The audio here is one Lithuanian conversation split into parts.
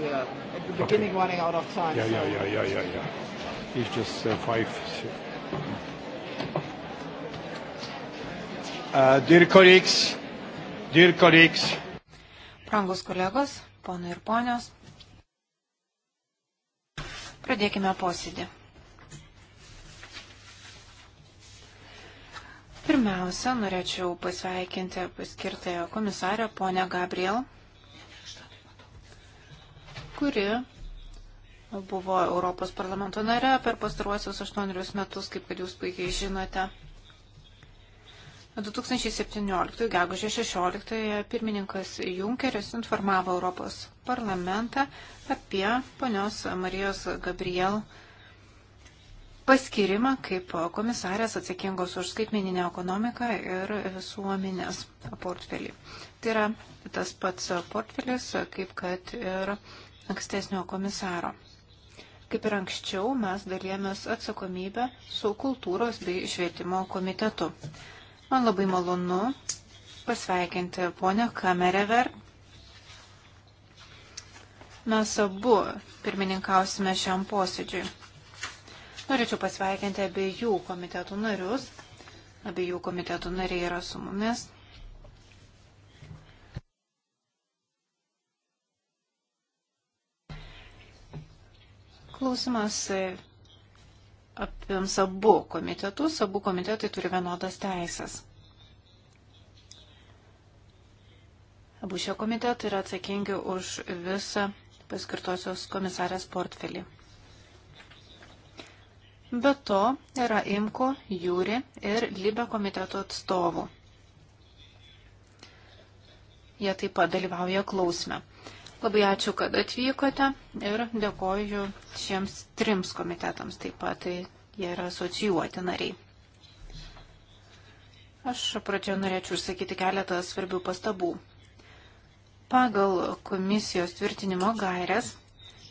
we're at the beginning okay. running out of time. Yeah, so. yeah, yeah, yeah, yeah, yeah. It's just uh, five. Six. Uh, dear colleagues, dear colleagues. Prangus kolegos, ponai ir ponios, pradėkime posėdį. Pirmiausia, norėčiau pasveikinti paskirtąją komisarę ponę Gabriel kuri buvo Europos parlamento nare per pastaruosius aštuonerius metus, kaip kad jūs puikiai žinote. 2017 gegužė 16 pirmininkas Junkeris informavo Europos parlamentą apie ponios Marijos Gabriel paskirimą kaip komisarės atsakingos už skaitmeninę ekonomiką ir visuomenės portfelį. Tai yra tas pats portfelis, kaip kad ir ankstesnio komisaro. Kaip ir anksčiau, mes dalėmės atsakomybę su kultūros bei švietimo komitetu. Man labai malonu pasveikinti ponę Kamerever. Mes abu pirmininkausime šiam posėdžiui. Norėčiau pasveikinti abiejų komitetų narius. Abiejų komitetų nariai yra su mumis. Klausimas e, apims abu komitetus, abu komitetai turi vienodas teisės. Abu šie komitetai yra atsakingi už visą paskirtosios komisarės portfelį. Be to yra Imko, Jūri ir Libe komiteto atstovų. Jie taip pat dalyvauja klausime. Labai ačiū, kad atvykote ir dėkoju šiems trims komitetams taip pat, tai jie yra asocijuoti nariai. Aš pradžioje norėčiau išsakyti keletą svarbių pastabų. Pagal komisijos tvirtinimo gairias,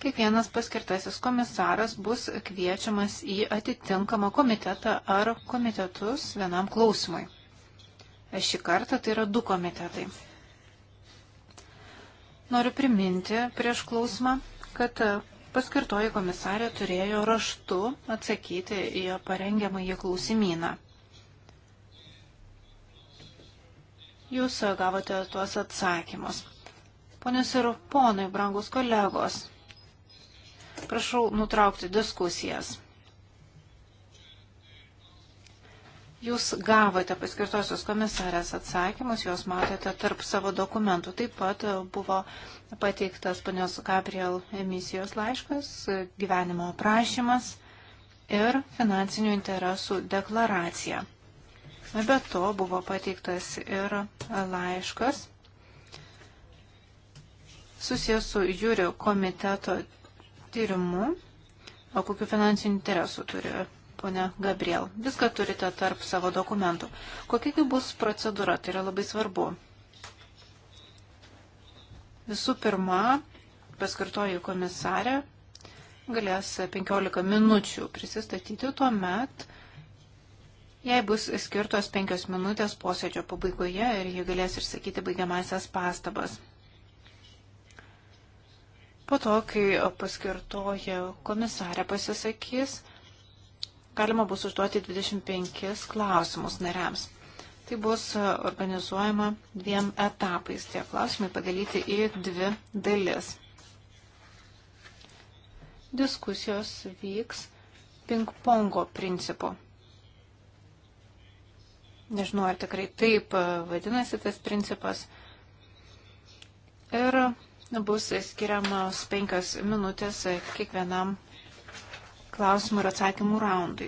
kiekvienas paskirtasis komisaras bus kviečiamas į atitinkamą komitetą ar komitetus vienam klausimui. Šį kartą tai yra du komitetai. Noriu priminti prieš klausimą, kad paskirtoji komisarė turėjo raštu atsakyti į parengiamą į klausimyną. Jūs gavote tuos atsakymus. Ponios ir ponai, brangus kolegos, prašau nutraukti diskusijas. Jūs gavote paskirtosios komisarės atsakymus, juos matėte tarp savo dokumentų. Taip pat e, buvo pateiktas panios Gabriel emisijos laiškas, e, gyvenimo aprašymas ir finansinių interesų deklaracija. Be to buvo pateiktas ir e, laiškas susijęs su jūrių komiteto tyrimu, o kokiu finansiniu interesu turi ponia Gabriel. Viską turite tarp savo dokumentų. Kokia bus procedūra, tai yra labai svarbu. Visų pirma, paskirtoji komisarė galės 15 minučių prisistatyti tuo met, jei bus skirtos 5 minutės posėdžio pabaigoje ir ji galės išsakyti baigiamasias pastabas. Po to, kai paskirtoji komisarė pasisakys, galima bus užduoti 25 klausimus nariams. Tai bus organizuojama dviem etapais. Tie klausimai padalyti į dvi dalis. Diskusijos vyks ping-pongo principu. Nežinau, ar tikrai taip vadinasi tas principas. Ir bus skiriamos penkias minutės kiekvienam klausimų ir atsakymų raundui.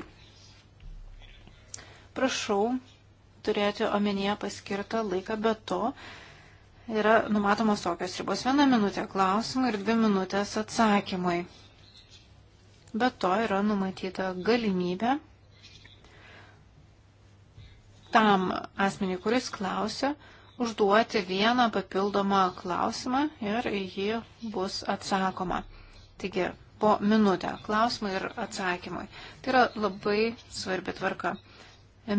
Prašau turėti omenyje paskirtą laiką, bet to yra numatomos tokios ribos. Viena minutė klausimui ir dvi minutės atsakymui. Be to yra numatyta galimybė tam asmeniui, kuris klausia, užduoti vieną papildomą klausimą ir jį bus atsakoma. Taigi po minutę klausimai ir atsakymai. Tai yra labai svarbi tvarka.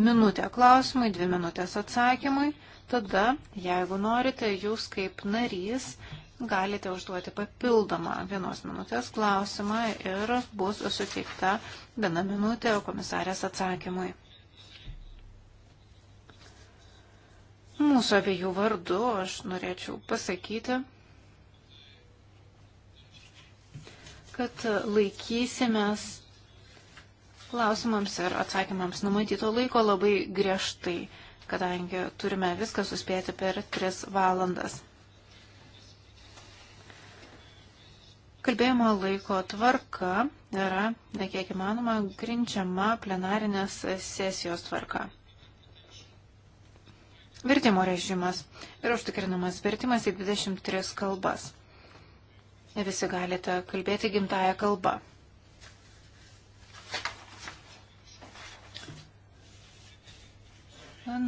Minutė klausimai, dvi minutės atsakymai. Tada, jeigu norite, jūs kaip narys galite užduoti papildomą vienos minutės klausimą ir bus suteikta viena minutė komisarės atsakymui. Mūsų abiejų vardu aš norėčiau pasakyti, kad laikysimės klausimams ir atsakymams numatyto laiko labai griežtai, kadangi turime viską suspėti per tris valandas. Kalbėjimo laiko tvarka yra, kiek įmanoma, grinčiama plenarinės sesijos tvarka. Vertimo režimas yra užtikrinamas vertimas į 23 kalbas visi galite kalbėti gimtają kalbą.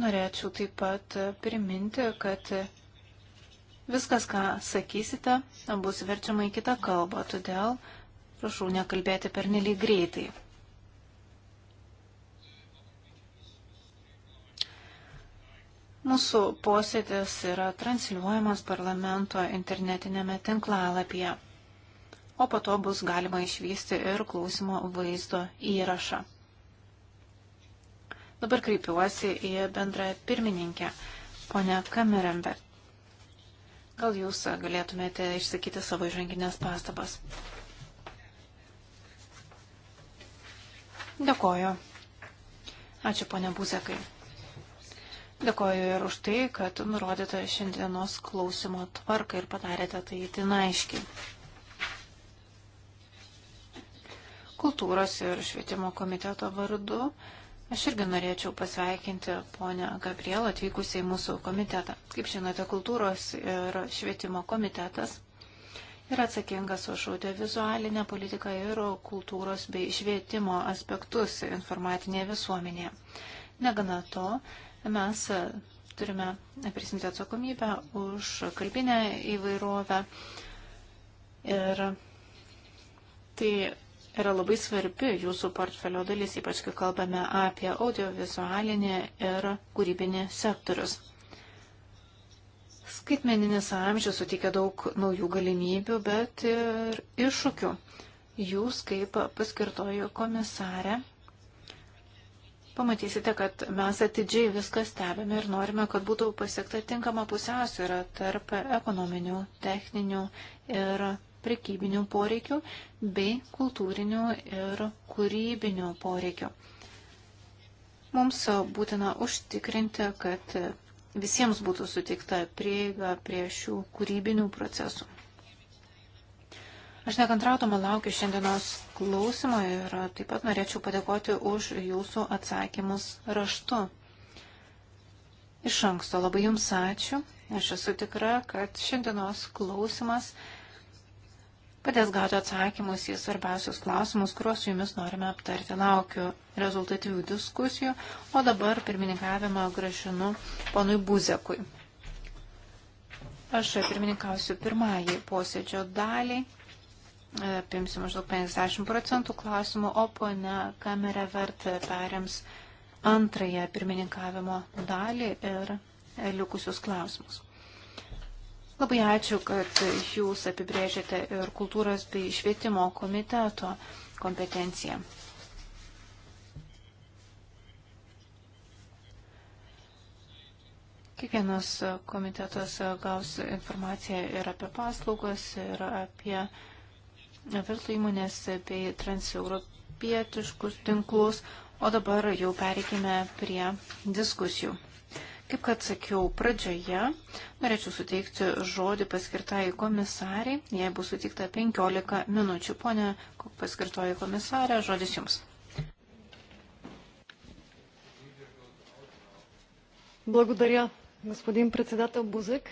Norėčiau taip pat priminti, kad viskas, ką sakysite, bus verčiama į kitą kalbą, todėl prašau nekalbėti per nelį greitai. Mūsų posėdis yra transliuojamas parlamento internetinėme tinklalapyje, o po to bus galima išvysti ir klausimo vaizdo įrašą. Dabar kreipiuosi į bendrą pirmininkę, ponę Kamerembe. Gal jūs galėtumėte išsakyti savo įžanginės pastabas? Dėkoju. Ačiū, ponė Buzekai. Dėkoju ir už tai, kad nurodyta šiandienos klausimo tvarką ir padarėte tai itin aiškiai. Kultūros ir švietimo komiteto vardu aš irgi norėčiau pasveikinti ponę Gabrielą atvykusią į mūsų komitetą. Kaip žinote, kultūros ir švietimo komitetas yra atsakingas už audiovizualinę politiką ir kultūros bei švietimo aspektus informatinėje visuomenėje. Negana to, Mes e, turime prisimti atsakomybę už kalbinę įvairovę ir tai yra labai svarbi jūsų portfelio dalis, ypač kai kalbame apie audiovizualinį ir kūrybinį sektorius. Skaitmeninis amžius suteikia daug naujų galimybių, bet ir iššūkių. Jūs kaip paskirtojo komisarė pamatysite, kad mes atidžiai viską stebime ir norime, kad būtų pasiekta tinkama pusiausvyrą tarp ekonominių, techninių ir prekybinių poreikių bei kultūrinių ir kūrybinių poreikių. Mums būtina užtikrinti, kad visiems būtų sutikta prieiga prie šių kūrybinių procesų. Aš nekantrautama laukiu šiandienos klausimo ir taip pat norėčiau padėkoti už jūsų atsakymus raštu. Iš anksto labai jums ačiū. Aš esu tikra, kad šiandienos klausimas padės gauti atsakymus į svarbiausius klausimus, kuriuos su jumis norime aptarti. Laukiu rezultatyvių diskusijų, o dabar pirmininkavimą gražinu ponui Buzekui. Aš pirmininkausiu pirmąjį posėdžio dalį apimsi maždaug 50 procentų klausimų, o ponia kamera vert perėms antrąją pirmininkavimo dalį ir likusius klausimus. Labai ačiū, kad jūs apibrėžėte ir kultūros bei švietimo komiteto kompetenciją. Kiekvienas komitetas gaus informaciją ir apie paslaugas, ir apie uh, verslo įmonės bei transeuropietiškus tinklus, o dabar jau pereikime prie diskusijų. Kaip kad sakiau pradžioje, norėčiau suteikti žodį paskirtai komisariai, jei bus suteikta 15 minučių. Pone paskirtoji komisarė, žodis jums. Благодаря, господин председател Бузик.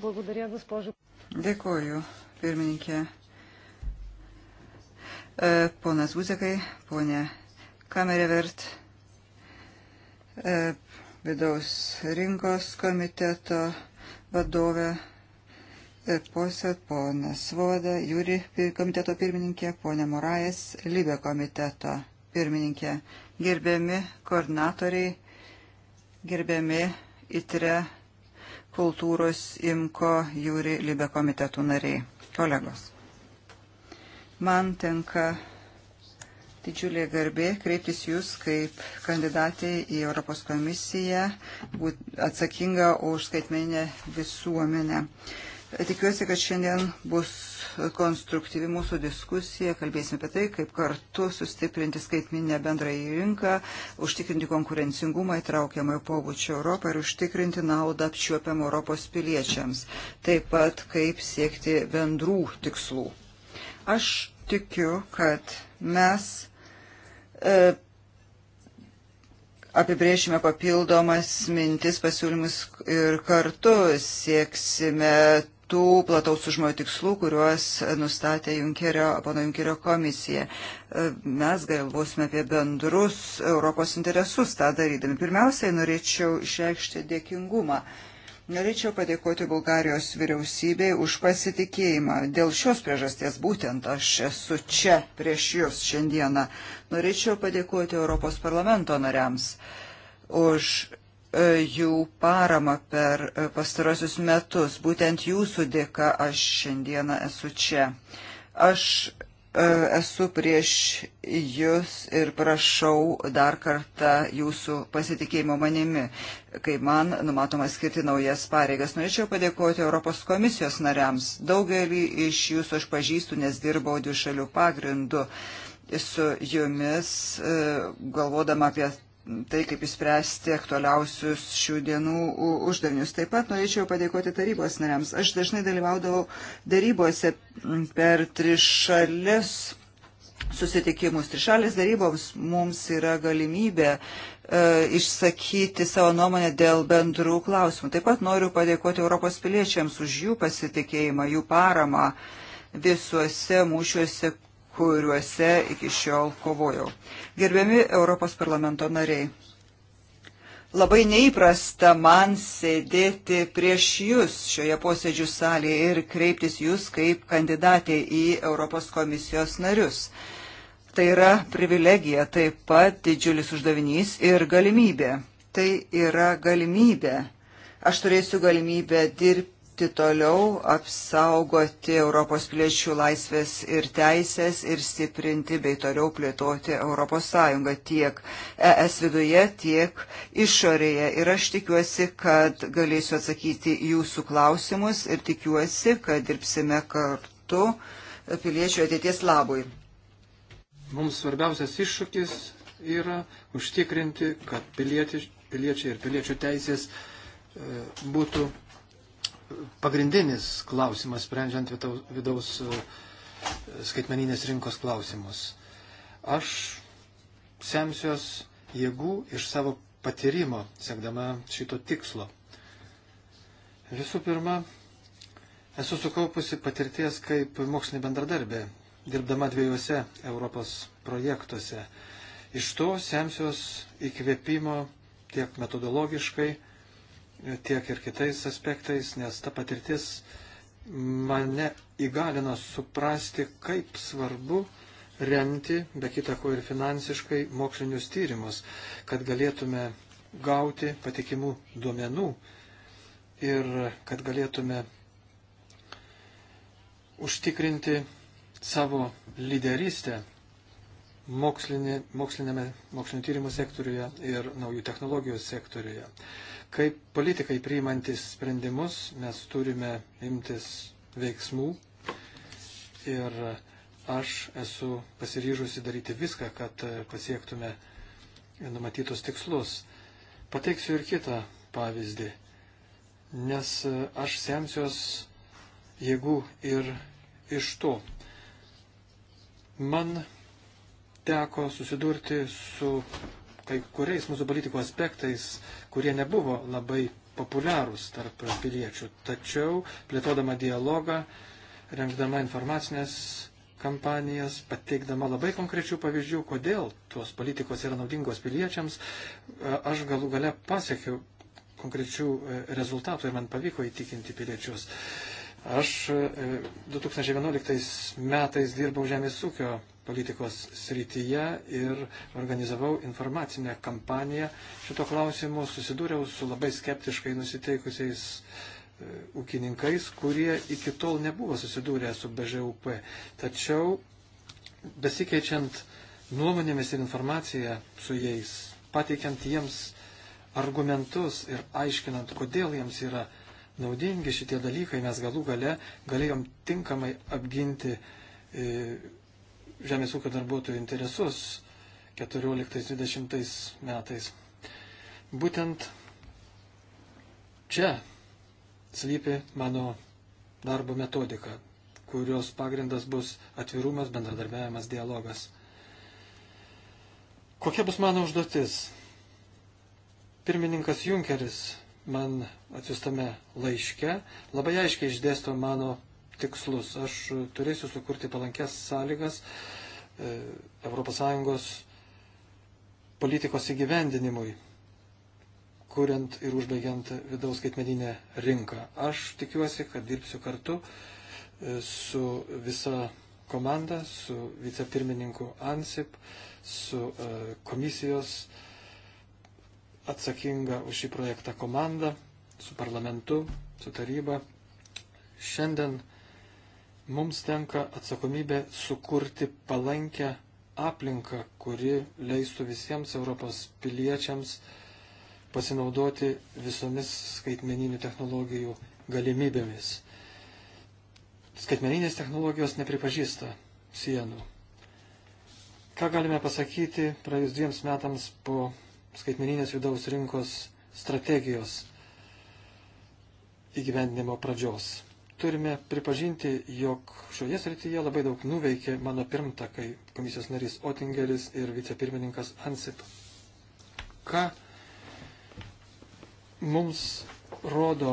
Благодаря, госпожо. Dėkoju, pirmininkė E, ponas Buzekai, ponė Kamerevert, e, vidaus rinkos komiteto vadovė e, posėd, ponas Svoda, Jūri komiteto pirmininkė, ponė Morais, Libė komiteto pirmininkė, gerbiami koordinatoriai, gerbiami ITRE kultūros imko Jūri Libė komitetų nariai, kolegos. Man tenka didžiulė garbė kreiptis jūs kaip kandidatė į Europos komisiją, būt atsakinga už skaitmeninę visuomenę. Tikiuosi, kad šiandien bus konstruktyvi mūsų diskusija, kalbėsime apie tai, kaip kartu sustiprinti skaitminę bendrąją rinką, užtikrinti konkurencingumą įtraukiamojo pobūdžio Europą ir užtikrinti naudą apčiuopiam Europos piliečiams, taip pat kaip siekti bendrų tikslų. Aš tikiu, kad mes e, apibrėšime papildomas mintis, pasiūlymus ir kartu sieksime tų plataus užmojo tikslų, kuriuos nustatė Junkerio, pono Junkerio komisija. E, mes galvosime apie bendrus Europos interesus tą darydami. Pirmiausiai norėčiau išreikšti dėkingumą Norėčiau padėkoti Bulgarijos vyriausybei už pasitikėjimą. Dėl šios priežasties būtent aš esu čia prieš jūs šiandieną. Norėčiau padėkoti Europos parlamento nariams už e, jų paramą per e, pastarosius metus. Būtent jūsų dėka aš šiandieną esu čia. Aš E, esu prieš jūs ir prašau dar kartą jūsų pasitikėjimo manimi, kai man numatoma skirti naujas pareigas. Norėčiau padėkoti Europos komisijos nariams. Daugelį iš jūsų aš pažįstu, nes dirbau dvišalių pagrindų su jumis, e, galvodama apie tai, kaip įspręsti aktualiausius šių dienų uždavinius. Taip pat norėčiau padėkoti tarybos nariams. Aš dažnai dalyvaudavau darybose per trišalis susitikimus. Trišalės daryboms mums yra galimybė e, išsakyti savo nuomonę dėl bendrų klausimų. Taip pat noriu padėkoti Europos piliečiams už jų pasitikėjimą, jų paramą visuose mūšiuose, kuriuose iki šiol kovojau. Gerbiami Europos parlamento nariai, labai neįprasta man sėdėti prieš jūs šioje posėdžių salėje ir kreiptis jūs kaip kandidatė į Europos komisijos narius. Tai yra privilegija, taip pat didžiulis uždavinys ir galimybė. Tai yra galimybė. Aš turėsiu galimybę dirbti dirbti toliau, apsaugoti Europos piliečių laisvės ir teisės ir stiprinti bei toliau plėtoti ES tiek ES viduje, tiek išorėje. Ir aš tikiuosi, kad galėsiu atsakyti jūsų klausimus ir tikiuosi, kad dirbsime kartu piliečių ateities labui. Mums svarbiausias iššūkis yra užtikrinti, kad pilieti, piliečiai ir piliečių teisės e, būtų pagrindinis klausimas, sprendžiant vidaus e, skaitmeninės rinkos klausimus. Aš semsiuos jėgų iš savo patyrimo, siekdama šito tikslo. Visų pirma, esu sukaupusi patirties kaip mokslinė bendradarbė, dirbdama dviejose Europos projektuose. Iš to semsiuos įkvėpimo tiek metodologiškai, tiek ir kitais aspektais, nes ta patirtis mane įgalino suprasti, kaip svarbu remti, be kitako ir finansiškai, mokslinius tyrimus, kad galėtume gauti patikimų duomenų ir kad galėtume užtikrinti savo lyderystę mokslinė, mokslinėme, mokslinio tyrimų sektoriuje ir naujų technologijų sektoriuje. Kaip politikai priimantis sprendimus mes turime imtis veiksmų ir aš esu pasiryžusi daryti viską, kad pasiektume numatytus tikslus. Pateiksiu ir kitą pavyzdį, nes aš semsiuos jėgų ir iš to. Man teko susidurti su kai kuriais mūsų politikų aspektais, kurie nebuvo labai populiarūs tarp piliečių. Tačiau plėtodama dialogą, rengdama informacinės kampanijas, pateikdama labai konkrečių pavyzdžių, kodėl tuos politikos yra naudingos piliečiams, e, aš galų gale pasiekiau konkrečių e, rezultatų ir man pavyko įtikinti piliečius. Aš e, 2011 metais dirbau Žemės ūkio politikos srityje ir organizavau informacinę kampaniją šito klausimu, susidūriau su labai skeptiškai nusiteikusiais e, ūkininkais, kurie iki tol nebuvo susidūrę su BŽUP. Tačiau besikeičiant nuomonėmis ir informaciją su jais, pateikiant jiems argumentus ir aiškinant, kodėl jiems yra naudingi šitie dalykai, mes galų gale galėjom tinkamai apginti e, žemės ūkio darbuotojų interesus 14-20 metais. Būtent čia slypi mano darbo metodika, kurios pagrindas bus atvirumas, bendradarbiavimas, dialogas. Kokia bus mano užduotis? Pirmininkas Junkeris man atsiustame laiške labai aiškiai išdėsto mano tikslus. Aš turėsiu sukurti palankės sąlygas ES politikos įgyvendinimui, kuriant ir užbaigiant vidaus skaitmeninę rinką. Aš tikiuosi, kad dirbsiu kartu e, su visa komanda, su vicepirmininku ANSIP, su e, komisijos atsakinga už šį projektą komanda, su parlamentu, su taryba. Šiandien mums tenka atsakomybė sukurti palankę aplinką, kuri leistų visiems Europos piliečiams pasinaudoti visomis skaitmeninių technologijų galimybėmis. Skaitmeninės technologijos nepripažįsta sienų. Ką galime pasakyti praėjus dviems metams po skaitmeninės vidaus rinkos strategijos įgyvendinimo pradžios? turime pripažinti, jog šioje srityje labai daug nuveikė mano pirmtakai komisijos narys Otingeris ir vicepirmininkas Ansip. Ką mums rodo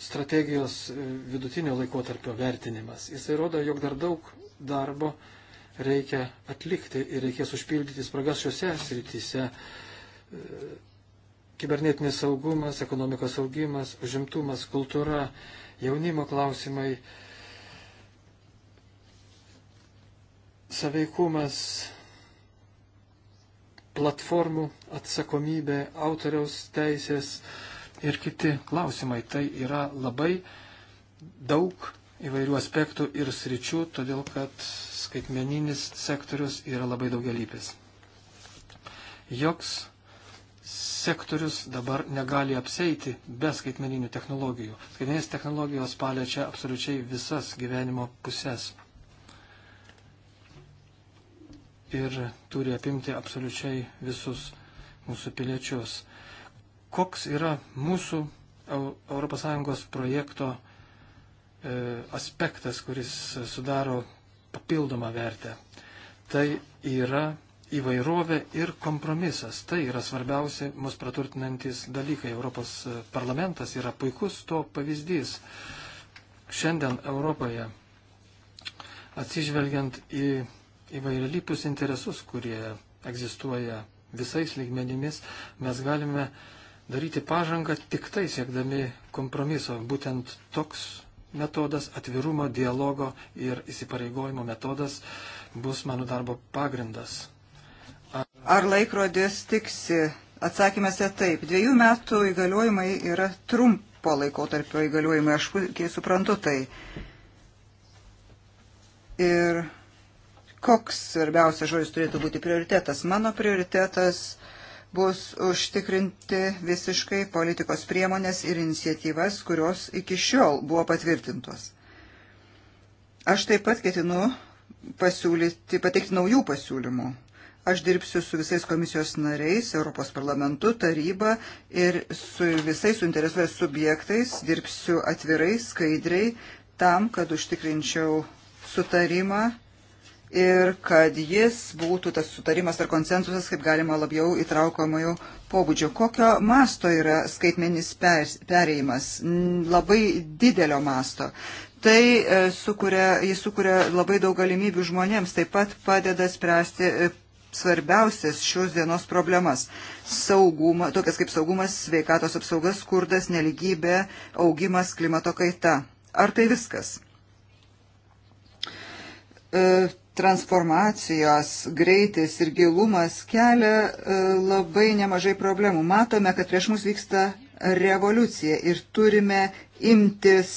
strategijos vidutinio laikotarpio vertinimas? Jisai rodo, jog dar daug darbo reikia atlikti ir reikės užpildyti spragas šiuose srityse Kibernetinis saugumas, ekonomikos augimas, užimtumas, kultūra, jaunimo klausimai, saveikumas, platformų atsakomybė, autoriaus teisės ir kiti klausimai. Tai yra labai daug įvairių aspektų ir sričių, todėl kad skaitmeninis sektorius yra labai daugialypis. Joks sektorius dabar negali apseiti be skaitmeninių technologijų. Skaitmeninės technologijos paliečia absoliučiai visas gyvenimo pusės ir turi apimti absoliučiai visus mūsų piliečius. Koks yra mūsų ES projekto e, aspektas, kuris sudaro papildomą vertę? Tai yra įvairovė ir kompromisas. Tai yra svarbiausi mus praturtinantis dalykai. Europos parlamentas yra puikus to pavyzdys. Šiandien Europoje atsižvelgiant į įvairialypius interesus, kurie egzistuoja visais lygmenimis, mes galime daryti pažangą tik tai siekdami kompromiso. Būtent toks metodas, atvirumo, dialogo ir įsipareigojimo metodas bus mano darbo pagrindas. Ar laikrodis tiksi? Atsakymėse taip. Dviejų metų įgaliojimai yra trumpo laiko tarpio įgaliojimai, aš puikiai suprantu tai. Ir koks svarbiausias žodis turėtų būti prioritetas? Mano prioritetas bus užtikrinti visiškai politikos priemonės ir iniciatyvas, kurios iki šiol buvo patvirtintos. Aš taip pat ketinu pasiūlyti, pateikti naujų pasiūlymų Aš dirbsiu su visais komisijos nariais, Europos parlamentu, taryba ir su visais suinteresuotais subjektais dirbsiu atvirai, skaidriai, tam, kad užtikrinčiau sutarimą ir kad jis būtų tas sutarimas ar konsensusas, kaip galima labiau įtraukomojo pobūdžio. Kokio masto yra skaitmenis perėjimas? Labai didelio masto. Tai e, sukuria, jis sukuria labai daug galimybių žmonėms, taip pat padeda spręsti e, svarbiausias šios dienos problemas - saugumą, tokias kaip saugumas, sveikatos apsaugas, skurdas, neligybė, augimas, klimato kaita. Ar tai viskas? E, transformacijos greitis ir gilumas kelia e, labai nemažai problemų. Matome, kad prieš mus vyksta revoliucija ir turime imtis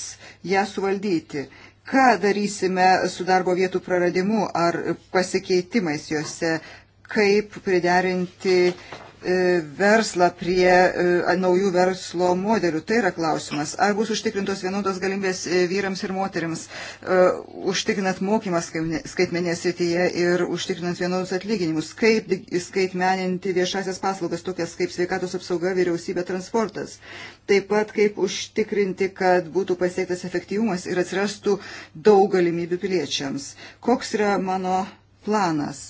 ją suvaldyti. Ką darysime su darbo vietų praradimu ar pasikeitimais juose? kaip priderinti e, verslą prie e, naujų verslo modelių. Tai yra klausimas. Ar bus užtikrintos vienodos galimybės e, vyrams ir moteriams, užtikrinant mokymą skaitmenėje srityje ir užtikrinant vienodus atlyginimus, kaip skaitmeninti viešasias paslaugas, tokias kaip sveikatos apsauga, vyriausybė, transportas. Taip pat kaip užtikrinti, kad būtų pasiektas efektyvumas ir atsirastų daug galimybių piliečiams. Koks yra mano planas?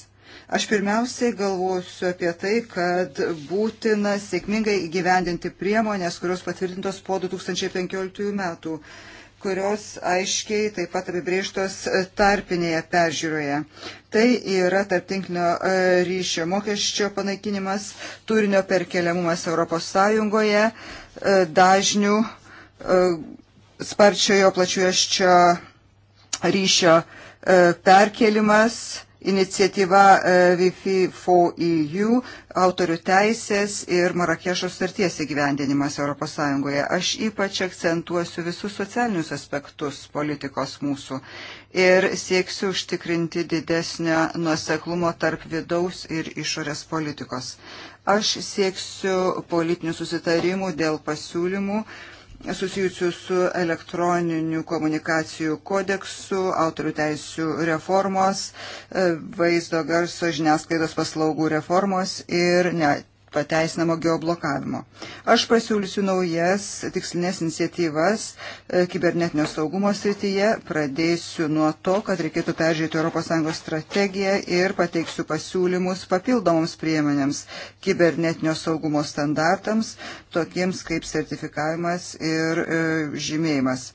Aš pirmiausiai galvosiu apie tai, kad būtina sėkmingai įgyvendinti priemonės, kurios patvirtintos po 2015 metų, kurios aiškiai taip pat apibrėžtos tarpinėje peržiūroje. Tai yra tarptinklinio e, ryšio mokesčio panaikinimas, turinio perkeliamumas ES, e, dažnių e, sparčiojo plačiuoščio ryšio perkelimas iniciatyva e, Wi-Fi 4EU, autorių teisės ir Marakešo starties įgyvendinimas ES. Aš ypač akcentuosiu visus socialinius aspektus politikos mūsų ir sieksiu užtikrinti didesnio nuoseklumo tarp vidaus ir išorės politikos. Aš sieksiu politinių susitarimų dėl pasiūlymų, uh, susijusių su elektroninių komunikacijų kodeksu, autorių teisų reformos, e, vaizdo garso žiniasklaidos paslaugų reformos ir net pateisinamo geoblokavimo. Aš pasiūlysiu naujas tikslinės iniciatyvas e, kibernetinio saugumo srityje. Pradėsiu nuo to, kad reikėtų peržiūrėti ES strategiją ir pateiksiu pasiūlymus papildomoms priemonėms kibernetinio saugumo standartams, tokiems kaip sertifikavimas ir e, žymėjimas.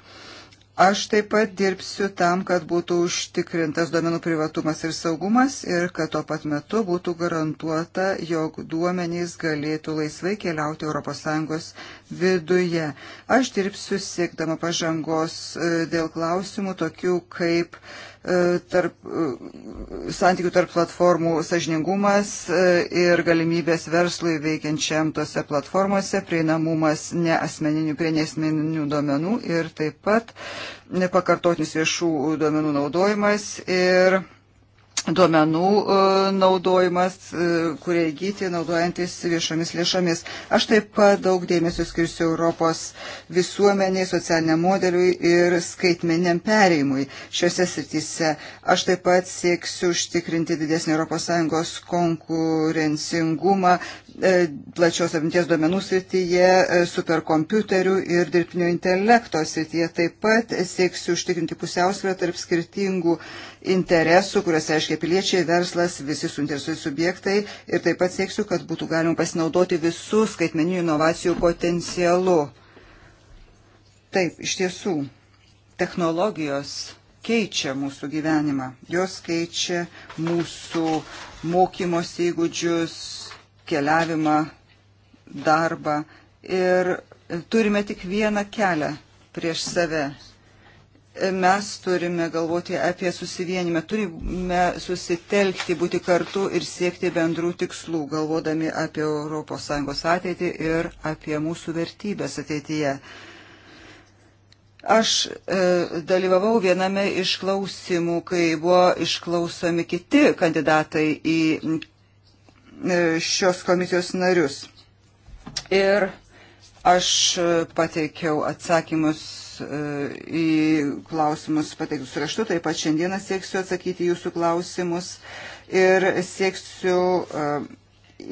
Aš taip pat dirbsiu tam, kad būtų užtikrintas duomenų privatumas ir saugumas ir kad tuo pat metu būtų garantuota, jog duomenys galėtų laisvai keliauti ES viduje. Aš dirbsiu siekdama pažangos e, dėl klausimų tokių kaip uh, E, tarp, e, santykių tarp platformų sažiningumas e, ir galimybės verslui veikiančiam tose platformose, prieinamumas ne asmeninių prie nesmeninių duomenų ir taip pat nepakartotinis viešų duomenų naudojimas ir duomenų e, naudojimas, e, kurie įgyti naudojantis viešomis lėšomis. Aš taip pat daug dėmesio skirsiu Europos visuomeniai, socialiniam modeliui ir skaitmeniniam pereimui šiuose srityse. Aš taip pat sieksiu užtikrinti didesnį ES konkurencingumą e, plačios apimties duomenų srityje, superkompiuterių ir dirbtinio intelekto srityje. Taip pat sieksiu užtikrinti pusiausvę tarp skirtingų interesų, kuriuose aiškiai piliečiai, verslas, visi suinteresuoti subjektai ir taip pat sieksiu, kad būtų galima pasinaudoti visų skaitmeninių inovacijų potencialu. Taip, iš tiesų, technologijos keičia mūsų gyvenimą, jos keičia mūsų mokymos įgūdžius, keliavimą, darbą ir turime tik vieną kelią prieš save mes turime galvoti apie susivienimą, turime susitelkti, būti kartu ir siekti bendrų tikslų, galvodami apie ES ateitį ir apie mūsų vertybės ateityje. Aš e, dalyvavau viename iš klausimų, kai buvo išklausomi kiti kandidatai į e, šios komisijos narius. Ir Aš e, pateikiau atsakymus e, į klausimus pateiktus raštu, taip pat šiandieną sieksiu atsakyti jūsų klausimus ir sieksiu e,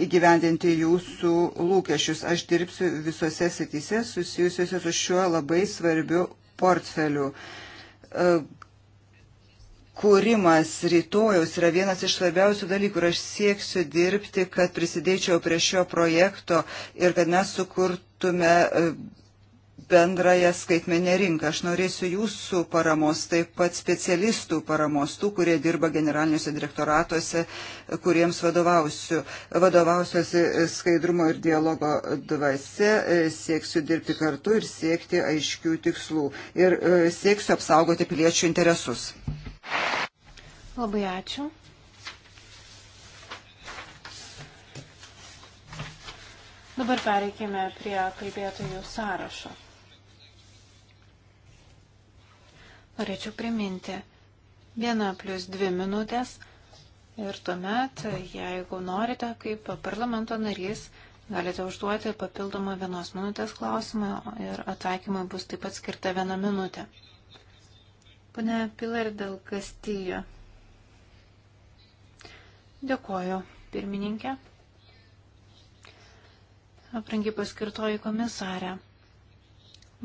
įgyvendinti jūsų lūkesčius. Aš dirbsiu visose srityse susijusiuose su šiuo labai svarbiu portfeliu. Kūrimas rytojaus yra vienas iš svarbiausių dalykų ir aš sieksiu dirbti, kad prisidėčiau prie šio projekto ir kad mes sukurtume kurtume e, bendrąją skaitmenę rinką. Aš norėsiu jūsų paramos, taip pat specialistų paramos, tų, kurie dirba generaliniuose direktoratuose, kuriems vadovausiu. Vadovausiuosi e, skaidrumo ir dialogo dvasia, e, sieksiu dirbti kartu ir siekti aiškių tikslų ir sieksiu apsaugoti piliečių interesus. Labai ačiū. Dabar pereikime prie kalbėtojų sąrašo. Norėčiau priminti, viena plus dvi minutės ir tuomet, jeigu norite, kaip parlamento narys, Galite užduoti papildomą vienos minutės klausimą ir atsakymai bus taip pat skirta vieną minutę. Pane Pilar dėl Kastijo. Dėkoju, pirmininkė. Aprangi paskirtoji komisarė.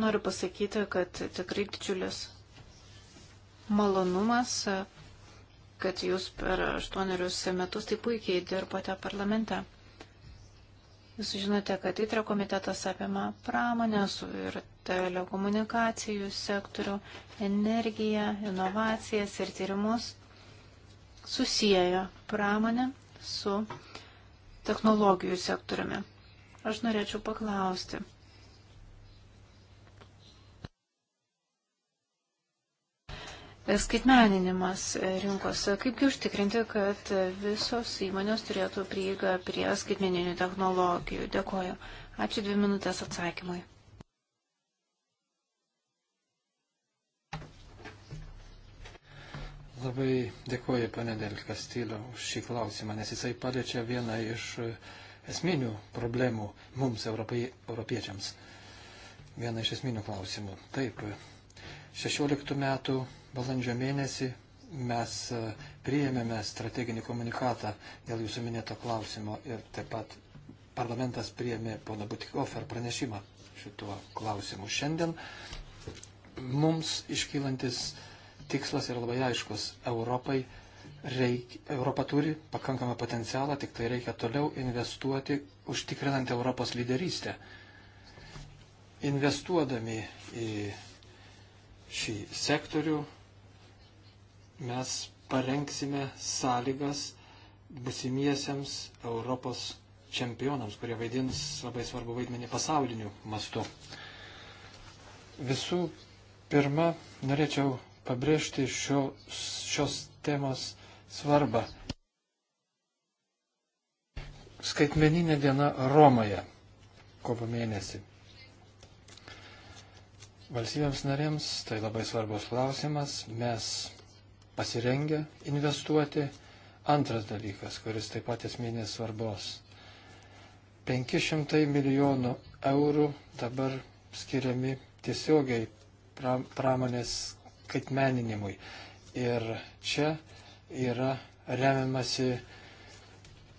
Noriu pasakyti, kad tikrai didžiulis malonumas, kad jūs per aštuonerius metus taip puikiai dirbote parlamente. Jūs žinote, kad įtrio komitetas apima pramonės ir telekomunikacijų sektorių, energiją, inovacijas ir tyrimus. Susiję pramonę su technologijų sektoriumi. Aš norėčiau paklausti. Skaitmeninimas rinkos. Kaipgi užtikrinti, kad visos įmonės turėtų prieigą prie skaitmeninių technologijų? Dėkoju. Ačiū dvi minutės atsakymui. Labai dėkoju, pane Del Castillo, už šį klausimą, nes jisai paliečia vieną iš uh, esminių problemų mums, Europai, europiečiams. Viena iš esminių klausimų. Taip, 16 metų balandžio mėnesį mes e, priėmėme strateginį komunikatą dėl jūsų minėto klausimo ir taip pat parlamentas priėmė pono Butikofer pranešimą šituo klausimu. Šiandien mums iškylantis tikslas yra labai aiškus. Europai reik, Europa turi pakankamą potencialą, tik tai reikia toliau investuoti, užtikrinant Europos lyderystę. Investuodami į šį sektorių mes parengsime sąlygas busimiesiems Europos čempionams, kurie vaidins labai svarbu vaidmenį pasauliniu mastu. Visų pirma, norėčiau pabrėžti šio, šios temos svarbą. Skaitmeninė diena Romoje kovo mėnesį. Valstybėms narėms tai labai svarbus klausimas. Mes pasirengę investuoti. Antras dalykas, kuris taip pat esminės svarbos. 500 milijonų eurų dabar skiriami tiesiogiai pramonės skaitmeninimui. Ir čia yra remiamasi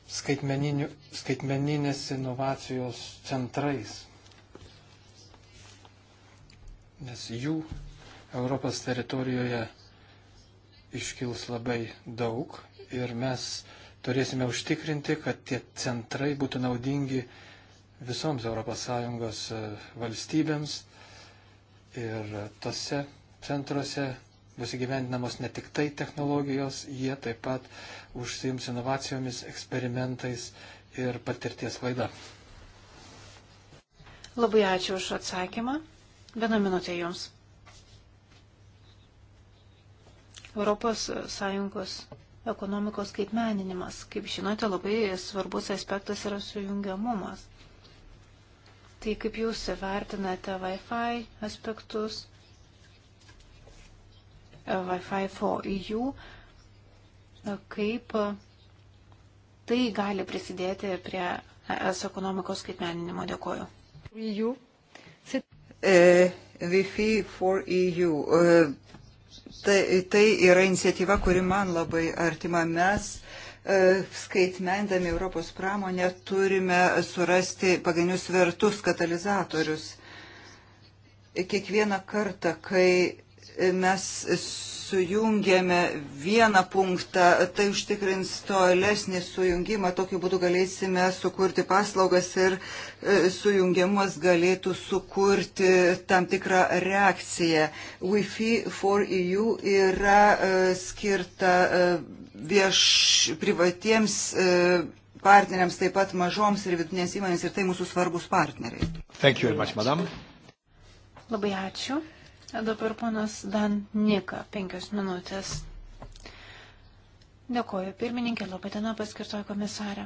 skaitmeninės inovacijos centrais, nes jų Europos teritorijoje iškils labai daug ir mes turėsime užtikrinti, kad tie centrai būtų naudingi visoms ES e, valstybėms ir tose centruose bus įgyvendinamos ne tik tai technologijos, jie taip pat užsiims inovacijomis, eksperimentais ir patirties vaida. Labai ačiū už atsakymą. Vieną minutę jums. Europos Sąjungos ekonomikos skaitmeninimas. Kaip žinote, labai svarbus aspektas yra sujungiamumas. Tai kaip jūs vertinate Wi-Fi aspektus, Wi-Fi for EU, kaip tai gali prisidėti prie ES ekonomikos skaitmeninimo. Dėkoju. EU. Uh, e, Wi-Fi for EU. Uh, e, tai, tai yra iniciatyva, kuri man labai artima. Mes uh, skaitmendami Europos pramonę turime surasti pagrindinius vertus katalizatorius kiekvieną kartą, kai mes sujungėme vieną punktą, tai užtikrins tolesnį sujungimą, tokiu būdu galėsime sukurti paslaugas ir e, sujungiamas galėtų sukurti tam tikrą reakciją. Wi-Fi for EU yra e, skirta e, vieš privatiems partneriams, taip pat mažoms ir vidutinės įmonės ir tai mūsų svarbus partneriai. Much, madam. Labai ačiū. Dabar panas Dan Nika, penkios minutės. Dėkoju, pirmininkė, labai diena paskirtoja komisarė.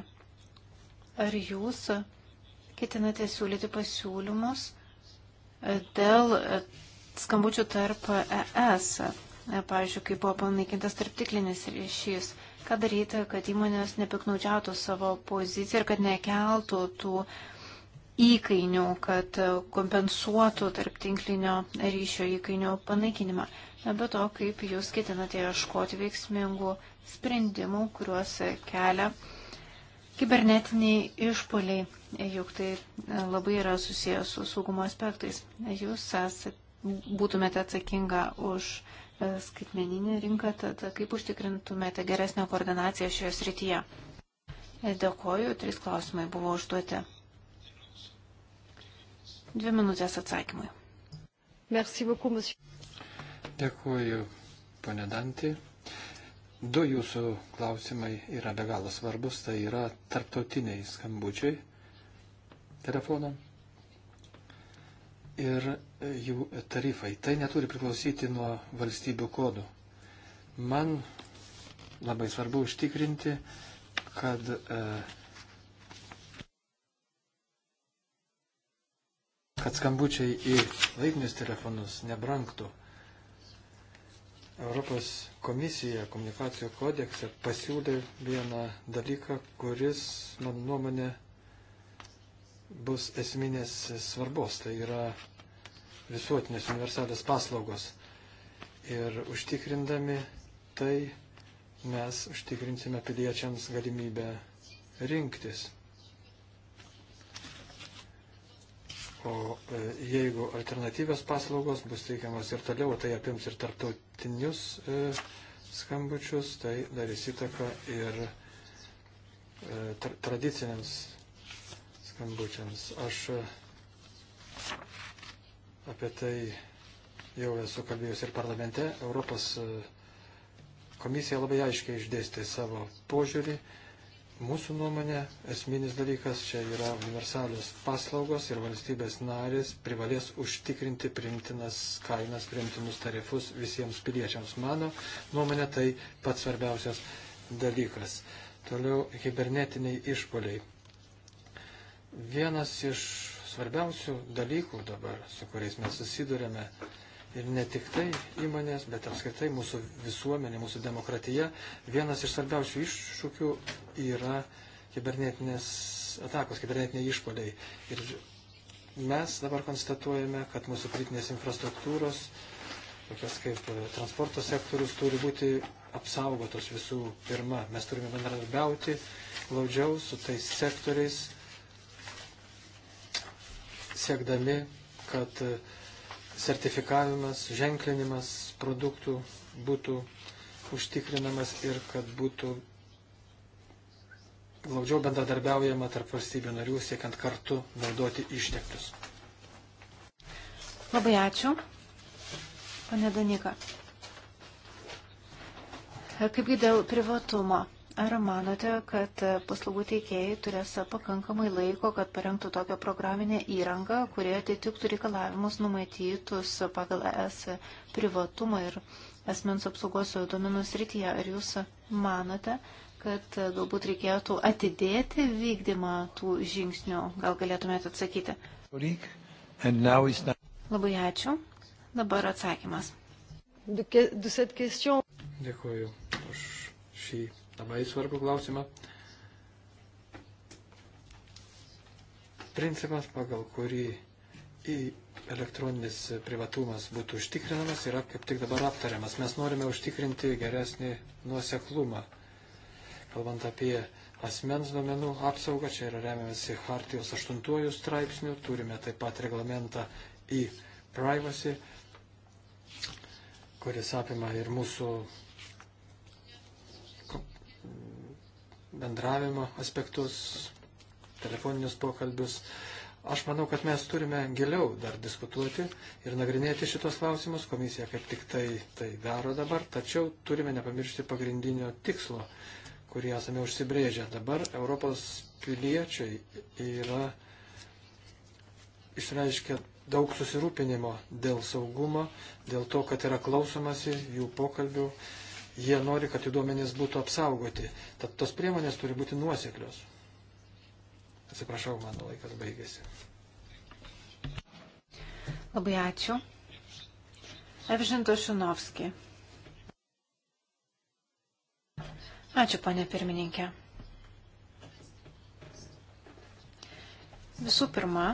Ar jūs ketinate siūlyti pasiūlymus dėl skambučių tarp ES, pavyzdžiui, kai buvo panaikintas tarptiklinis ryšys, ką daryti, kad įmonės nepiknaudžiautų savo poziciją ir kad nekeltų tų uh, įkainių, kad kompensuotų tarp tinklinio ryšio įkainių panaikinimą. Be to, kaip jūs ketinate ieškoti veiksmingų sprendimų, kuriuos kelia kibernetiniai išpoliai, juk tai labai yra susijęs su saugumo aspektais. Jūs esate, būtumėte atsakinga už e, skaitmeninį rinką, tad kaip užtikrintumėte geresnę koordinaciją šioje srityje? Dėkoju, trys klausimai buvo užduoti. Dvi minutės atsakymui. Merci beaucoup, monsieur. Dėkuoju, ponė Dantį. Du jūsų klausimai yra be galo svarbus, tai yra tarptautiniai skambučiai telefoną ir jų tarifai. Tai neturi priklausyti nuo valstybių kodų. Man labai svarbu užtikrinti, kad e, kad skambučiai į laikinius telefonus nebranktų. Europos komisija komunikacijų kodekse pasiūlė vieną dalyką, kuris, mano nuomonė, bus esminės svarbos. Tai yra visuotinės universalės paslaugos. Ir užtikrindami tai mes užtikrinsime piliečiams galimybę rinktis. O e, jeigu alternatyvios paslaugos bus teikiamas ir toliau, tai apims ir tarptautinius e, skambučius, tai darys įtaką ir e, tra tradiciniams skambučiams. Aš apie tai jau esu kalbėjus ir parlamente. Europos komisija labai aiškiai išdėstė savo požiūrį Mūsų nuomonė esminis dalykas čia yra universalios paslaugos ir valstybės narės privalės užtikrinti primtinas kainas, primtinus tarifus visiems piliečiams. Mano nuomonė tai pats svarbiausias dalykas. Toliau kibernetiniai išpoliai. Vienas iš svarbiausių dalykų dabar, su kuriais mes susidurėme, ir ne tik tai įmonės, bet apskritai mūsų visuomenė, mūsų demokratija, vienas iš svarbiausių iššūkių yra kibernetinės atakos, kibernetiniai išpoliai. Ir mes dabar konstatuojame, kad mūsų kritinės infrastruktūros, tokios kaip e, transporto sektorius, turi būti apsaugotos visų pirma. Mes turime bendradarbiauti glaudžiau su tais sektoriais, siekdami, kad uh, sertifikavimas, ženklinimas produktų būtų užtikrinamas ir kad būtų glaudžiau bendradarbiaujama tarp valstybių narių, siekiant kartu naudoti išteklius. Labai ačiū. Pane Danika. Kaipgi dėl privatumo? Ar manote, kad paslaugų teikėjai turės pakankamai laiko, kad parengtų tokią programinę įrangą, kurie atitiktų reikalavimus numatytus pagal ES privatumą ir asmens apsaugos duomenų srityje? Ar jūs manote, kad galbūt reikėtų atidėti vykdymą tų žingsnių? Gal galėtumėte atsakyti? Labai ačiū. Dabar atsakymas. Dėkuoju už šį labai svarbu klausimą. Principas, pagal kurį į elektroninis privatumas būtų užtikrinamas, yra kaip tik dabar aptariamas. Mes norime užtikrinti geresnį nuoseklumą. Kalbant apie asmens duomenų apsaugą, čia yra remiamasi Hartijos 8 straipsnių, turime taip pat reglamentą į privacy, kuris apima ir mūsų bendravimo aspektus, telefoninius pokalbius. Aš manau, kad mes turime giliau dar diskutuoti ir nagrinėti šitos klausimus. Komisija kaip tik tai, tai daro dabar, tačiau turime nepamiršti pagrindinio tikslo, kurį esame užsibrėžę. Dabar Europos piliečiai yra išreiškę daug susirūpinimo dėl saugumo, dėl to, kad yra klausomasi jų pokalbių, jie nori, kad jų duomenys būtų apsaugoti. Tad tos priemonės turi būti nuoseklios. Atsiprašau, mano laikas baigėsi. Labai ačiū. Evžinto Šinovski. Ačiū, ponė pirmininkė. Visų pirma,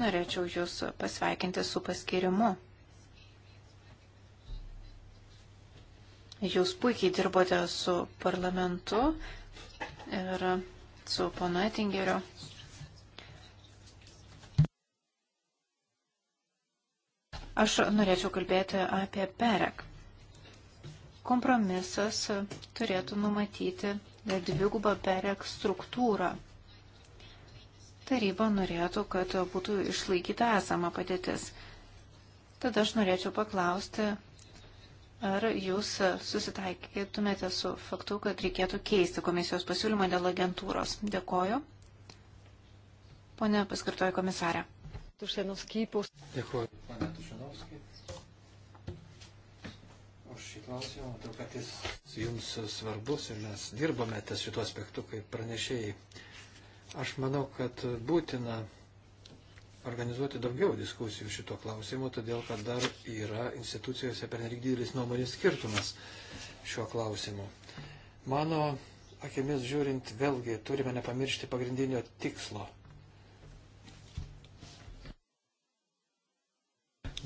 norėčiau Jūs pasveikinti su paskirimu. Jūs puikiai dirbote su parlamentu ir su ponu Etingeriu. Aš norėčiau kalbėti apie perek. Kompromisas turėtų numatyti dvigubą perek struktūrą. Taryba norėtų, kad būtų išlaikyta esama padėtis. Tada aš norėčiau paklausti, Ar jūs susitaikytumėte su faktu, kad reikėtų keisti komisijos pasiūlymą dėl agentūros? Dėkoju. Pone paskirtoji komisarė. Tušenovskį pus. Dėkuoju, pane Tušenovskį. Už šį klausimą, matau, kad jis jums svarbus ir mes dirbame ties šituo aspektu kaip pranešėjai. Aš manau, kad būtina organizuoti daugiau diskusijų šito klausimu, todėl kad dar yra institucijose pernelyg didelis nuomonės skirtumas šiuo klausimu. Mano akimis žiūrint, vėlgi turime nepamiršti pagrindinio tikslo.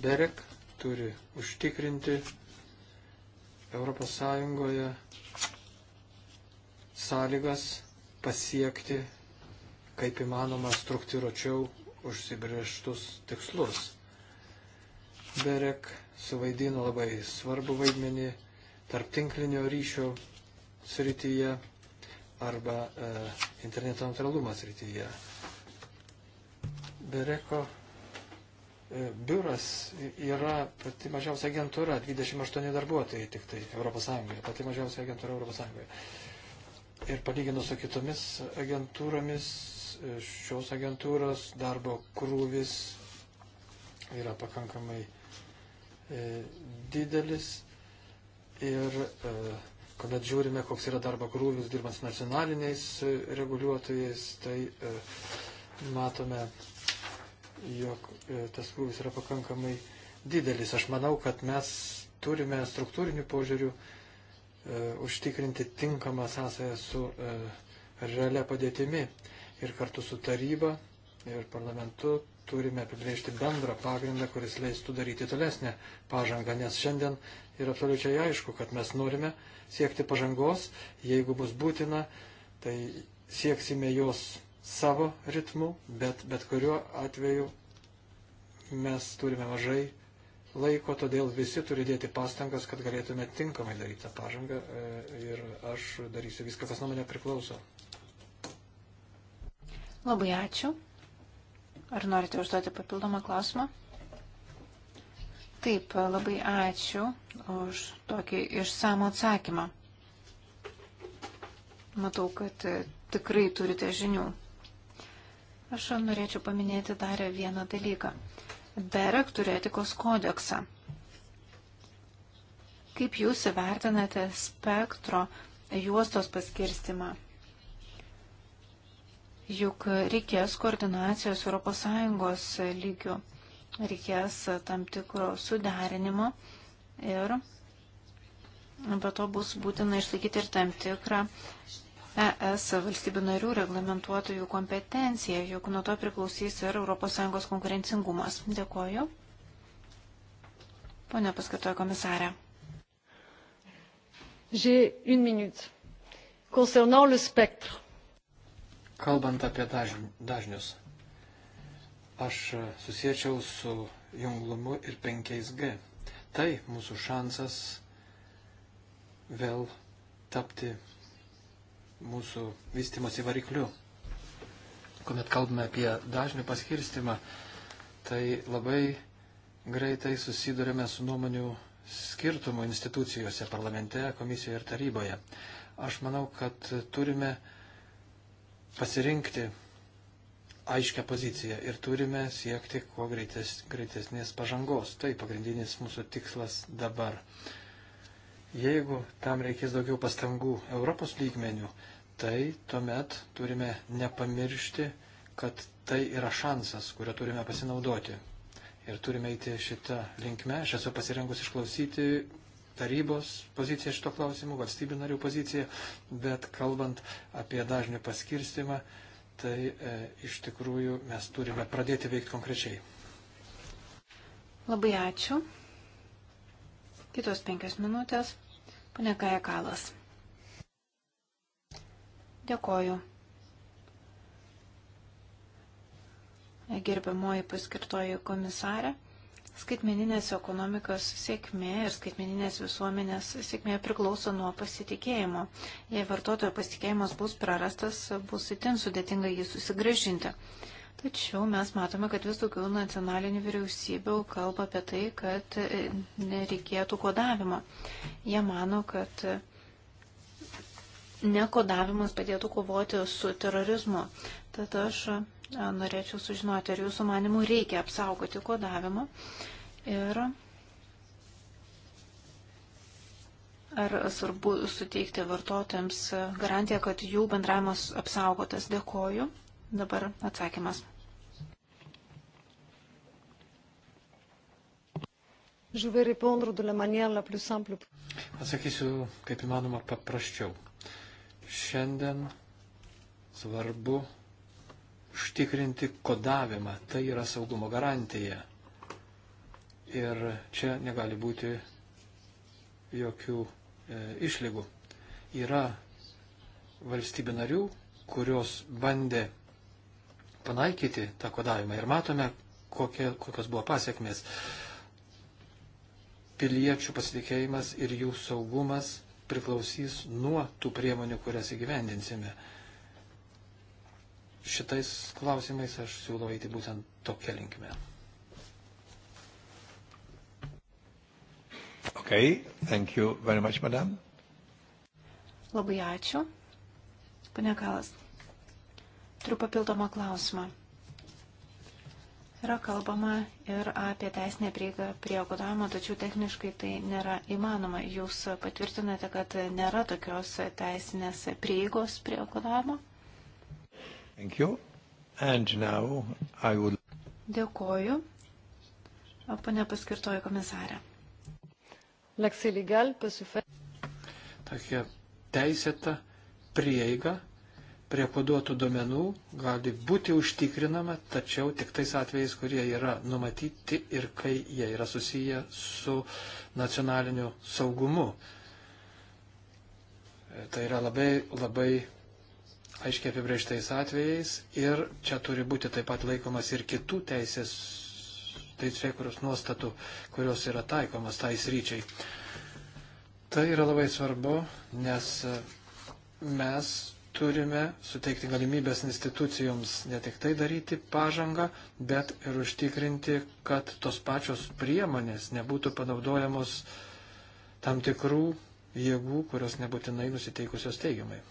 Derek turi užtikrinti ES sąlygas pasiekti kaip įmanoma struktūročiau užsibrieštus tikslus. Berek suvaidino labai svarbu vaidmenį tarp tinklinio ryšio srityje arba e, interneto neutralumo srityje. Bereko e, biuras yra pati mažiausia agentūra, 28 darbuotojai tik tai ES, pati mažiausia agentūra ES. Ir palyginus su kitomis agentūromis šios agentūros darbo krūvis yra pakankamai e, didelis ir e, kuomet žiūrime, koks yra darbo krūvis dirbant nacionaliniais e, reguliuotojais, tai matome, jog tas krūvis yra pakankamai didelis. Aš manau, kad mes turime struktūrinių požiūrių užtikrinti tinkamą sąsąją su realia padėtimi ir kartu su taryba ir parlamentu turime apibrėžti bendrą pagrindą, kuris leistų daryti tolesnę pažangą, nes šiandien yra absoliučiai aišku, kad mes norime siekti pažangos, jeigu bus būtina, tai sieksime jos savo ritmu, bet bet kuriuo atveju mes turime mažai laiko, todėl visi turi dėti pastangas, kad galėtume tinkamai daryti tą pažangą e, ir aš darysiu viską, kas nuo mane priklauso. Labai ačiū. Ar norite užduoti papildomą klausimą? Taip, labai ačiū už tokį išsamų atsakymą. Matau, kad tikrai turite žinių. Aš norėčiau paminėti dar vieną dalyką. Berek turi etikos kodeksą. Kaip jūs įvertinate spektro juostos paskirstimą? juk reikės koordinacijos ES lygių, reikės tam tikro suderinimo ir be to bus būtina išlaikyti ir tam tikrą ES valstybių narių reglamentuotojų kompetenciją, juk nuo to priklausys ir ES konkurencingumas. Dėkoju. Pone paskatoja komisarė. J'ai une minute. Concernant le spectre, Kalbant apie dažnius, aš susiečiau su junglumu ir 5G. Tai mūsų šansas vėl tapti mūsų vystimosi varikliu. Kuomet kalbame apie dažnių paskirstimą, tai labai greitai susidurime su nuomonių skirtumu institucijose, parlamente, komisijoje ir taryboje. Aš manau, kad turime pasirinkti aiškę poziciją ir turime siekti kuo greites, greitesnės pažangos. Tai pagrindinis mūsų tikslas dabar. Jeigu tam reikės daugiau pastangų Europos lygmenių, tai tuomet turime nepamiršti, kad tai yra šansas, kurio turime pasinaudoti. Ir turime eiti šitą linkmę. Aš esu pasirengus išklausyti tarybos poziciją šito klausimu, valstybių narių poziciją, bet kalbant apie dažnį paskirstimą, tai e, iš tikrųjų mes turime pradėti veikti konkrečiai. Labai ačiū. Kitos penkios minutės. Pane Kajakalas. Dėkoju. Gerbiamoji paskirtoji komisarė. Skaitmeninės ekonomikos sėkmė ir skaitmeninės visuomenės sėkmė priklauso nuo pasitikėjimo. Jei vartotojo pasitikėjimas bus prarastas, bus itin sudėtinga jį susigražinti. Tačiau mes matome, kad vis daugiau nacionalinių vyriausybių kalba apie tai, kad e, nereikėtų kodavimo. Jie mano, kad nekodavimas padėtų kovoti su terorizmu. Tad aš Norėčiau sužinoti, ar jūsų manimų reikia apsaugoti kodavimą ir ar svarbu suteikti vartotojams garantiją, kad jų bendravimas apsaugotas. Dėkoju. Dabar atsakymas. Atsakysiu kaip įmanoma paprasčiau. Šiandien svarbu užtikrinti kodavimą. Tai yra saugumo garantija. Ir čia negali būti jokių e, išlygų. Yra valstybė narių, kurios bandė panaikyti tą kodavimą ir matome, kokie, kokios buvo pasiekmės. Piliečių pasitikėjimas ir jų saugumas priklausys nuo tų priemonių, kurias įgyvendinsime. E, šitais klausimais aš siūlau eiti būtent tokia linkme. Okay, thank you very much, madam. Labai ačiū. Pane Kalas, turiu papildomą klausimą. Yra kalbama ir apie teisinę prieigą prie kodavimo, tačiau techniškai tai nėra įmanoma. Jūs patvirtinate, kad nėra tokios teisinės prieigos prie kodavimo? Thank you. And now I would. Dėkoju. Pane paskirtoji komisarė. Tokia teisėta prieiga prie koduotų duomenų gali būti užtikrinama, tačiau tik tais atvejais, kurie yra numatyti ir kai jie yra susiję su nacionaliniu saugumu. Tai yra labai, labai aiškiai apibrieštais atvejais ir čia turi būti taip pat laikomas ir kitų teisės, teisėkurus nuostatų, kurios yra taikomas tais ryčiai. Tai yra labai svarbu, nes e, mes turime suteikti galimybės institucijoms ne tik tai daryti pažangą, bet ir užtikrinti, kad tos pačios priemonės nebūtų panaudojamos tam tikrų jėgų, kurios nebūtinai nusiteikusios teigiamai.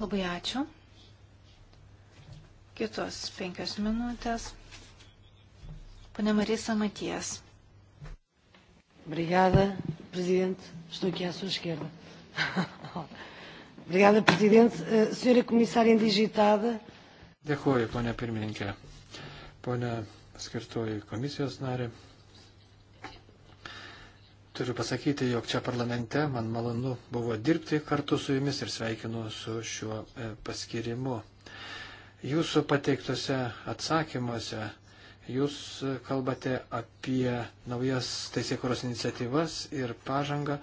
Labai ačiū. Kitos penkios minutės. Pane Marisa Maties. Obrigada, Presidente. Estou aqui à sua esquerda. Obrigada, Presidente. Uh, senhora Comissária Indigitada. Dėkuoju, ponia pirmininkė. Ponia skirtoji komisijos narė. Turiu pasakyti, jog čia parlamente man malonu buvo dirbti kartu su jumis ir sveikinu su šiuo e, paskirimu. Jūsų pateiktose atsakymuose jūs kalbate apie naujas teisėkuros iniciatyvas ir pažangą,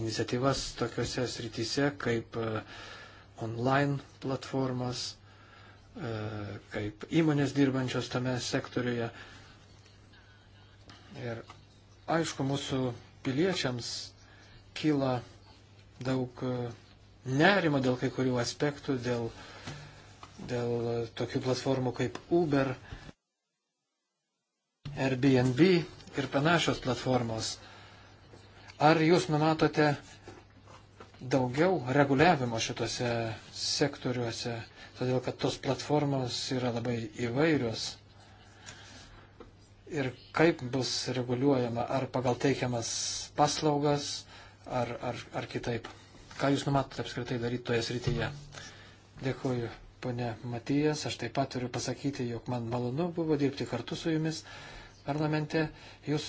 iniciatyvas tokiuose srityse kaip e, online platformas, e, kaip įmonės dirbančios tame sektoriuje. Ir aišku, mūsų piliečiams kyla daug e, nerimo dėl kai kurių aspektų, dėl, dėl tokių platformų kaip Uber, Airbnb ir panašios platformos. Ar jūs numatote daugiau reguliavimo šitose sektoriuose, todėl kad tos platformos yra labai įvairios ir kaip bus reguliuojama, ar pagal teikiamas paslaugas, ar, ar, ar kitaip. Ką Jūs numatote apskritai daryti toje srityje? Dėkuoju, ponė Matijas. Aš taip pat turiu pasakyti, jog man malonu buvo dirbti kartu su Jumis parlamente. Jūs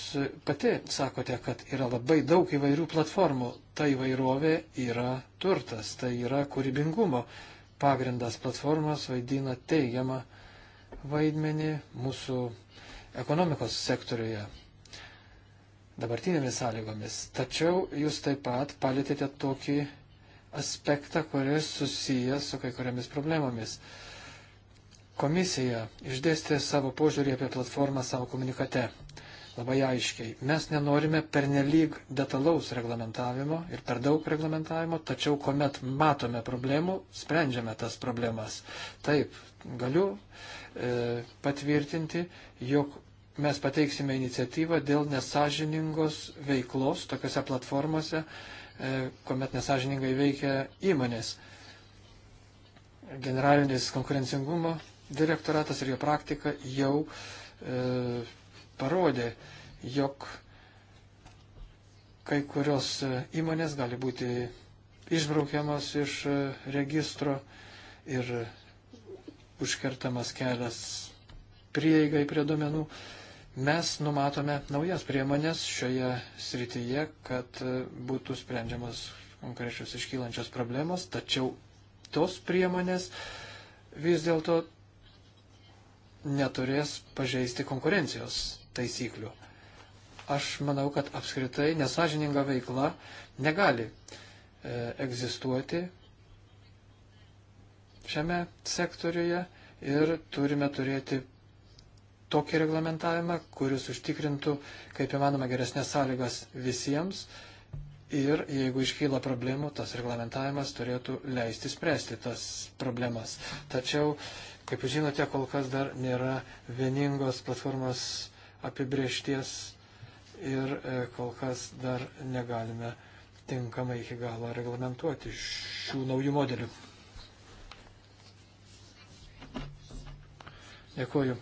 pati sakote, kad yra labai daug įvairių platformų. Ta įvairovė yra turtas, tai yra kūrybingumo pagrindas platformos vaidina teigiamą vaidmenį mūsų ekonomikos sektoriuje dabartinėmis sąlygomis. Tačiau jūs taip pat palėtėte tokį aspektą, kuris susijęs su kai kuriamis problemomis. Komisija išdėstė savo požiūrį apie platformą savo komunikate. Labai aiškiai. Mes nenorime pernelyg detalaus reglamentavimo ir per daug reglamentavimo, tačiau kuomet matome problemų, sprendžiame tas problemas. Taip, galiu e, patvirtinti, jog mes pateiksime iniciatyvą dėl nesažiningos veiklos tokiuose platformose, e, kuomet nesažiningai veikia įmonės. Generalinis konkurencingumo direktoratas ir jo praktika jau e, parodė, jog kai kurios e, įmonės gali būti išbraukiamas iš e, registro ir užkertamas kelias prieigai prie domenų. E, Mes numatome naujas priemonės šioje srityje, kad e, būtų sprendžiamas konkrečios iškylančios problemos, tačiau tos priemonės vis dėlto neturės pažeisti konkurencijos taisyklių. Aš manau, kad apskritai nesažininga veikla negali e, egzistuoti šiame sektoriuje ir turime turėti tokį reglamentavimą, kuris užtikrintų kaip įmanoma geresnės sąlygas visiems ir jeigu iškyla problemų, tas reglamentavimas turėtų leisti spręsti tas problemas. Tačiau, kaip jūs žinote, kol kas dar nėra vieningos platformos apibriešties ir e, kol kas dar negalime tinkamai iki galo reglamentuoti šių naujų modelių. Dėkuoju.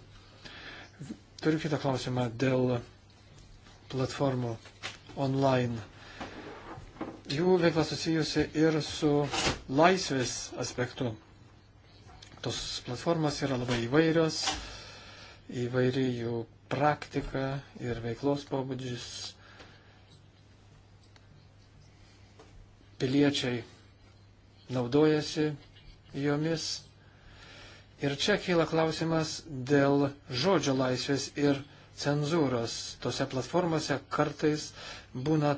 Turiu kitą klausimą dėl platformų online. Jų veikla susijusi ir su laisvės aspektu. Tos platformos yra labai įvairios, įvairi jų praktika ir veiklos pobūdžius. Piliečiai naudojasi jomis Ir čia kyla klausimas dėl žodžio laisvės ir cenzūros. Tose platformose kartais būna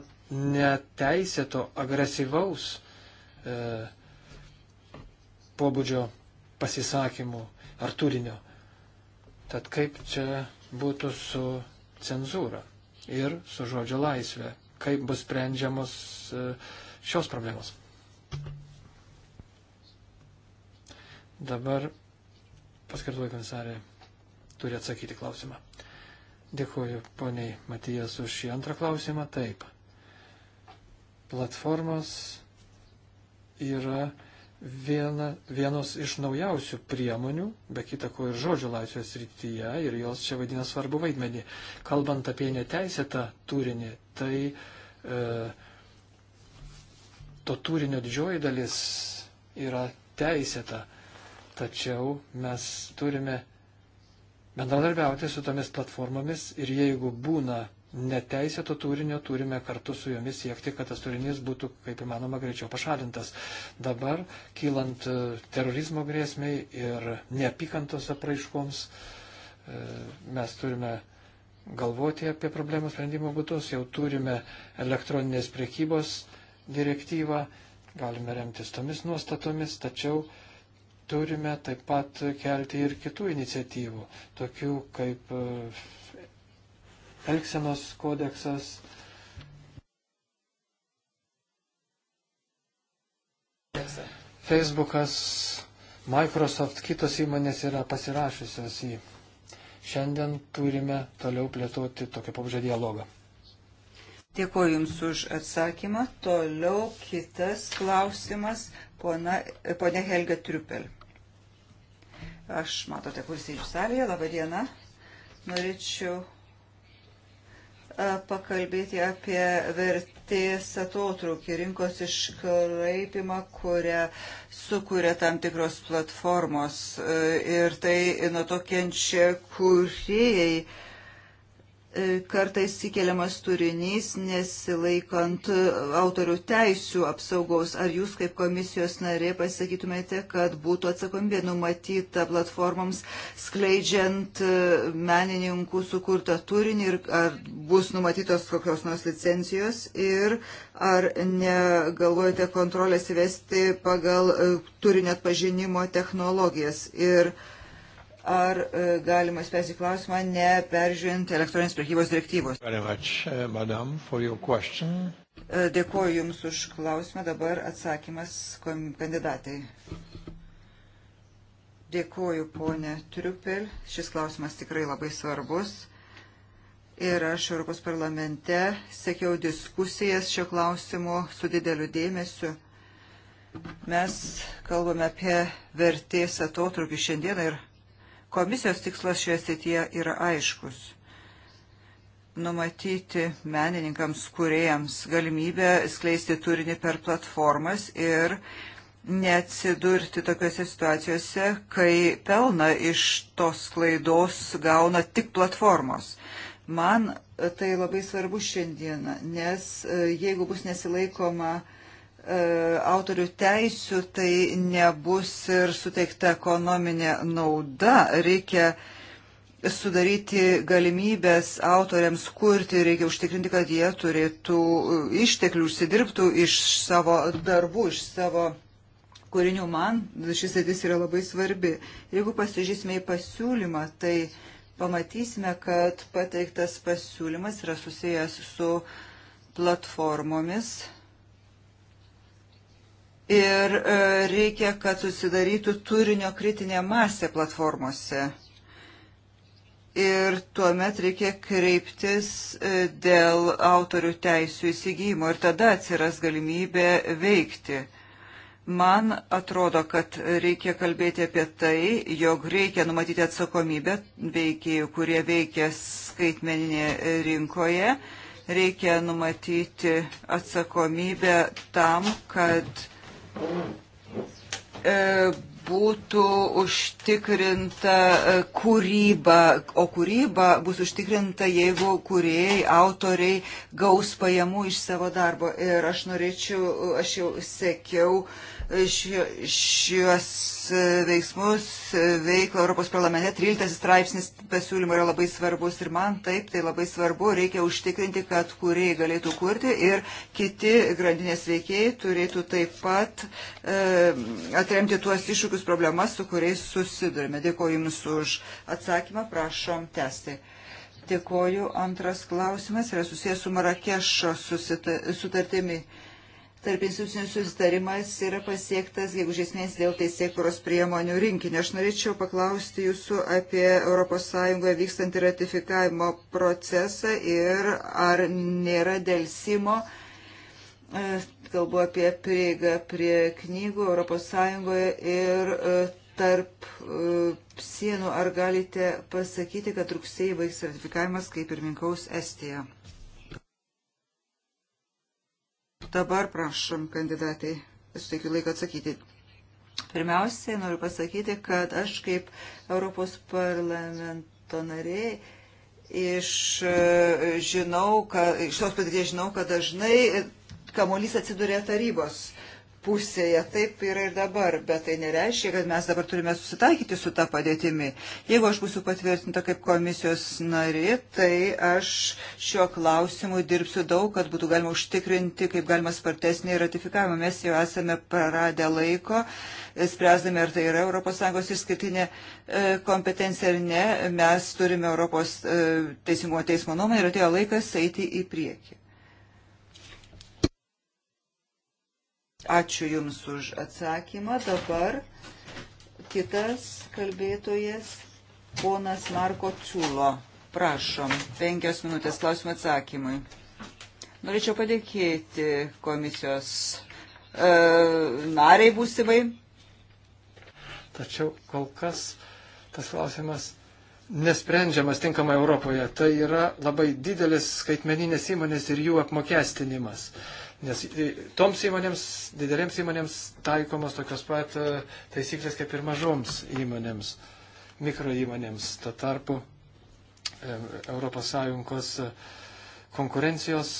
neteisėto agresyvaus e, pobūdžio pasisakymų ar turinio. Tad kaip čia būtų su cenzūra ir su žodžio laisvė? Kaip bus sprendžiamos e, šios problemos? Dabar paskirtoji komisarė turi atsakyti klausimą. Dėkuoju poniai Matijas už šį antrą klausimą. Taip. Platformos yra viena, vienos iš naujausių priemonių, be kita ko ir žodžio laisvės rytyje, ir jos čia vaidina svarbu vaidmenį. Kalbant apie neteisėtą turinį, tai e, to turinio didžioji dalis yra teisėta tačiau mes turime bendradarbiauti su tomis platformomis ir jeigu būna neteisėto turinio, turime kartu su jomis siekti, kad tas turinys būtų kaip įmanoma greičiau pašalintas. Dabar, kylant e, terorizmo grėsmiai ir neapykantos apraiškoms, e, mes turime galvoti apie problemų sprendimo būtus, jau turime elektroninės priekybos direktyvą, galime remtis tomis nuostatomis, tačiau turime taip pat kelti ir kitų iniciatyvų, tokių kaip eh, Elksenos kodeksas. Facebookas, Microsoft, kitos įmonės yra pasirašusios į. Šiandien turime toliau plėtoti tokio pabžą dialogą. Dėkuoju Jums už atsakymą. Toliau kitas klausimas pona, ponia Helga Triupel. Aš, matote, kur sėdžiu salėje, laba diena. Norėčiau pakalbėti apie vertės atotrukį, rinkos iškraipimą, kurią sukuria tam tikros platformos ir tai nuo to kenčia kurieji E, kartais įkeliamas turinys nesilaikant autorių teisių apsaugos. Ar jūs kaip komisijos narė pasakytumėte, kad būtų atsakomybė numatyta platformoms skleidžiant e, menininkų sukurtą turinį ir ar bus numatytos kokios nors licencijos ir ar negalvojate kontrolės įvesti pagal e, turinio atpažinimo technologijas? Ir, uh, ar e, galima spręsti klausimą neperžiūrint elektroninės prekybos direktyvos. E, e, Dėkuoju Jums už klausimą. Dabar atsakymas kandidatai. Dėkuoju, ponė Triupel. Šis klausimas tikrai labai svarbus. Ir aš Europos parlamente sekiau diskusijas šio klausimu su dideliu dėmesiu mes kalbame apie vertės atotrukį šiandieną ir Komisijos tikslas šioje srityje yra aiškus numatyti menininkams, kuriejams galimybę skleisti turinį per platformas ir neatsidurti tokiuose situacijose, kai pelna iš tos klaidos gauna tik platformos. Man tai labai svarbu šiandieną, nes e, jeigu bus nesilaikoma uh, E, autorių teisių, tai nebus ir suteikta ekonominė nauda. Reikia sudaryti galimybės autoriams kurti, reikia užtikrinti, kad jie turėtų e, išteklių, užsidirbtų iš savo darbų, iš savo kūrinių. Man šis sėdis yra labai svarbi. Jeigu pasižiūrėsime į pasiūlymą, tai pamatysime, kad pateiktas pasiūlymas yra susijęs su platformomis ir e, reikia, kad susidarytų turinio kritinė masė platformose. Ir tuomet reikia kreiptis e, dėl autorių teisų įsigymo ir tada atsiras galimybė veikti. Man atrodo, kad reikia kalbėti apie tai, jog reikia numatyti atsakomybę veikėjų, kurie veikia skaitmeninėje rinkoje. Reikia numatyti atsakomybę tam, kad E, būtų užtikrinta e, kūryba, o kūryba bus užtikrinta, jeigu kūrėjai, autoriai gaus pajamų iš savo darbo. Ir aš norėčiau, aš jau sekiau uh, šiuos veiksmus veiklą Europos parlamente. 13 straipsnis pasiūlymo yra labai svarbus ir man taip, tai labai svarbu. Reikia užtikrinti, kad kuriai galėtų kurti ir kiti grandinės veikėjai turėtų taip pat e, atremti tuos iššūkius problemas, su kuriais susidurime. Dėkoju Jums už atsakymą, prašom tęsti. Dėkoju. Antras klausimas yra susijęs su Marakešo sutartimi. Susita tarp institucinis susitarimas yra pasiektas, jeigu žiesmės dėl teisėkuros priemonių rinkinio. Aš norėčiau paklausti jūsų apie ES vykstantį ratifikavimo procesą ir ar nėra dėlsimo, e, kalbu apie prieigą prie knygų ES ir e, tarp e, sienų. Ar galite pasakyti, kad rugsėjai baigs ratifikavimas, kaip ir minkaus Estija? Dabar prašom kandidatai, suteikiu laiką atsakyti. Pirmiausiai noriu pasakyti, kad aš kaip Europos parlamento nariai iš, e, žinau, kad, iš tos patirties žinau, kad dažnai e, kamuolys atsiduria tarybos pusėje. Taip yra ir dabar, bet tai nereiškia, kad mes dabar turime susitaikyti su tą padėtimi. Jeigu aš būsiu patvirtinta kaip komisijos nari, tai aš šiuo klausimu dirbsiu daug, kad būtų galima užtikrinti, kaip galima spartesnį ratifikavimą. Mes jau esame praradę laiko, spręsdami, ar tai yra ES išskirtinė e, kompetencija ar ne. Mes turime Europos e, teisingumo teismo nuomonę ir atėjo laikas eiti į priekį. Ačiū Jums už atsakymą. Dabar kitas kalbėtojas, ponas Marko Ciulo. Prašom, penkios minutės klausimų atsakymui. Norėčiau padėkėti komisijos e, nariai būsimai. Tačiau kol kas tas klausimas nesprendžiamas tinkamai Europoje. Tai yra labai didelis skaitmeninės įmonės ir jų apmokestinimas. E, Nes e, toms įmonėms, didelėms įmonėms taikomos tokios pat e, taisyklės kaip ir mažoms įmonėms, mikro įmonėms. Tuo tarpu ES e, konkurencijos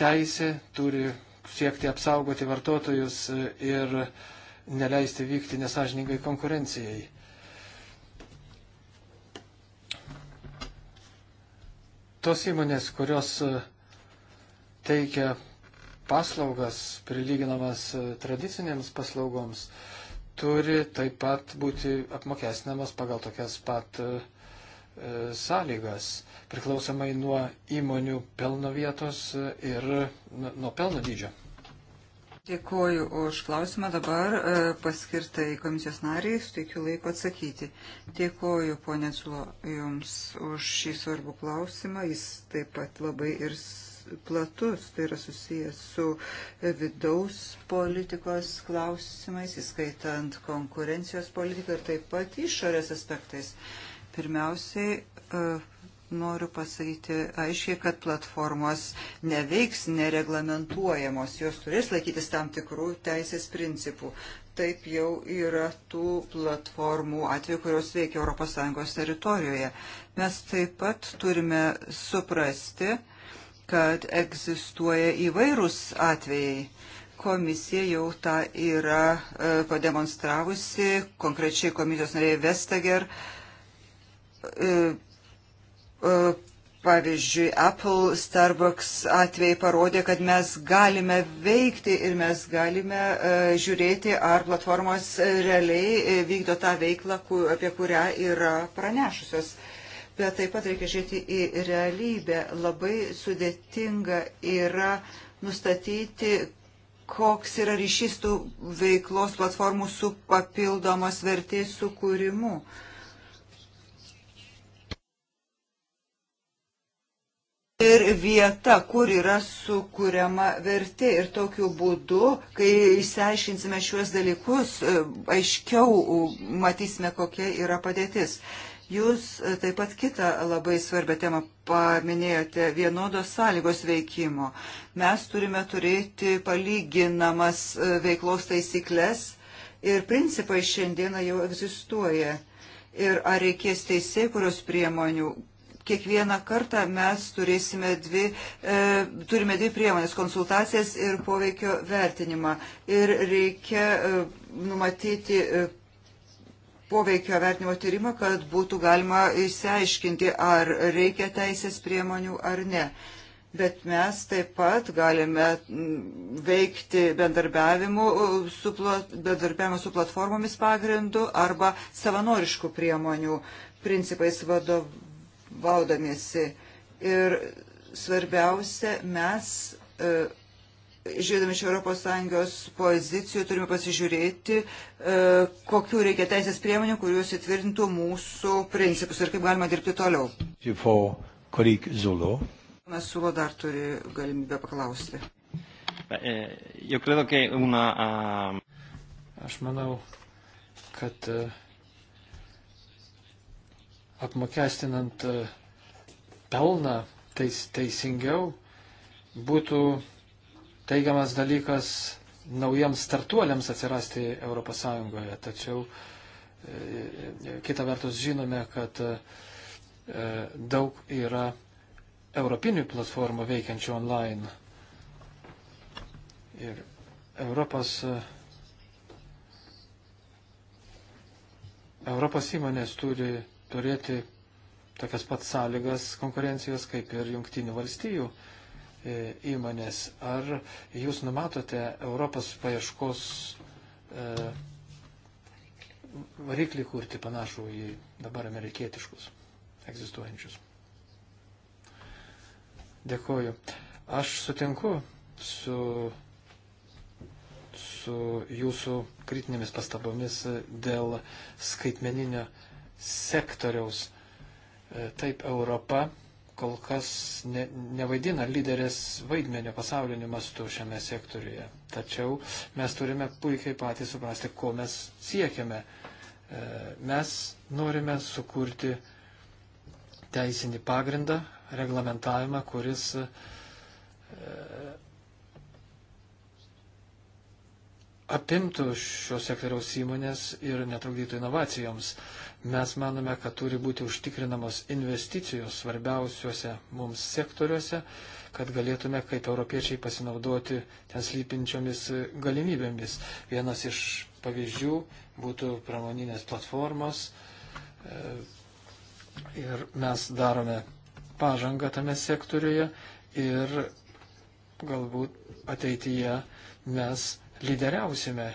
teisė turi siekti apsaugoti vartotojus ir neleisti vykti nesažiningai konkurencijai. Tos įmonės, kurios uh, teikia paslaugas, prilyginamas e, tradicinėms paslaugoms, turi taip pat būti apmokestinamas pagal tokias pat e, e sąlygas, priklausomai nuo įmonių pelno vietos e, ir nuo pelno dydžio. Dėkoju už klausimą. Dabar e, paskirtai komisijos nariai suteikiu laiko atsakyti. Dėkoju, ponė Culo, Jums už šį svarbų klausimą. Jis taip pat labai ir platus, tai yra susijęs su vidaus politikos klausimais, įskaitant konkurencijos politiką ir taip pat išorės aspektais. Pirmiausiai, e, noriu pasakyti aiškiai, kad platformos neveiks nereglamentuojamos, jos turės laikytis tam tikrų teisės principų. Taip jau yra tų platformų atveju, kurios veikia ES teritorijoje. Mes taip pat turime suprasti, kad egzistuoja įvairūs atvejai. Komisija jau tą yra e, pademonstravusi, konkrečiai komisijos narė Vestager e, e, Pavyzdžiui, Apple, Starbucks atvejai parodė, kad mes galime veikti ir mes galime uh, žiūrėti, ar platformos realiai vykdo tą veiklą, ku, apie kurią yra pranešusios bet taip pat reikia žiūrėti į realybę. Labai sudėtinga yra nustatyti, koks yra ryšys tų veiklos platformų su papildomos vertės sukūrimu. ir vieta, kur yra sukūriama vertė. Ir tokiu būdu, kai įsiaiškinsime šiuos dalykus, e, aiškiau matysime, kokia yra padėtis. Jūs e, taip pat kitą labai svarbę temą paminėjote - vienodos sąlygos veikimo. Mes turime turėti palyginamas e, veiklos taisyklės ir principai šiandieną jau egzistuoja. Ir ar reikės teisė, kurios priemonių, kiekvieną kartą mes turėsime dvi, e, turime dvi priemonės - konsultacijas ir poveikio vertinimą. Ir reikia e, numatyti e, poveikio vertinimo tyrimą, kad būtų galima išsiaiškinti, ar reikia teisės priemonių ar ne. Bet mes taip pat galime mm, veikti bendarbiavimu su, bendarbiavimu su platformomis pagrindu arba savanoriškų priemonių principais vadovaudamiesi. Ir svarbiausia, mes e, žiūrėdami iš ES pozicijų turime pasižiūrėti, e, kokiu reikia teisės priemonių, kuriuos įtvirtintų mūsų principus ir kaip galima dirbti toliau. Mes Sulo dar turi galimybę paklausti. Eh, ah, Aš manau, kad eh, apmokestinant eh, pelną teis, teisingiau būtų teigiamas dalykas naujiems startuoliams atsirasti ES. Tačiau e, e, kita vertus žinome, kad e, daug yra europinių platformų veikiančių online. Ir Europos, Europos įmonės turi turėti tokias pat sąlygas konkurencijos kaip ir jungtinių valstijų E, įmonės. Ar jūs numatote Europos paieškos e, variklį kurti panašų į dabar amerikietiškus egzistuojančius? Dėkuoju. Aš sutinku su, su jūsų kritinėmis pastabomis dėl skaitmeninio sektoriaus. E, taip, Europa kol kas ne, nevaidina lyderės vaidmenio pasauliniu mastu šiame sektoriuje. Tačiau mes turime puikiai patys suprasti, ko mes siekiame. E, mes norime sukurti teisinį pagrindą, reglamentavimą, kuris uh, apimtų šio sektoriaus įmonės ir netrukdytų inovacijoms. Mes manome, kad turi būti užtikrinamos investicijos svarbiausiuose mums sektoriuose, kad galėtume kaip europiečiai pasinaudoti ten slypinčiomis galimybėmis. Vienas iš pavyzdžių būtų pramoninės platformos e, ir mes darome pažangą tame sektoriuje ir galbūt ateityje mes lyderiausime.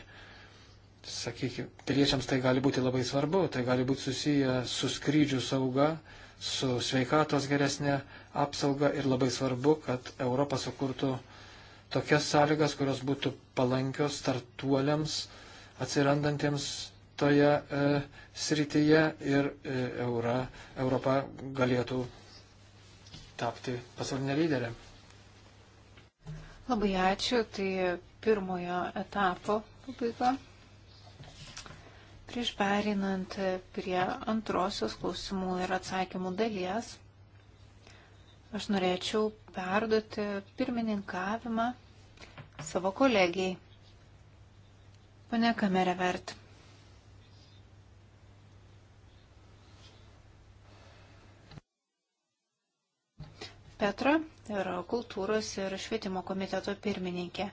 Sakykime, piliečiams tai gali būti labai svarbu, tai gali būti susiję su skrydžių sauga, su sveikatos geresnė apsauga ir labai svarbu, kad Europa sukurtų tokias sąlygas, kurios būtų palankios startuoliams atsirandantiems toje e, srityje ir e, Eura, Europa galėtų tapti pasaulinę lyderę. Labai ačiū. Tai pirmojo etapo pabaiga. Prieš perinant prie antrosios klausimų ir atsakymų dalies, aš norėčiau perduoti pirmininkavimą savo kolegijai. Pane Kamerevert. Petra yra kultūros ir švietimo komiteto pirmininkė.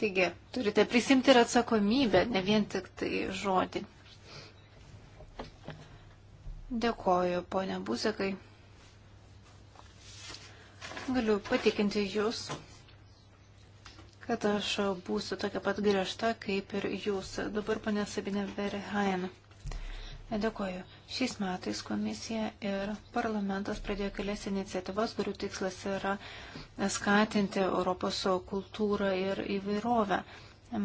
Taigi, turite prisimti ir atsakomybę, ne vien tik tai žodį. Dėkoju, ponia Buzekai. Galiu patikinti jūs, kad aš būsiu tokia pat griežta, kaip ir jūs. Dabar ponia Sabinė Verhein. Dėkoju. Šiais metais komisija ir parlamentas pradėjo kelias iniciatyvas, kurių tikslas yra skatinti Europos kultūrą ir įvairovę.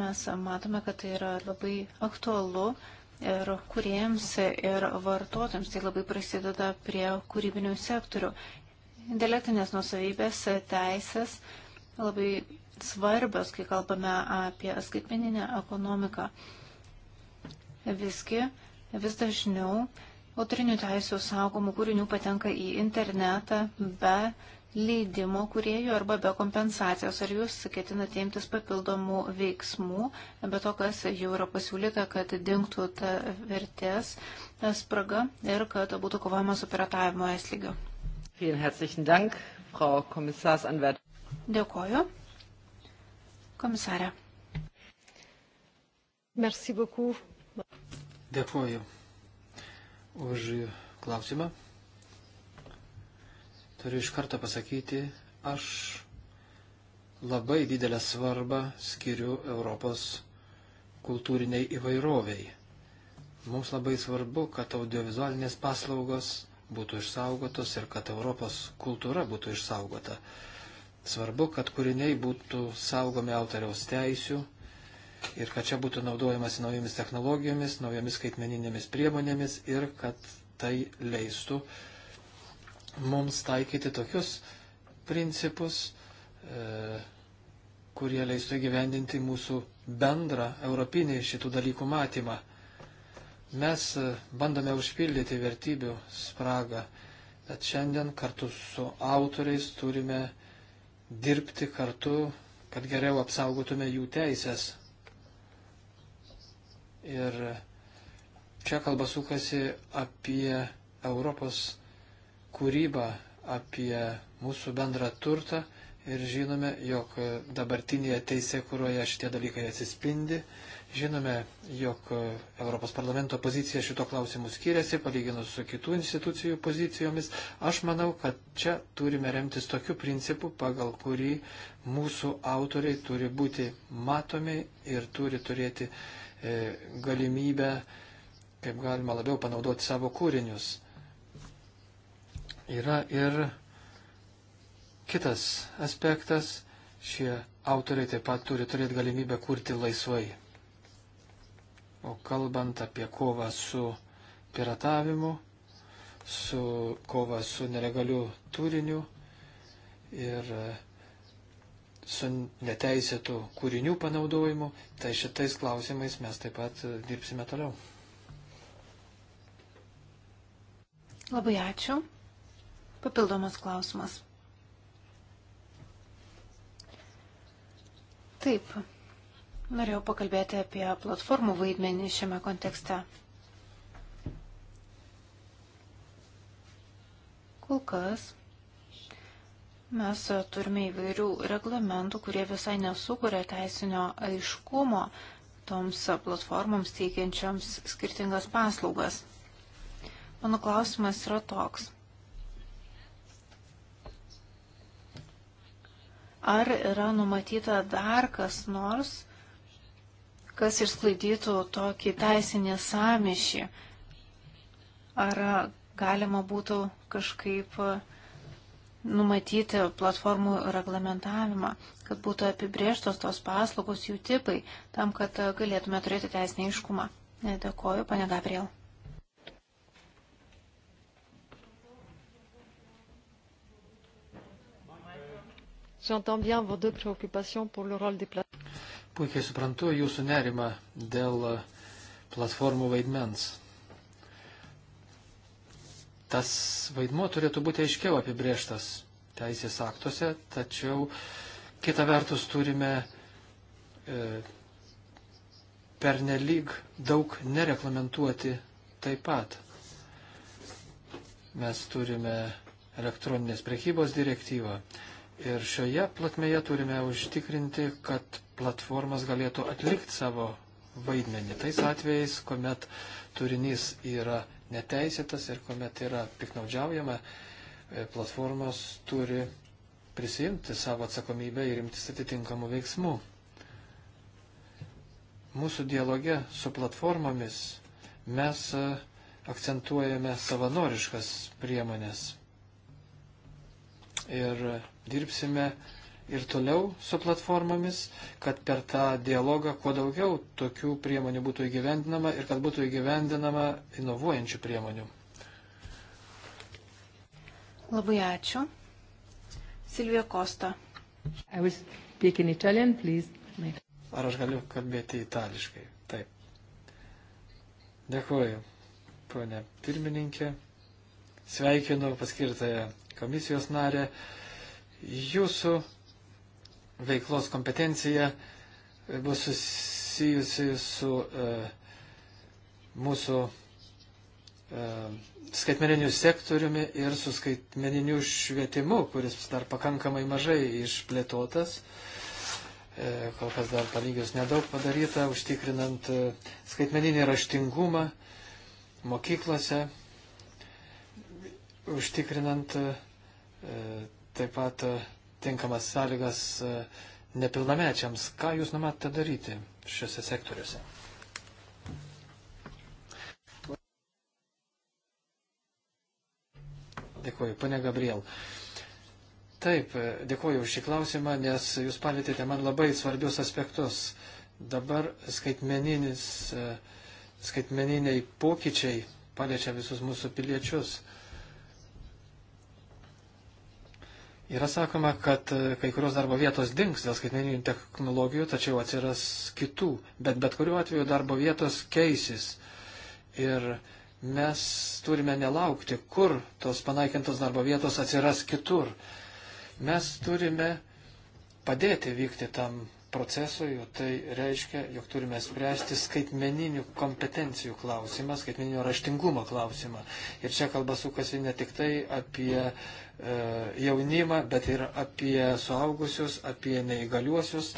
Mes matome, kad tai yra labai aktualu ir kuriems ir vartotojams. Tai labai prasideda prie kūrybinių sektorių. Intelektinės nusavybės teisės labai svarbios, kai kalbame apie skaitmeninę ekonomiką. Visgi vis dažniau autorinių teisų saugomų kūrinių patenka į internetą be leidimo kuriejų arba be kompensacijos. Ar jūs ketinate imtis papildomų veiksmų, be to, kas jau yra pasiūlyta, kad dinktų ta vertės spraga ir kad būtų kovojama su piratavimo eslygiu? Dėkoju. Komisarė. Merci beaucoup. Dėkoju už klausimą. Turiu iš karto pasakyti, aš labai didelę svarbą skiriu Europos kultūriniai įvairoviai. Mums labai svarbu, kad audiovizualinės paslaugos būtų išsaugotos ir kad Europos kultūra būtų išsaugota. Svarbu, kad kūriniai būtų saugomi autoriaus teisių ir kad čia būtų naudojamas naujomis technologijomis, naujomis skaitmeninėmis priemonėmis ir kad tai leistų mums taikyti tokius principus, e, kurie leistų įgyvendinti mūsų bendrą europinį šitų dalykų matymą. Mes e, bandome užpildyti vertybių spragą, bet šiandien kartu su autoriais turime dirbti kartu, kad geriau apsaugotume jų teisės. Ir čia kalba sukasi apie Europos kūrybą, apie mūsų bendrą turtą ir žinome, jog dabartinėje teisė, kurioje šitie dalykai atsispindi. Žinome, jog Europos parlamento pozicija šito klausimu skiriasi, palyginus su kitų institucijų pozicijomis. Aš manau, kad čia turime remtis tokiu principu, pagal kurį mūsų autoriai turi būti matomi ir turi turėti E, galimybę kaip galima labiau panaudoti savo kūrinius. Yra ir kitas aspektas, šie autoriai taip pat turi turėti galimybę kurti laisvai. O kalbant apie kovą su piratavimu, su kova su nelegaliu turiniu ir e, su neteisėtų kūrinių panaudojimu, tai šitais klausimais mes taip pat e, dirbsime toliau. Labai ačiū. Papildomas klausimas. Taip, norėjau pakalbėti apie platformų vaidmenį šiame kontekste. Kol kas Mes turime įvairių reglamentų, kurie visai nesukuria teisinio aiškumo toms platformoms teikiančioms skirtingas paslaugas. Mano klausimas yra toks. Ar yra numatyta dar kas nors, kas išsklaidytų tokį teisinį samišį? Ar galima būtų kažkaip uh, numatyti platformų reglamentavimą, kad būtų apibrieštos tos paslaugos jų tipai, tam, kad e, galėtume turėti teisinį iškumą. E, dėkoju, pane Gabriel. Puikiai suprantu jūsų nerimą dėl e, platformų vaidmens. Tas vaidmuo turėtų būti aiškiau apibrieštas teisės aktuose, tačiau kita vertus turime e, pernelyg daug nereglamentuoti taip pat. Mes turime elektroninės prekybos direktyvą ir šioje platmeje turime užtikrinti, kad platformas galėtų atlikti savo vaidmenį. Tais atvejais, kuomet turinys yra neteisėtas ir kuomet yra piknaudžiaujama, e, platformos turi prisimti savo atsakomybę ir imtis atitinkamų veiksmų. Mūsų dialoge su platformomis mes e, akcentuojame savanoriškas priemonės ir dirbsime ir toliau su platformomis, kad per tą dialogą kuo daugiau tokių priemonių būtų įgyvendinama ir kad būtų įgyvendinama inovuojančių priemonių. Labai ačiū. Silvija Kosta. Italian, Ar aš galiu kalbėti itališkai? Taip. Dėkuoju, ponė pirmininkė. Sveikinu paskirtąją komisijos narę. Jūsų veiklos kompetencija e, bus susijusi su e, mūsų e, skaitmeniniu sektoriumi ir su skaitmeniniu švietimu, kuris dar pakankamai mažai išplėtotas. E, kol kas dar palygius nedaug padaryta, užtikrinant e, skaitmeninį raštingumą mokyklose, užtikrinant e, e taip pat e, tinkamas sąlygas e, nepilnamečiams. Ką jūs numatote daryti šiuose sektoriuose? Dėkuoju, pane Gabriel. Taip, e, dėkuoju už šį klausimą, nes jūs palėtėte man labai svarbius aspektus. Dabar e, skaitmeniniai pokyčiai paliečia visus mūsų piliečius. Yra sakoma, kad e, kai kurios darbo vietos dinks dėl skaitmeninių technologijų, tačiau atsiras kitų, bet bet kuriuo atveju darbo vietos keisis. Ir mes turime nelaukti, kur tos panaikintos darbo vietos atsiras kitur. Mes turime padėti vykti tam procesui, o tai reiškia, jog turime spręsti skaitmeninių kompetencijų klausimą, skaitmeninio raštingumo klausimą. Ir čia kalba sukasi ne tik tai apie e, jaunimą, bet ir apie suaugusius, apie neįgaliuosius.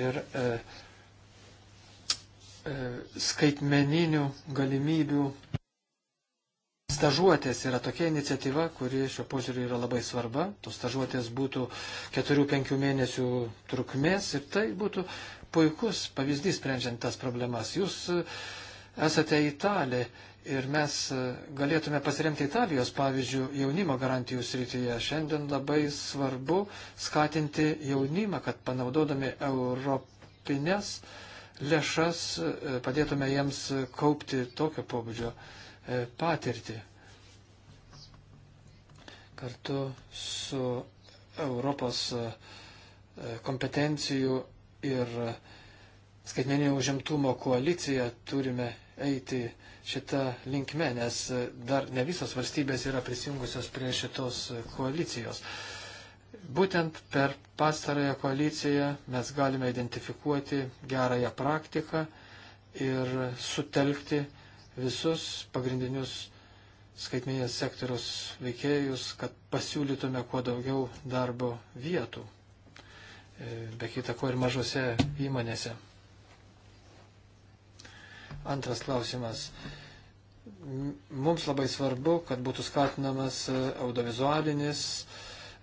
Ir e, e, skaitmeninių galimybių stažuotės yra tokia iniciatyva, kuri šio požiūriu yra labai svarba. Tos stažuotės būtų 4-5 mėnesių trukmės ir tai būtų puikus pavyzdys sprendžiant tas problemas. Jūs e, esate italė ir mes e, galėtume pasiremti Italijos pavyzdžių jaunimo garantijų srityje. Šiandien labai svarbu skatinti jaunimą, kad panaudodami europinės lėšas e, padėtume jiems kaupti tokio pobūdžio E, patirtį. Kartu su Europos e, kompetencijų ir skaitmeninio užimtumo koalicija turime eiti šitą linkmę, nes dar ne visos valstybės yra prisijungusios prie šitos koalicijos. Būtent per pastarąją koaliciją mes galime identifikuoti gerąją praktiką ir sutelkti visus pagrindinius skaitminės sektoriaus veikėjus, kad pasiūlytume kuo daugiau darbo vietų, e, be kita ko ir mažose įmonėse. Antras klausimas. Mums labai svarbu, kad būtų skatinamas e, audiovizualinis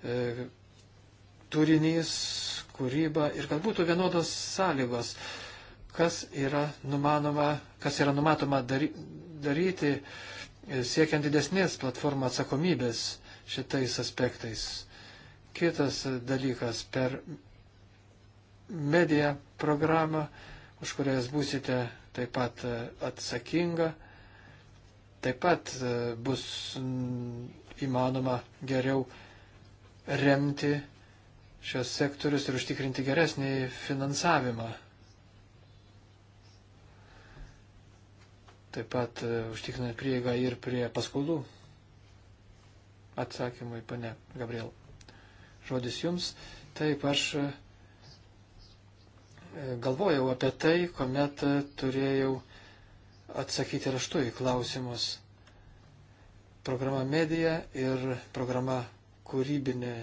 e, turinys, kūryba ir kad būtų vienodos sąlygos kas yra, numanoma, kas yra numatoma dary, daryti, e, siekiant didesnės platformų atsakomybės šitais aspektais. Kitas e, dalykas per mediją programą, už kurias būsite taip pat e, atsakinga, taip pat bus įmanoma geriau remti šios sektorius ir užtikrinti geresnį finansavimą taip pat e, užtikrinant prieigą ir prie paskolų. Atsakymai, pane Gabriel. Žodis jums. Taip, aš e, galvojau apie tai, kuomet e, turėjau atsakyti raštu į klausimus. Programa Medija ir programa Kūrybinė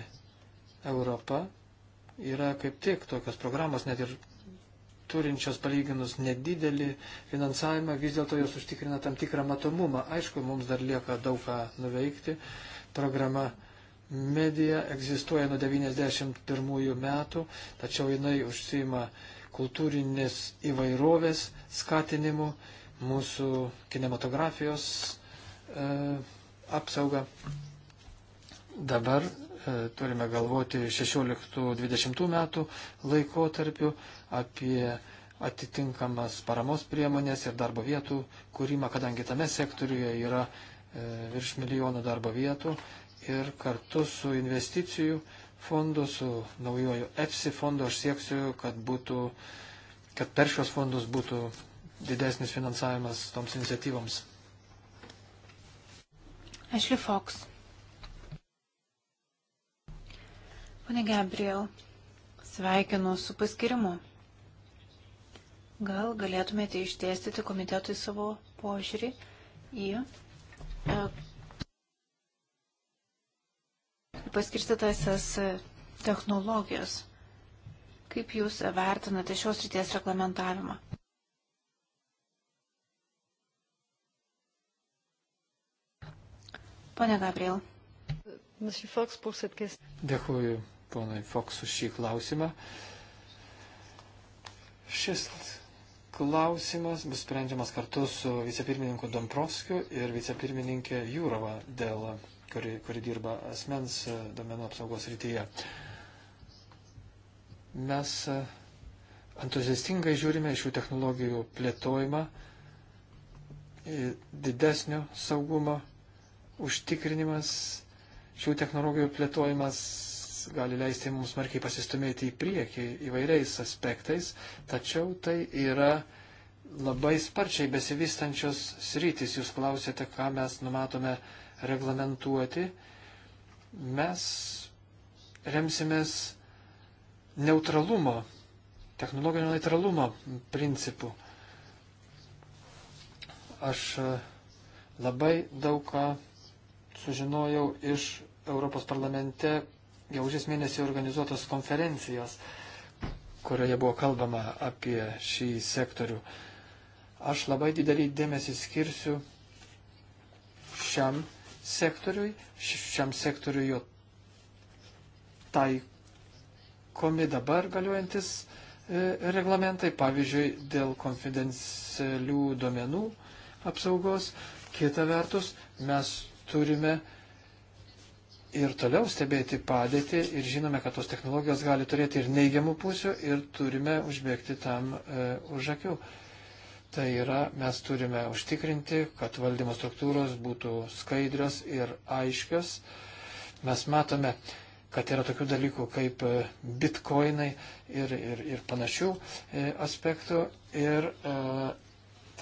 Europa yra kaip tik tokios programos, net ir turinčios palyginus nedidelį finansavimą, vis dėlto jos užtikrina tam tikrą matomumą. Aišku, mums dar lieka daug ką nuveikti. Programa medija egzistuoja nuo 1991 metų, tačiau jinai užsima kultūrinės įvairovės skatinimu, mūsų kinematografijos e, apsauga. Dabar E, turime galvoti 16-20 metų laikotarpiu apie atitinkamas paramos priemonės ir darbo vietų kūrimą, kadangi tame sektoriuje yra e, virš milijonų darbo vietų ir kartu su investicijų fondu, su naujoju EFSI fondu aš sieksiu, kad, būtų, kad per šios fondus būtų didesnis finansavimas toms iniciatyvoms. Ashley Fox. Pane Gabriel, sveikinu su paskirimu. Gal galėtumėte išdėstyti komitetui savo požiūrį į e, paskirstytasias e, technologijas. Kaip Jūs vertinate šios ryties reglamentavimą? Pone Gabriel. Dėkuoju ponai Foks už šį klausimą. Šis klausimas bus sprendžiamas kartu su vicepirmininku Domprovskiu ir vicepirmininkė Jūrova, dėl, kuri, kuri dirba asmens domenų apsaugos rytyje. Mes entuziastingai žiūrime šių technologijų plėtojimą, didesnio saugumo užtikrinimas, šių technologijų plėtojimas gali leisti mums smarkiai pasistumėti į priekį įvairiais aspektais, tačiau tai yra labai sparčiai besivystančios sritys. Jūs klausėte, ką mes numatome reglamentuoti. Mes remsimės neutralumo, technologinio neutralumo principų. Aš e, labai daug ką sužinojau iš Europos parlamente gegužės mėnesį organizuotos konferencijos, kurioje buvo kalbama apie šį sektorių. Aš labai didelį dėmesį skirsiu šiam sektoriui, šiam sektoriui jo taikomi dabar galiuojantis e, reglamentai, pavyzdžiui, dėl konfidencialių duomenų apsaugos. Kita vertus, mes turime ir toliau stebėti padėtį ir žinome, kad tos technologijos gali turėti ir neigiamų pusių ir turime užbėgti tam e, už akių. Tai yra, mes turime užtikrinti, kad valdymo struktūros būtų skaidrios ir aiškios. Mes matome, kad yra tokių dalykų kaip e, bitkoinai ir, ir, ir panašių e, aspektų. Ir e,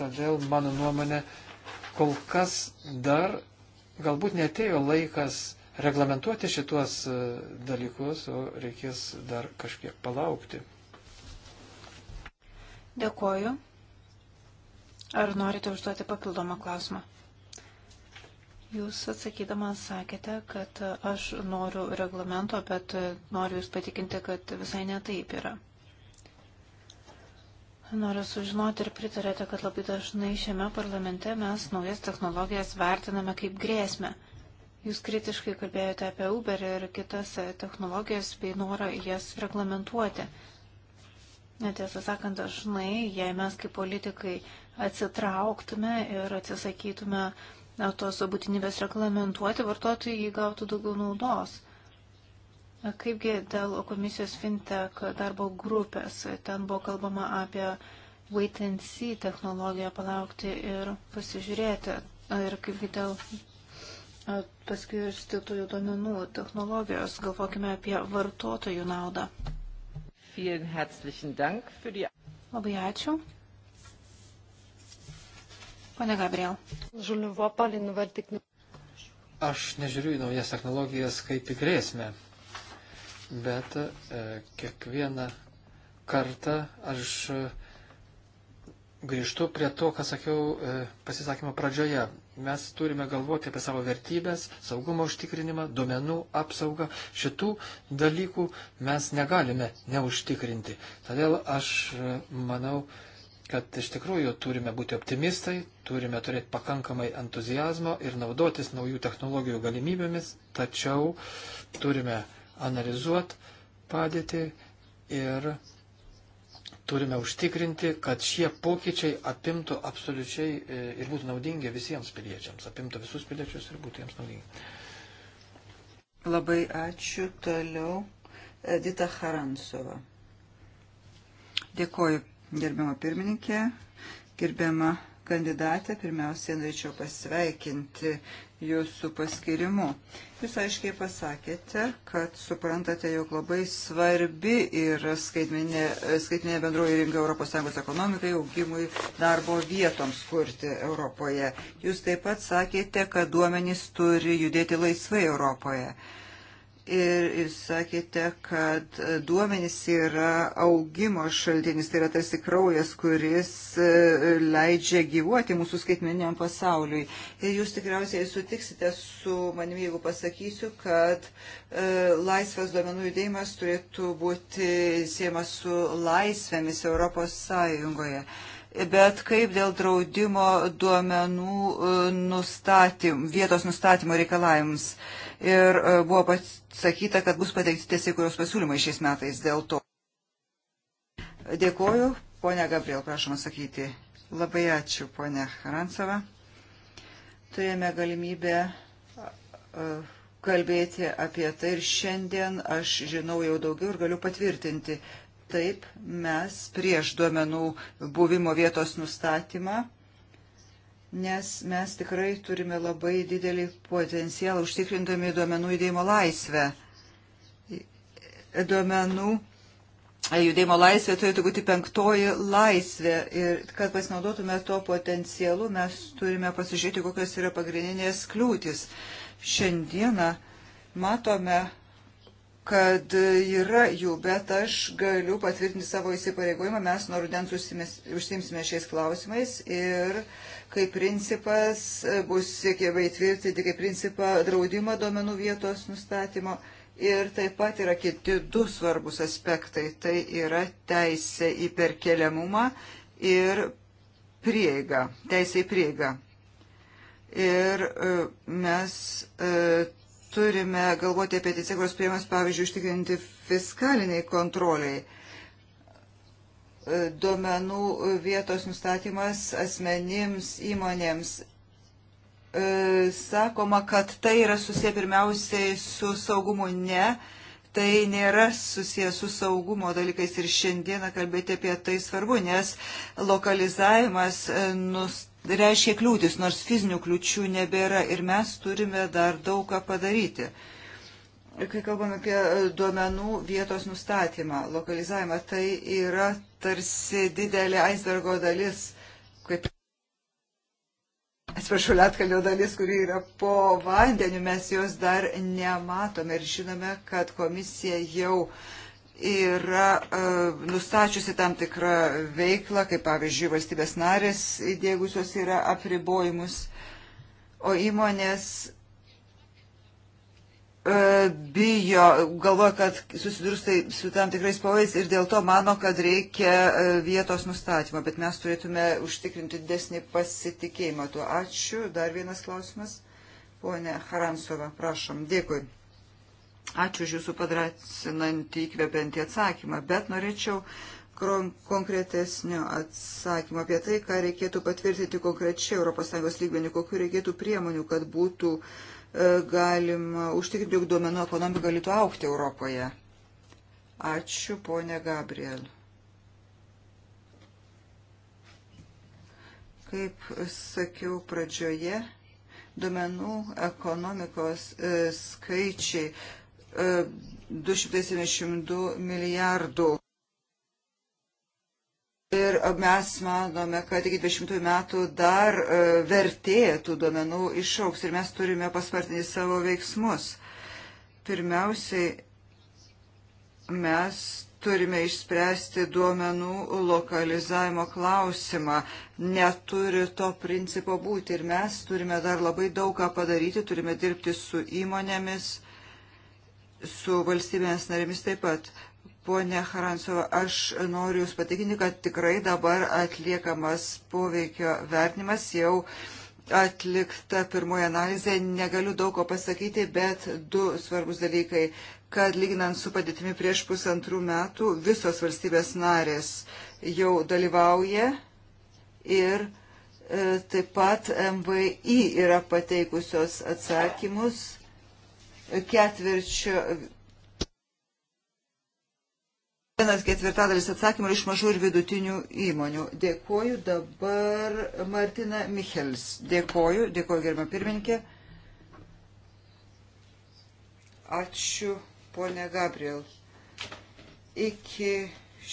todėl, mano nuomonė, kol kas dar galbūt netėjo laikas reglamentuoti šituos e, dalykus, o reikės dar kažkiek palaukti. Dėkoju. Ar norite užduoti papildomą klausimą? Jūs atsakydamas sakėte, kad aš noriu reglamento, bet noriu Jūs patikinti, kad visai netaip yra. Noriu sužinoti ir pritarėte, kad labai dažnai šiame parlamente mes naujas technologijas vertiname kaip grėsmę. Jūs kritiškai kalbėjote apie Uber ir kitas e, technologijas bei norą jas reglamentuoti. Netiesą sakant, dažnai, jei mes kaip politikai atsitrauktume ir atsisakytume na, tos būtinybės reglamentuoti, vartotojai įgautų daugiau naudos. Kaipgi dėl komisijos fintech darbo grupės, ten buvo kalbama apie wait and see technologiją palaukti ir pasižiūrėti. Ir kaipgi dėl paskirstytųjų domenų technologijos. Galvokime apie vartotojų naudą. Labai ačiū. Pane Gabriel. Aš nežiūriu į naujas technologijas kaip į grėsmę, bet e, kiekvieną kartą aš e, grįžtu prie to, ką sakiau e, pasisakymo pradžioje. Mes turime galvoti apie savo vertybės, saugumo užtikrinimą, duomenų apsaugą. Šitų dalykų mes negalime neužtikrinti. Todėl aš e, manau, kad iš tikrųjų turime būti optimistai, turime turėti pakankamai entuzijazmo ir naudotis naujų technologijų galimybėmis, tačiau turime analizuoti padėtį ir turime užtikrinti, kad šie pokyčiai apimtų absoliučiai e, ir būtų naudingi visiems piliečiams, apimtų visus piliečius ir būtų jiems naudingi. Labai ačiū. Toliau Edita Harantsova. Dėkoju, gerbiama pirmininkė, gerbiama kandidatė. Pirmiausiai norėčiau pasveikinti jūsų paskirimu. Jūs aiškiai pasakėte, kad suprantate, jog labai svarbi yra skaitminė, skaitminė bendroji rinka ES ekonomikai, augimui, darbo vietoms kurti Europoje. Jūs taip pat sakėte, kad duomenys turi judėti laisvai Europoje ir jūs sakėte, kad duomenys yra augimo šaltinis, tai yra tarsi kraujas, kuris e, leidžia gyvuoti mūsų skaitmeniniam pasauliui. Ir jūs tikriausiai sutiksite su manimi, jeigu pasakysiu, kad e, laisvas duomenų judėjimas turėtų būti siejamas su laisvėmis Europos Sąjungoje. E, bet kaip dėl draudimo duomenų e, nustatym, vietos nustatymo reikalavimams. Ir e, buvo pasakyta, kad bus pateikti tiesiai kurios pasiūlymai šiais metais dėl to. Dėkoju. Pone Gabriel, prašom sakyti. Labai ačiū, ponė Haransova. Turėjome galimybę e, kalbėti apie tai ir šiandien aš žinau jau daugiau ir galiu patvirtinti taip mes prieš duomenų buvimo vietos nustatymą, nes mes tikrai turime labai didelį potencialą užtikrindami duomenų judėjimo laisvę. Duomenų e, judėjimo laisvė turėtų būti penktoji laisvė. Ir kad pasinaudotume to potencialu, mes turime pasižiūrėti, kokios yra pagrindinės kliūtis. Šiandieną matome kad yra jų, bet aš galiu patvirtinti savo įsipareigojimą, mes nuo rudens užsimsime šiais klausimais ir kaip principas bus siekiama įtvirtinti kaip principą draudimą duomenų vietos nustatymo. Ir taip pat yra kiti du svarbus aspektai. Tai yra teisė į perkeliamumą ir prieiga, teisė į prieigą. Ir e, mes e, turime galvoti apie teisėkos priemas, pavyzdžiui, užtikrinti fiskaliniai kontroliai. Duomenų vietos nustatymas asmenims, įmonėms. E, sakoma, kad tai yra susiję pirmiausiai su saugumu. Ne, tai nėra susiję su saugumo dalykais ir šiandieną kalbėti apie tai svarbu, nes lokalizavimas e, nustatymas reiškia kliūtis, nors fizinių kliučių nebėra ir mes turime dar daug ką padaryti. Kai kalbame apie duomenų vietos nustatymą, lokalizavimą, tai yra tarsi didelė aisbergo dalis, kaip atsiprašau, lietkalio dalis, kuri yra po vandeniu, mes jos dar nematome ir žinome, kad komisija jau uh, yra uh, nustačiusi tam tikrą veiklą, kaip pavyzdžiui valstybės narės įdėgusios yra apribojimus, o įmonės uh, bijo, galvoja, kad susidurs tai su tam tikrais pavojais ir dėl to mano, kad reikia uh, vietos nustatymo, bet mes turėtume užtikrinti didesnį pasitikėjimą tuo. Ačiū. Dar vienas klausimas. Pone Haransova, prašom. Dėkui. Ačiū už Jūsų padrasinantį įkvepiantį atsakymą, bet norėčiau konkretesnio atsakymo apie tai, ką reikėtų patvirtinti konkrečiai ES lygmenį, kokiu reikėtų priemonių, kad būtų e, galima užtikrinti, jog duomenų ekonomika galėtų aukti Europoje. Ačiū, ponė Gabriel. Kaip sakiau pradžioje, duomenų ekonomikos e, skaičiai 272 e, milijardų. Ir mes manome, kad iki 20 metų dar e, vertė tų duomenų išauks ir mes turime paspartinti savo veiksmus. Pirmiausiai, mes turime išspręsti duomenų lokalizavimo klausimą. Neturi to principo būti ir mes turime dar labai daug ką padaryti, turime dirbti su įmonėmis su valstybės narėmis taip pat. Pone Haransova, aš noriu Jūs patikinti, kad tikrai dabar atliekamas poveikio vertinimas jau atlikta pirmoji analizė. Negaliu daug ko pasakyti, bet du svarbus dalykai, kad lyginant su padėtimi prieš pusantrų metų visos valstybės narės jau dalyvauja ir e, taip pat MVI yra pateikusios atsakymus ketvirčio. Vienas ketvirtadalis atsakymų iš mažų ir vidutinių įmonių. Dėkoju dabar Martina Michels. Dėkoju, dėkoju gerbama pirmininkė. Ačiū, ponė Gabriel. Iki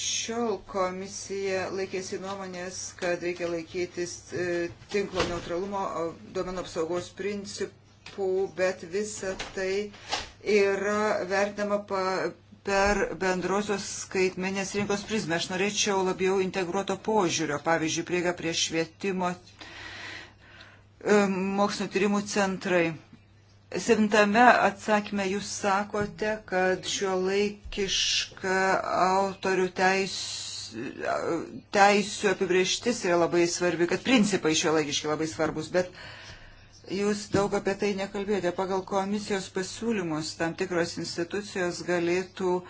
šiol komisija laikėsi nuomonės, kad reikia laikytis e, tinklo neutralumo, duomenų apsaugos principų FAU, bet visa tai yra vertinama pa, per bendrosios skaitmenės rinkos prizmę. Aš norėčiau labiau integruoto požiūrio, pavyzdžiui, prieiga prie švietimo mokslinio tyrimų centrai. Septintame atsakymė jūs sakote, kad šio laikiška autorių teisų, teisų apibrieštis yra labai svarbi, kad principai šio laikiški labai svarbus, bet uh, Jūs daug apie tai nekalbėjote. Pagal komisijos pasiūlymus tam tikros institucijos galėtų e,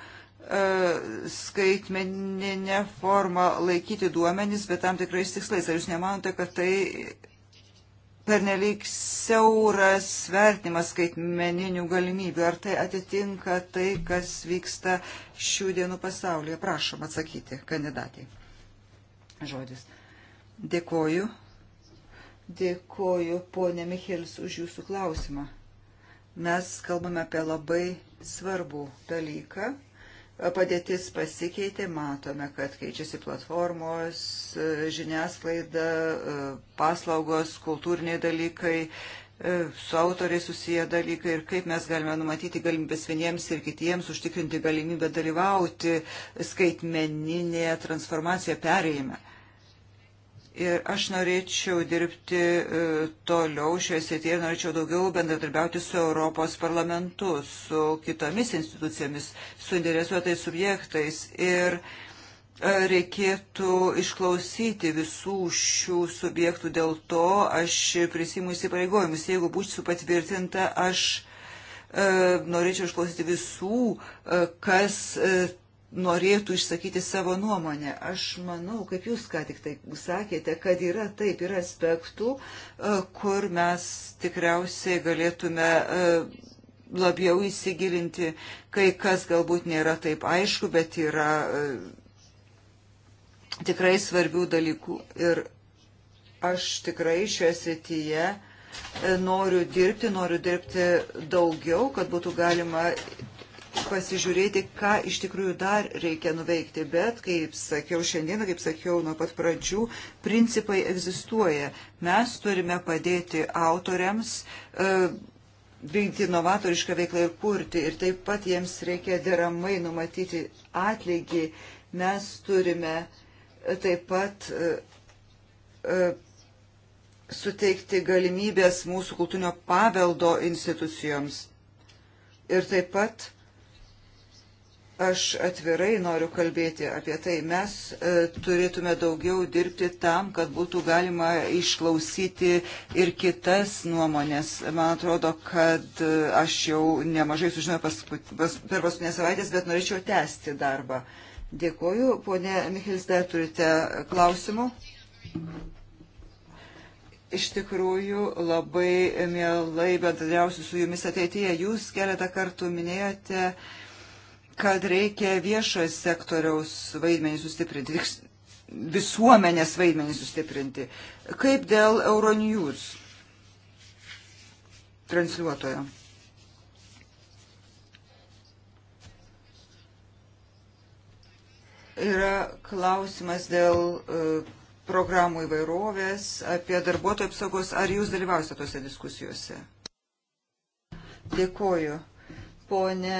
skaitmeninę formą laikyti duomenys, bet tam tikrais tikslais. Ar jūs nemanote, kad tai pernelyg siauras vertimas skaitmeninių galimybių? Ar tai atitinka tai, kas vyksta šių dienų pasaulyje? Prašom atsakyti kandidatai. Žodis. Dėkoju Dėkoju, ponė Michelis, už jūsų klausimą. Mes kalbame apie labai svarbų dalyką. Padėtis pasikeitė, matome, kad keičiasi platformos, žiniasklaida, paslaugos, kultūriniai dalykai, su autoriai susiję dalykai ir kaip mes galime numatyti galimybės vieniems ir kitiems užtikrinti galimybę dalyvauti skaitmeninėje transformacijoje perėjime. Ir aš norėčiau dirbti e, toliau šioje srityje ir norėčiau daugiau bendradarbiauti su Europos parlamentu, su kitomis institucijomis, su interesuotais subjektais. Ir e, reikėtų išklausyti visų šių subjektų, dėl to aš prisimu įsipareigojimus. Jeigu būsiu patvirtinta, aš e, norėčiau išklausyti visų, kas norėtų išsakyti savo nuomonę. Aš manau, kaip jūs ką tik tai sakėte, kad yra taip, yra aspektų, e, kur mes tikriausiai galėtume e, labiau įsigilinti, kai kas galbūt nėra taip aišku, bet yra e, tikrai svarbių dalykų. Ir aš tikrai šioje srityje noriu dirbti, noriu dirbti daugiau, kad būtų galima pasižiūrėti, ką iš tikrųjų dar reikia nuveikti. Bet, kaip sakiau šiandieną, kaip sakiau nuo pat pradžių, principai egzistuoja. Mes turime padėti autoriams e, vykdyti e, novatorišką veiklą ir kurti. Ir taip pat jiems reikia deramai numatyti atlygį. Mes turime e, taip pat e, e, suteikti galimybės mūsų kultūrinio paveldo institucijoms. Ir taip pat Aš atvirai noriu kalbėti apie tai. Mes e, turėtume daugiau dirbti tam, kad būtų galima išklausyti ir kitas nuomonės. Man atrodo, kad e, aš jau nemažai sužinojau pas, pas, per paskutinės savaitės, bet norėčiau tęsti darbą. Dėkoju. Pone Michils, dar turite klausimų? Iš tikrųjų, labai mielai bendradžiausiu su jumis ateityje. Jūs keletą kartų minėjote. E, kad reikia viešojo sektoriaus vaidmenį sustiprinti, visuomenės vaidmenį sustiprinti. Kaip dėl Euronews transliuotojo? Yra klausimas dėl e, programų įvairovės, apie darbuotojų apsaugos. Ar jūs dalyvausite tose diskusijose? Dėkoju ponė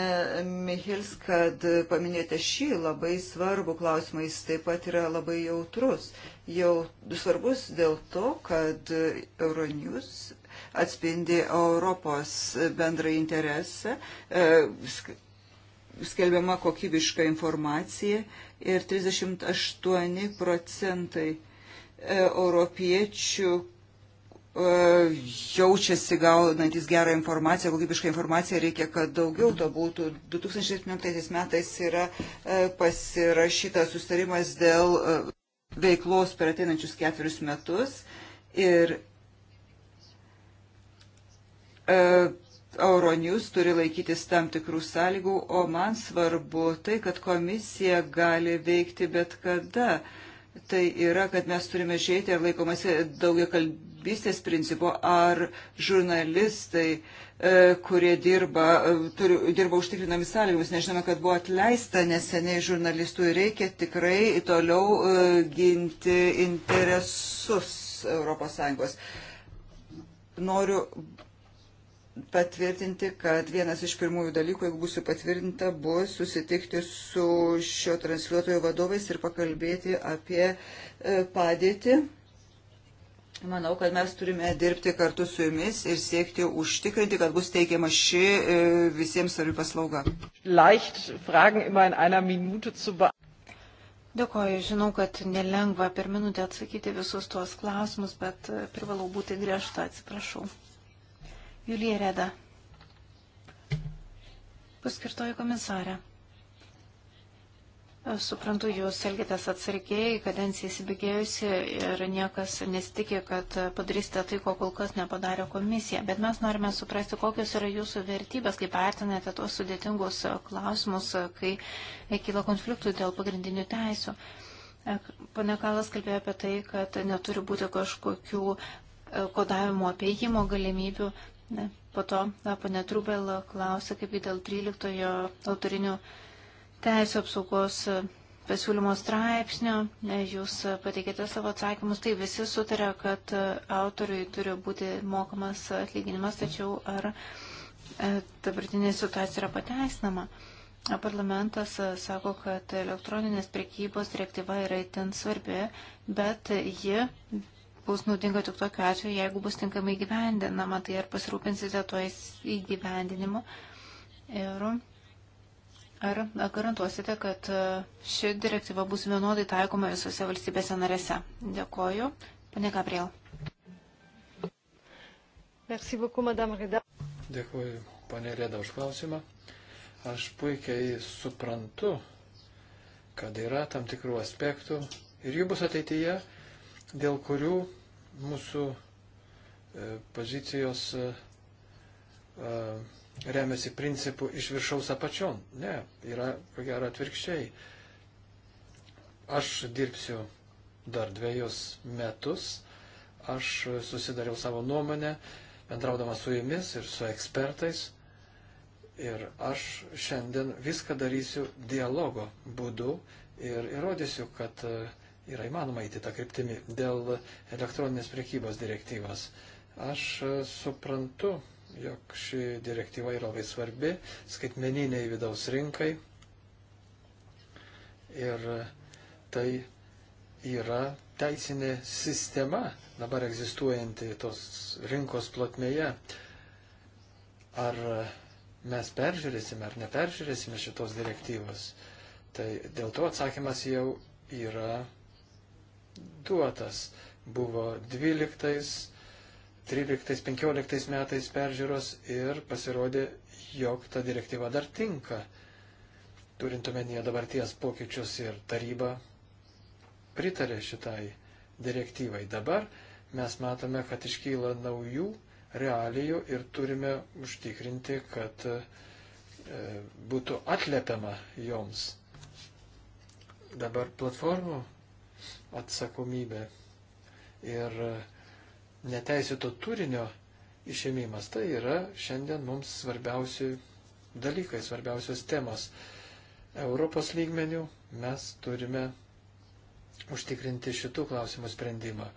Mihils, kad paminėjote šį labai svarbų klausimą. Jis taip pat yra labai jautrus. Jau svarbus dėl to, kad Euronews atspindi Europos bendrą interesą, e, skelbiama kokybiška informacija ir 38 procentai e, europiečių jaučiasi gaunantis gerą informaciją, kokybišką informaciją, reikia, kad daugiau to būtų. 2017 metais yra e, pasirašytas sustarimas dėl e, veiklos per ateinančius ketverius metus ir e, Euronius turi laikytis tam tikrų sąlygų, o man svarbu tai, kad komisija gali veikti bet kada. Uh, tai yra, kad mes turime žiūrėti, ar laikomasi daugia kalbystės principo, ar žurnalistai, e, kurie dirba, e, turi, dirba užtikrinami sąlygomis. Nežinome, kad buvo atleista neseniai žurnalistų ir reikia tikrai toliau e, ginti interesus ES. Noriu patvirtinti, kad vienas iš pirmųjų dalykų, jeigu būsiu patvirtinta, bus susitikti su šio transliuotojo vadovais ir pakalbėti apie e, padėtį. Manau, kad mes turime dirbti kartu su jumis ir siekti užtikrinti, kad bus teikiama ši e, visiems svarbi paslauga. Dėkoju, žinau, kad nelengva per minutę atsakyti visus tuos klausimus, bet e, privalau būti griežta, atsiprašau. Julija Reda, paskirtoji komisarė. Suprantu, jūs elgitės atsargiai, kadencija įsibėgėjusi ir niekas nesitikė, kad padarysite tai, ko kol kas nepadarė komisija. Bet mes norime suprasti, kokios yra jūsų vertybės, kaip vertinate tuos sudėtingus klausimus, kai kyla konfliktų dėl pagrindinių teisų. Pane Kalas kalbėjo apie tai, kad neturi būti kažkokių kodavimo apiejimo galimybių. Ne. Po to ponė Trubel klausė, kaipgi dėl 13-ojo autorinių teisų apsaugos pasiūlymo straipsnio, jūs pateikėte savo atsakymus, tai visi sutarė, kad autoriui turi būti mokamas atlyginimas, tačiau ar dabartinė situacija yra pateisinama? Parlamentas sako, kad elektroninės prekybos direktyva yra itin svarbi, bet ji bus naudinga tik tokiu atveju, jeigu bus tinkamai gyvendinama, tai ar pasirūpinsite tuo įgyvendinimu ir ar garantuosite, kad e, ši direktyva bus vienodai taikoma visose valstybėse narėse. Dėkoju. Pane Gabriel. Merci beaucoup, Madame Reda. Dėkuoju, pane Reda, už klausimą. Aš puikiai suprantu, kad yra tam tikrų aspektų ir jų bus ateityje, dėl kurių mūsų e, pozicijos e, e, remiasi principu iš viršaus apačion. Ne, yra, ko gero, atvirkščiai. Aš dirbsiu dar dviejus metus, aš susidariau savo nuomonę, bendraudama su jumis ir su ekspertais. Ir aš šiandien viską darysiu dialogo būdu ir įrodysiu, kad uh, yra įmanoma įti tą kryptimį dėl elektroninės priekybos direktyvos. Aš e, suprantu, jog ši direktyva yra labai svarbi skaitmeniniai vidaus rinkai ir tai yra teisinė sistema dabar egzistuojanti tos rinkos plotmėje. Ar mes peržiūrėsime ar neperžiūrėsime šitos direktyvos, tai dėl to atsakymas jau yra duotas. Buvo 12, 13, 15 metais peržiūros ir pasirodė, jog ta direktyva dar tinka. Turint omenyje dabarties pokyčius ir taryba pritarė šitai direktyvai. Dabar mes matome, kad iškyla naujų realijų ir turime užtikrinti, kad e, būtų atlepiama joms. Dabar platformų atsakomybė ir neteisėto turinio išėmimas. Tai yra šiandien mums svarbiausi dalykai, svarbiausios temos. Europos lygmenių mes turime užtikrinti šitų klausimų sprendimą.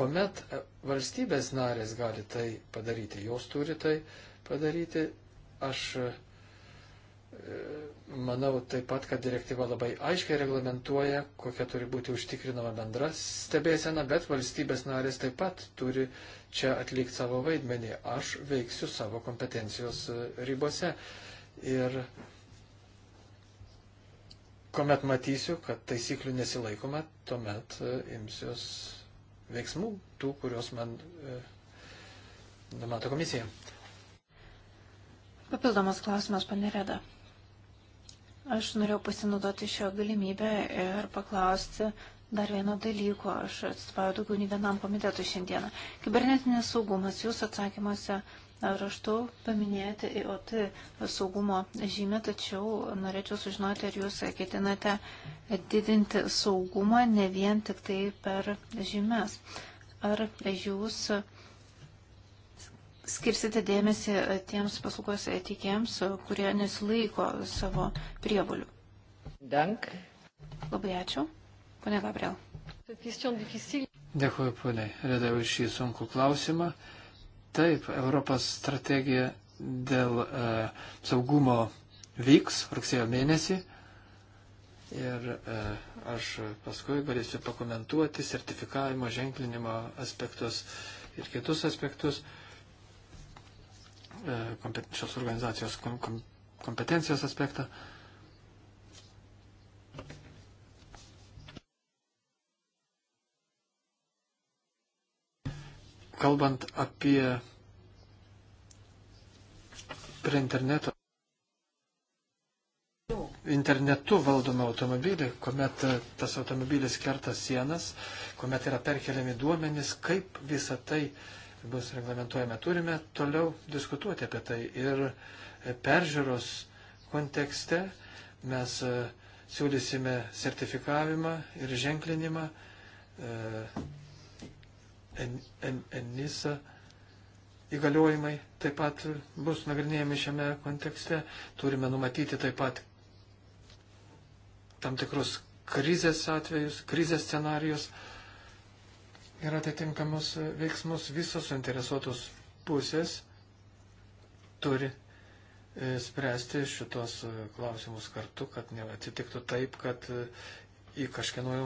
Komet valstybės narės gali tai padaryti, jos turi tai padaryti. Aš manau taip pat, kad direktyva labai aiškiai reglamentuoja, kokia turi būti užtikrinama bendra stebėsena, bet valstybės narės taip pat turi čia atlikti savo vaidmenį. Aš veiksiu savo kompetencijos e, ribose. Ir kuomet matysiu, kad taisyklių nesilaikoma, tuomet e, imsiuos veiksmų, tų, kurios man e, numato komisija. Papildomas klausimas, panereda. Aš norėjau pasinaudoti šio galimybę ir paklausti dar vieno dalyko. Aš atstovauju daugiau nei vienam komitetui šiandieną. Kibernetinis saugumas jūs atsakymuose raštu paminėjote IOT saugumo žymę, tačiau norėčiau sužinoti, ar jūs ketinate didinti saugumą ne vien tik tai per žymės. Ar jūs skirsite dėmesį e, tiems paslaugos teikėjams, e, kurie nesilaiko savo prievolių? Dank. Labai ačiū. Pone Gabriel. Dėkuoju, ponė Reda, už šį sunkų klausimą. Taip, Europos strategija dėl e, saugumo vyks rugsėjo mėnesį. Ir e, aš paskui galėsiu pakomentuoti sertifikavimo, ženklinimo aspektus ir kitus aspektus. E, E, šios organizacijos kompetencijos aspektą. Kalbant apie prie interneto internetu valdomą automobilį, kuomet e, tas automobilis kerta sienas, kuomet yra perkeliami duomenys, kaip visa tai uh, bus reglamentuojama. Turime toliau diskutuoti apie tai ir peržiūros kontekste mes e, siūlysime sertifikavimą ir ženklinimą e, en, en, ENISA įgaliojimai taip pat bus nagrinėjami šiame kontekste. Turime numatyti taip pat tam tikrus krizės atvejus, krizės scenarius ir atitinkamus veiksmus visos suinteresuotos pusės turi e, spręsti šitos e, klausimus kartu, kad neatsitiktų taip, kad e, į kažkieno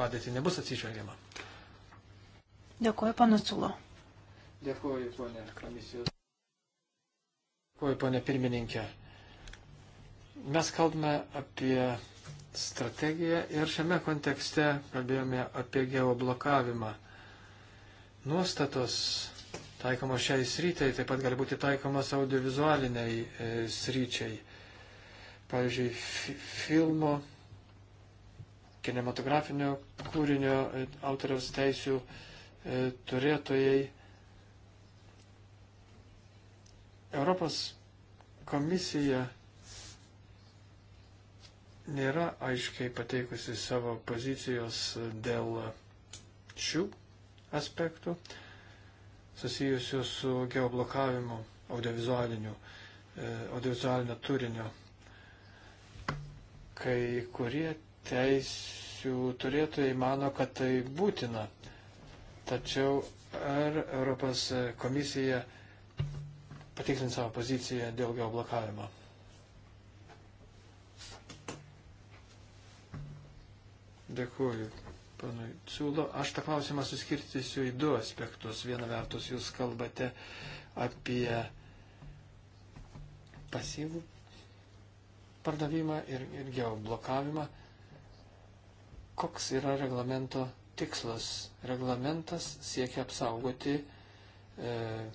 padėtį nebus atsižvelgiama. Dėkuoju, panas Sulo. Dėkuoju, ponė komisijos. Dėkuoju, ponė pirmininkė. Mes kalbame apie strategiją ir šiame kontekste kalbėjome apie geoblokavimą. Nuostatos taikomos šiai srytai taip pat gali būti taikomas audiovizualiniai e, sryčiai. Pavyzdžiui, fi filmo, kinematografinio kūrinio e, autoriaus teisių e, turėtojai. Europos komisija nėra aiškiai pateikusi savo pozicijos dėl šių aspektų susijusių su geoblokavimu audiovizualiniu, e, audiovizualinio turinio. Kai kurie teisių turėtojai mano, kad tai būtina. Tačiau ar Europos komisija patikslint savo poziciją dėl geoblokavimo? Dėkuoju, panui Ciūlo. Aš tą klausimą suskirtysiu į du aspektus. Viena vertus, jūs kalbate apie pasyvų pardavimą ir, ir geoblokavimą. Koks yra reglamento tikslas? Reglamentas siekia apsaugoti e,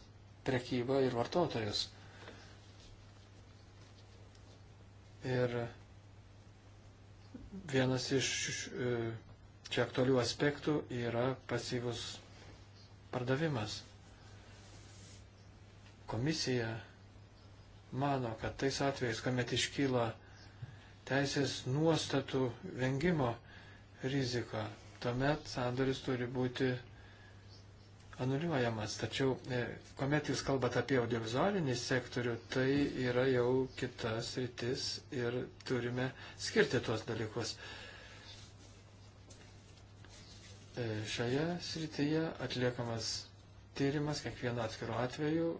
prekybą ir vartotojus. Ir Vienas iš e, čia aktualių aspektų yra pasyvus pardavimas. Komisija mano, kad tais atvejais, kuomet iškyla teisės nuostatų vengimo rizika, tuomet sandoris turi būti anuliuojamas. Tačiau, e, kuomet jūs kalbate apie audiovizualinį sektorių, tai yra jau kitas rytis ir turime skirti tuos dalykus. E, šioje srityje atliekamas tyrimas kiekvieno atskiro atveju.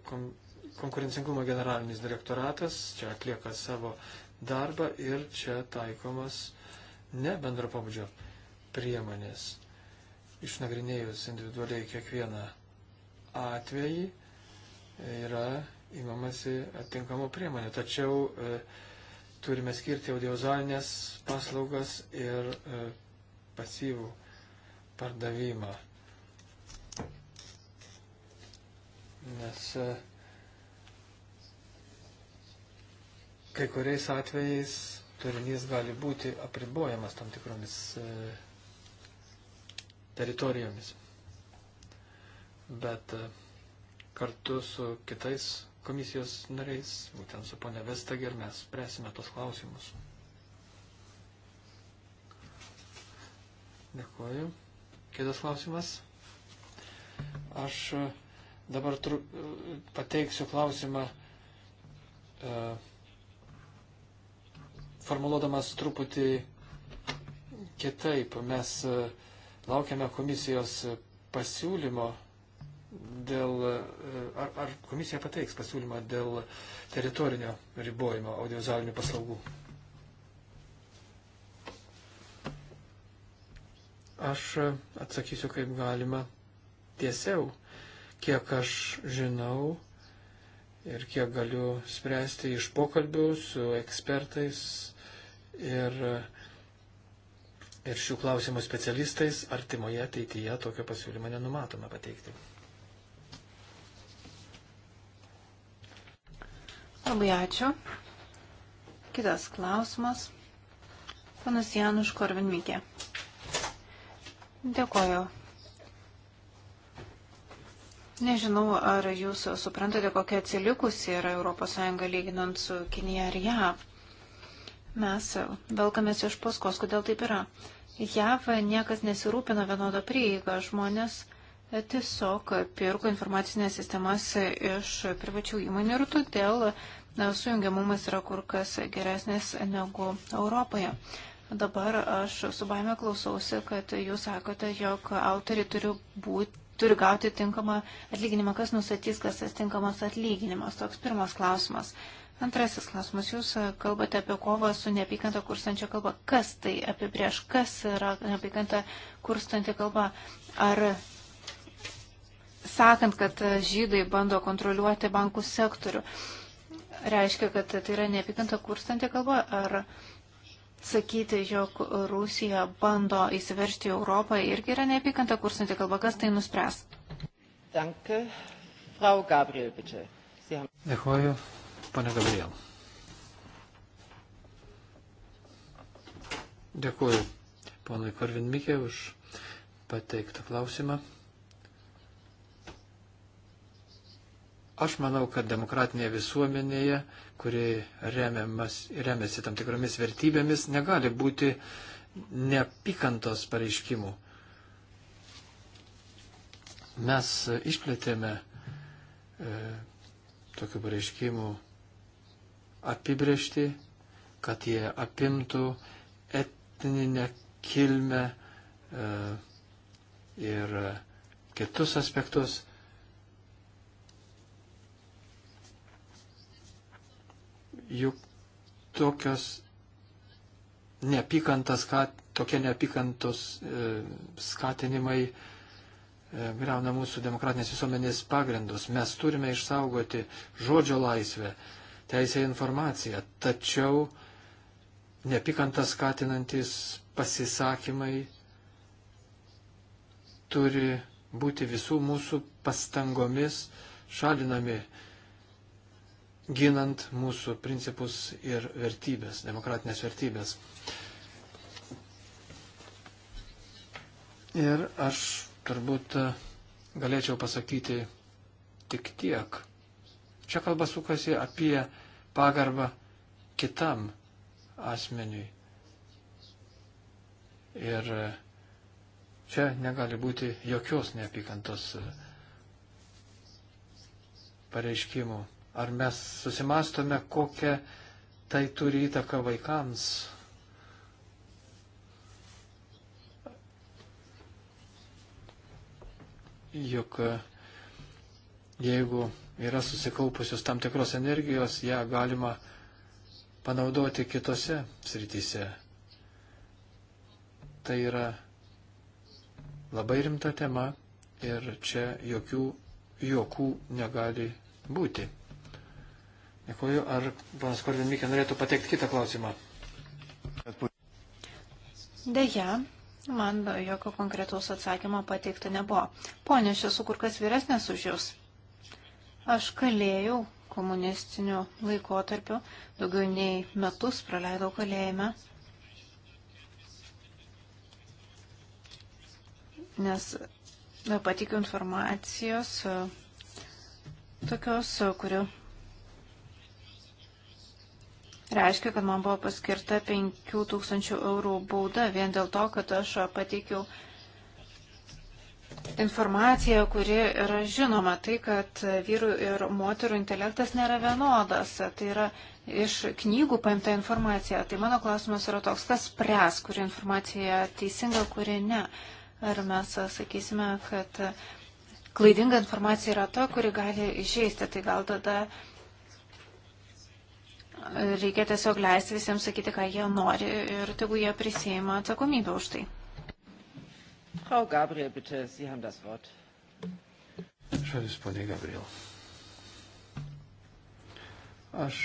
Konkurencingumo generalinis direktoratas čia atlieka savo darbą ir čia taikomas ne bendro pabudžio priemonės išnagrinėjus individualiai kiekvieną atvejį, e, yra įmamasi atinkamų priemonių. Tačiau e, turime skirti audiovizualinės paslaugas ir e, pasyvų pardavimą. Nes e, kai kuriais atvejais turinys gali būti apribojamas tam tikromis e, teritorijomis. Bet e, kartu su kitais komisijos nariais, būtent su ponia Vestager, mes spręsime tos klausimus. Dėkuoju. Kitas klausimas. Aš e, dabar tru, e, pateiksiu klausimą e, formuluodamas truputį kitaip. Mes e, Laukiame komisijos pasiūlymo dėl, ar, ar komisija pateiks pasiūlymą dėl teritorinio ribojimo audiovizualinių paslaugų. Aš atsakysiu kaip galima tiesiau, kiek aš žinau ir kiek galiu spręsti iš pokalbių su ekspertais ir uh, ir šių klausimų specialistais artimoje ateityje tokio pasiūlymo nenumatome pateikti. Labai ačiū. Kitas klausimas. Panas Januš Korvinmikė. Dėkoju. Nežinau, ar jūs suprantate, kokia atsilikusi yra ES lyginant su Kinija ar JAV mes velkamės iš paskos, kodėl taip yra. JAV niekas nesirūpino vienodą prieigą, žmonės tiesiog pirko informacinės sistemas iš privačių įmonių ir todėl sujungiamumas yra kur kas geresnis negu Europoje. Dabar aš su baime klausausi, kad jūs sakote, jog autoriai turi, būt, turi gauti tinkamą atlyginimą. Kas nusatys, kas tas tinkamas atlyginimas? Toks pirmas klausimas. Antrasis klausimas. Jūs e, kalbate apie kovą su neapykanta kurstančia kalba. Kas tai apibrieš? Kas yra neapykanta kurstanti kalba? Ar sakant, kad e, žydai bando kontroliuoti bankų sektorių, reiškia, kad tai yra neapykanta kurstanti kalba? Ar sakyti, jog Rusija bando įsiveršti į Europą irgi yra neapykanta kurstanti kalba? Kas tai nuspręs? Danke. Frau Gabriel, bitte. Dėkuoju. Haben... Pane Gabriel. Dėkuoju ponui Korvin Mikė už pateiktą klausimą. Aš manau, kad demokratinėje visuomenėje, kuri remiamas, remiasi tam tikromis vertybėmis, negali būti neapykantos pareiškimų. Mes išplėtėme e, tokių pareiškimų apibriešti, kad jie apimtų etninę kilmę e, ir kitus aspektus. Juk tokios neapykantas, tokie neapykantos e, skatinimai e, greuna mūsų demokratinės visuomenės pagrindus. Mes turime išsaugoti žodžio laisvę, teisę informaciją. Tačiau neapykantą skatinantis pasisakymai turi būti visų mūsų pastangomis šalinami, ginant mūsų principus ir vertybės, demokratinės vertybės. Ir aš turbūt galėčiau pasakyti tik tiek. Čia kalba sukasi apie pagarbą kitam asmeniui. Ir čia negali būti jokios neapykantos pareiškimų. Ar mes susimastome, kokią tai turi įtaką vaikams? Juk jeigu yra susikaupusios tam tikros energijos, ją galima panaudoti kitose srityse. Tai yra labai rimta tema ir čia jokių juokų negali būti. Dėkuoju, ar ponas Korvin Mikė norėtų pateikti kitą klausimą? Deja, man jokio konkretaus atsakymo pateikti nebuvo. Ponė, aš esu kur kas vyresnės už jūs. Aš kalėjau komunistiniu laikotarpiu, daugiau nei metus praleidau kalėjime, nes patikiu informacijos e, tokios, e, kuriu reiškia, kad man buvo paskirta 5000 eurų bauda vien dėl to, kad aš e, pateikiau informacija, kuri yra žinoma, tai, kad vyrų ir moterų intelektas nėra vienodas. Tai yra iš knygų paimta informacija. Tai mano klausimas yra toks, kas pres, kuri informacija teisinga, kuri ne. Ar mes sakysime, kad klaidinga informacija yra ta, kuri gali išeisti. Tai gal tada reikia tiesiog leisti visiems sakyti, ką jie nori ir tegu jie prisėima atsakomybę už tai. Frau Gabriel, bitte, Sie haben das Wort. Žodis, ponė Gabriel. Aš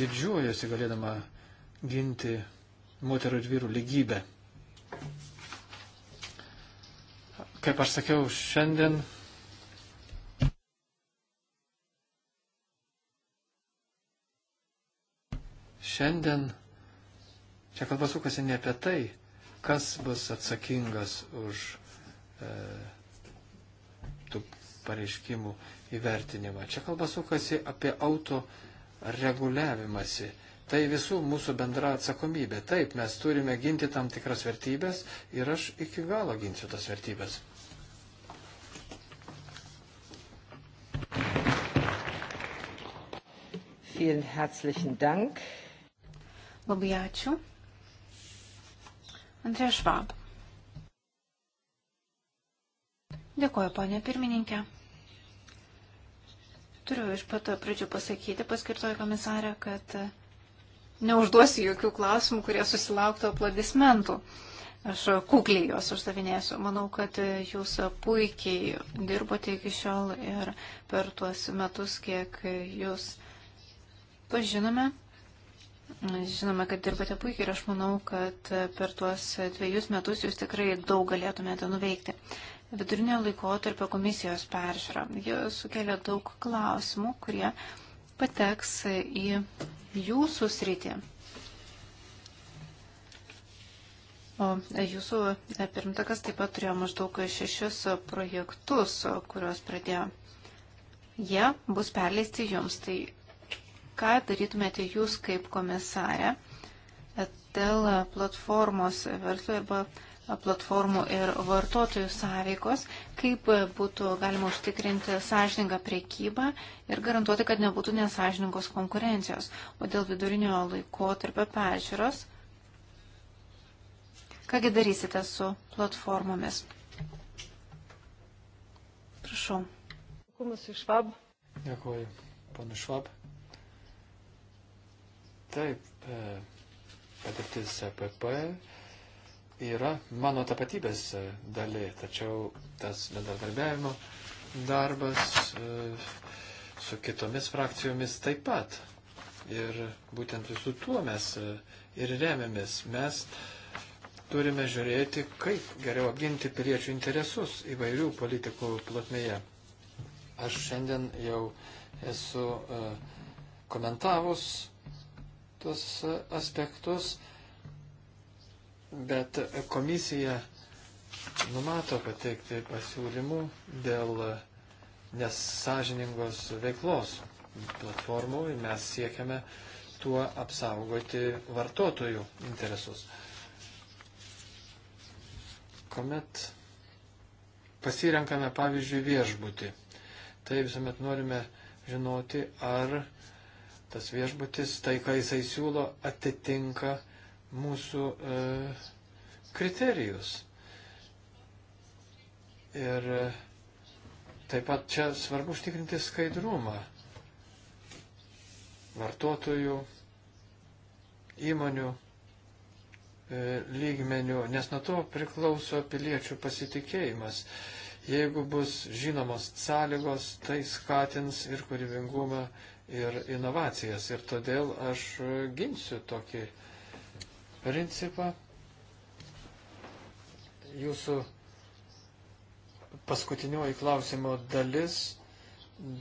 didžiuojasi galėdama ginti moterų ir vyrų lygybę. Kaip aš sakiau, šiandien šiandien čia kalba sukasi ne apie tai, kas bus atsakingas už e, tų pareiškimų įvertinimą. Čia kalba sukasi apie auto reguliavimąsi. Tai visų mūsų bendra atsakomybė. Taip, mes turime ginti tam tikras vertybės ir aš iki galo ginsiu tas vertybės. Vielen herzlichen Dank. Labai ačiū. Andrė Švab. Dėkuoju, ponė pirmininkė. Turiu iš pat pradžių pasakyti, paskirtoji komisarė, kad neužduosiu jokių klausimų, kurie susilauktų aplodismentų. Aš kukliai juos uždavinėsiu. Manau, kad jūs puikiai dirbote iki šiol ir per tuos metus, kiek jūs pažinome, Žinome, kad dirbate puikiai ir aš manau, kad per tuos dviejus metus jūs tikrai daug galėtumėte nuveikti. Vidurinio laikotarpio komisijos peržiūra. Ji sukelia daug klausimų, kurie pateks į jūsų sritį. O jūsų pirmtakas taip pat turėjo maždaug šešis projektus, kuriuos pradėjo. Jie bus perleisti jums. Tai ką darytumėte jūs kaip komisarė dėl platformos verslo arba platformų ir vartotojų sąveikos, kaip būtų galima užtikrinti sąžiningą priekybą ir garantuoti, kad nebūtų nesažiningos konkurencijos. O dėl vidurinio laiko tarp peržiūros, kągi darysite su platformomis? Prašau. Dėkuoju, panu Švab. Taip, e, patirtis EPP yra mano tapatybės e, dalė, tačiau tas bendradarbiavimo darbas e, su kitomis frakcijomis taip pat. Ir būtent visų tuo mes ir remiamės. Mes turime žiūrėti, kaip geriau apginti piliečių interesus įvairių politikų plotmėje. Aš šiandien jau esu komentavus tuos aspektus, bet komisija numato pateikti pasiūlymų dėl nesažiningos veiklos platformų ir mes siekiame tuo apsaugoti vartotojų interesus. Komet pasirenkame pavyzdžiui viešbutį, tai visuomet norime žinoti, ar tas viešbutis, tai, ką jisai siūlo, atitinka mūsų e, kriterijus. Ir e, taip pat čia svarbu užtikrinti skaidrumą vartotojų, įmonių e, lygmenių, nes nuo to priklauso piliečių pasitikėjimas. Jeigu bus žinomos sąlygos, tai skatins ir kūrybingumą ir inovacijas. Ir todėl aš ginsiu tokį principą. Jūsų paskutinioji klausimo dalis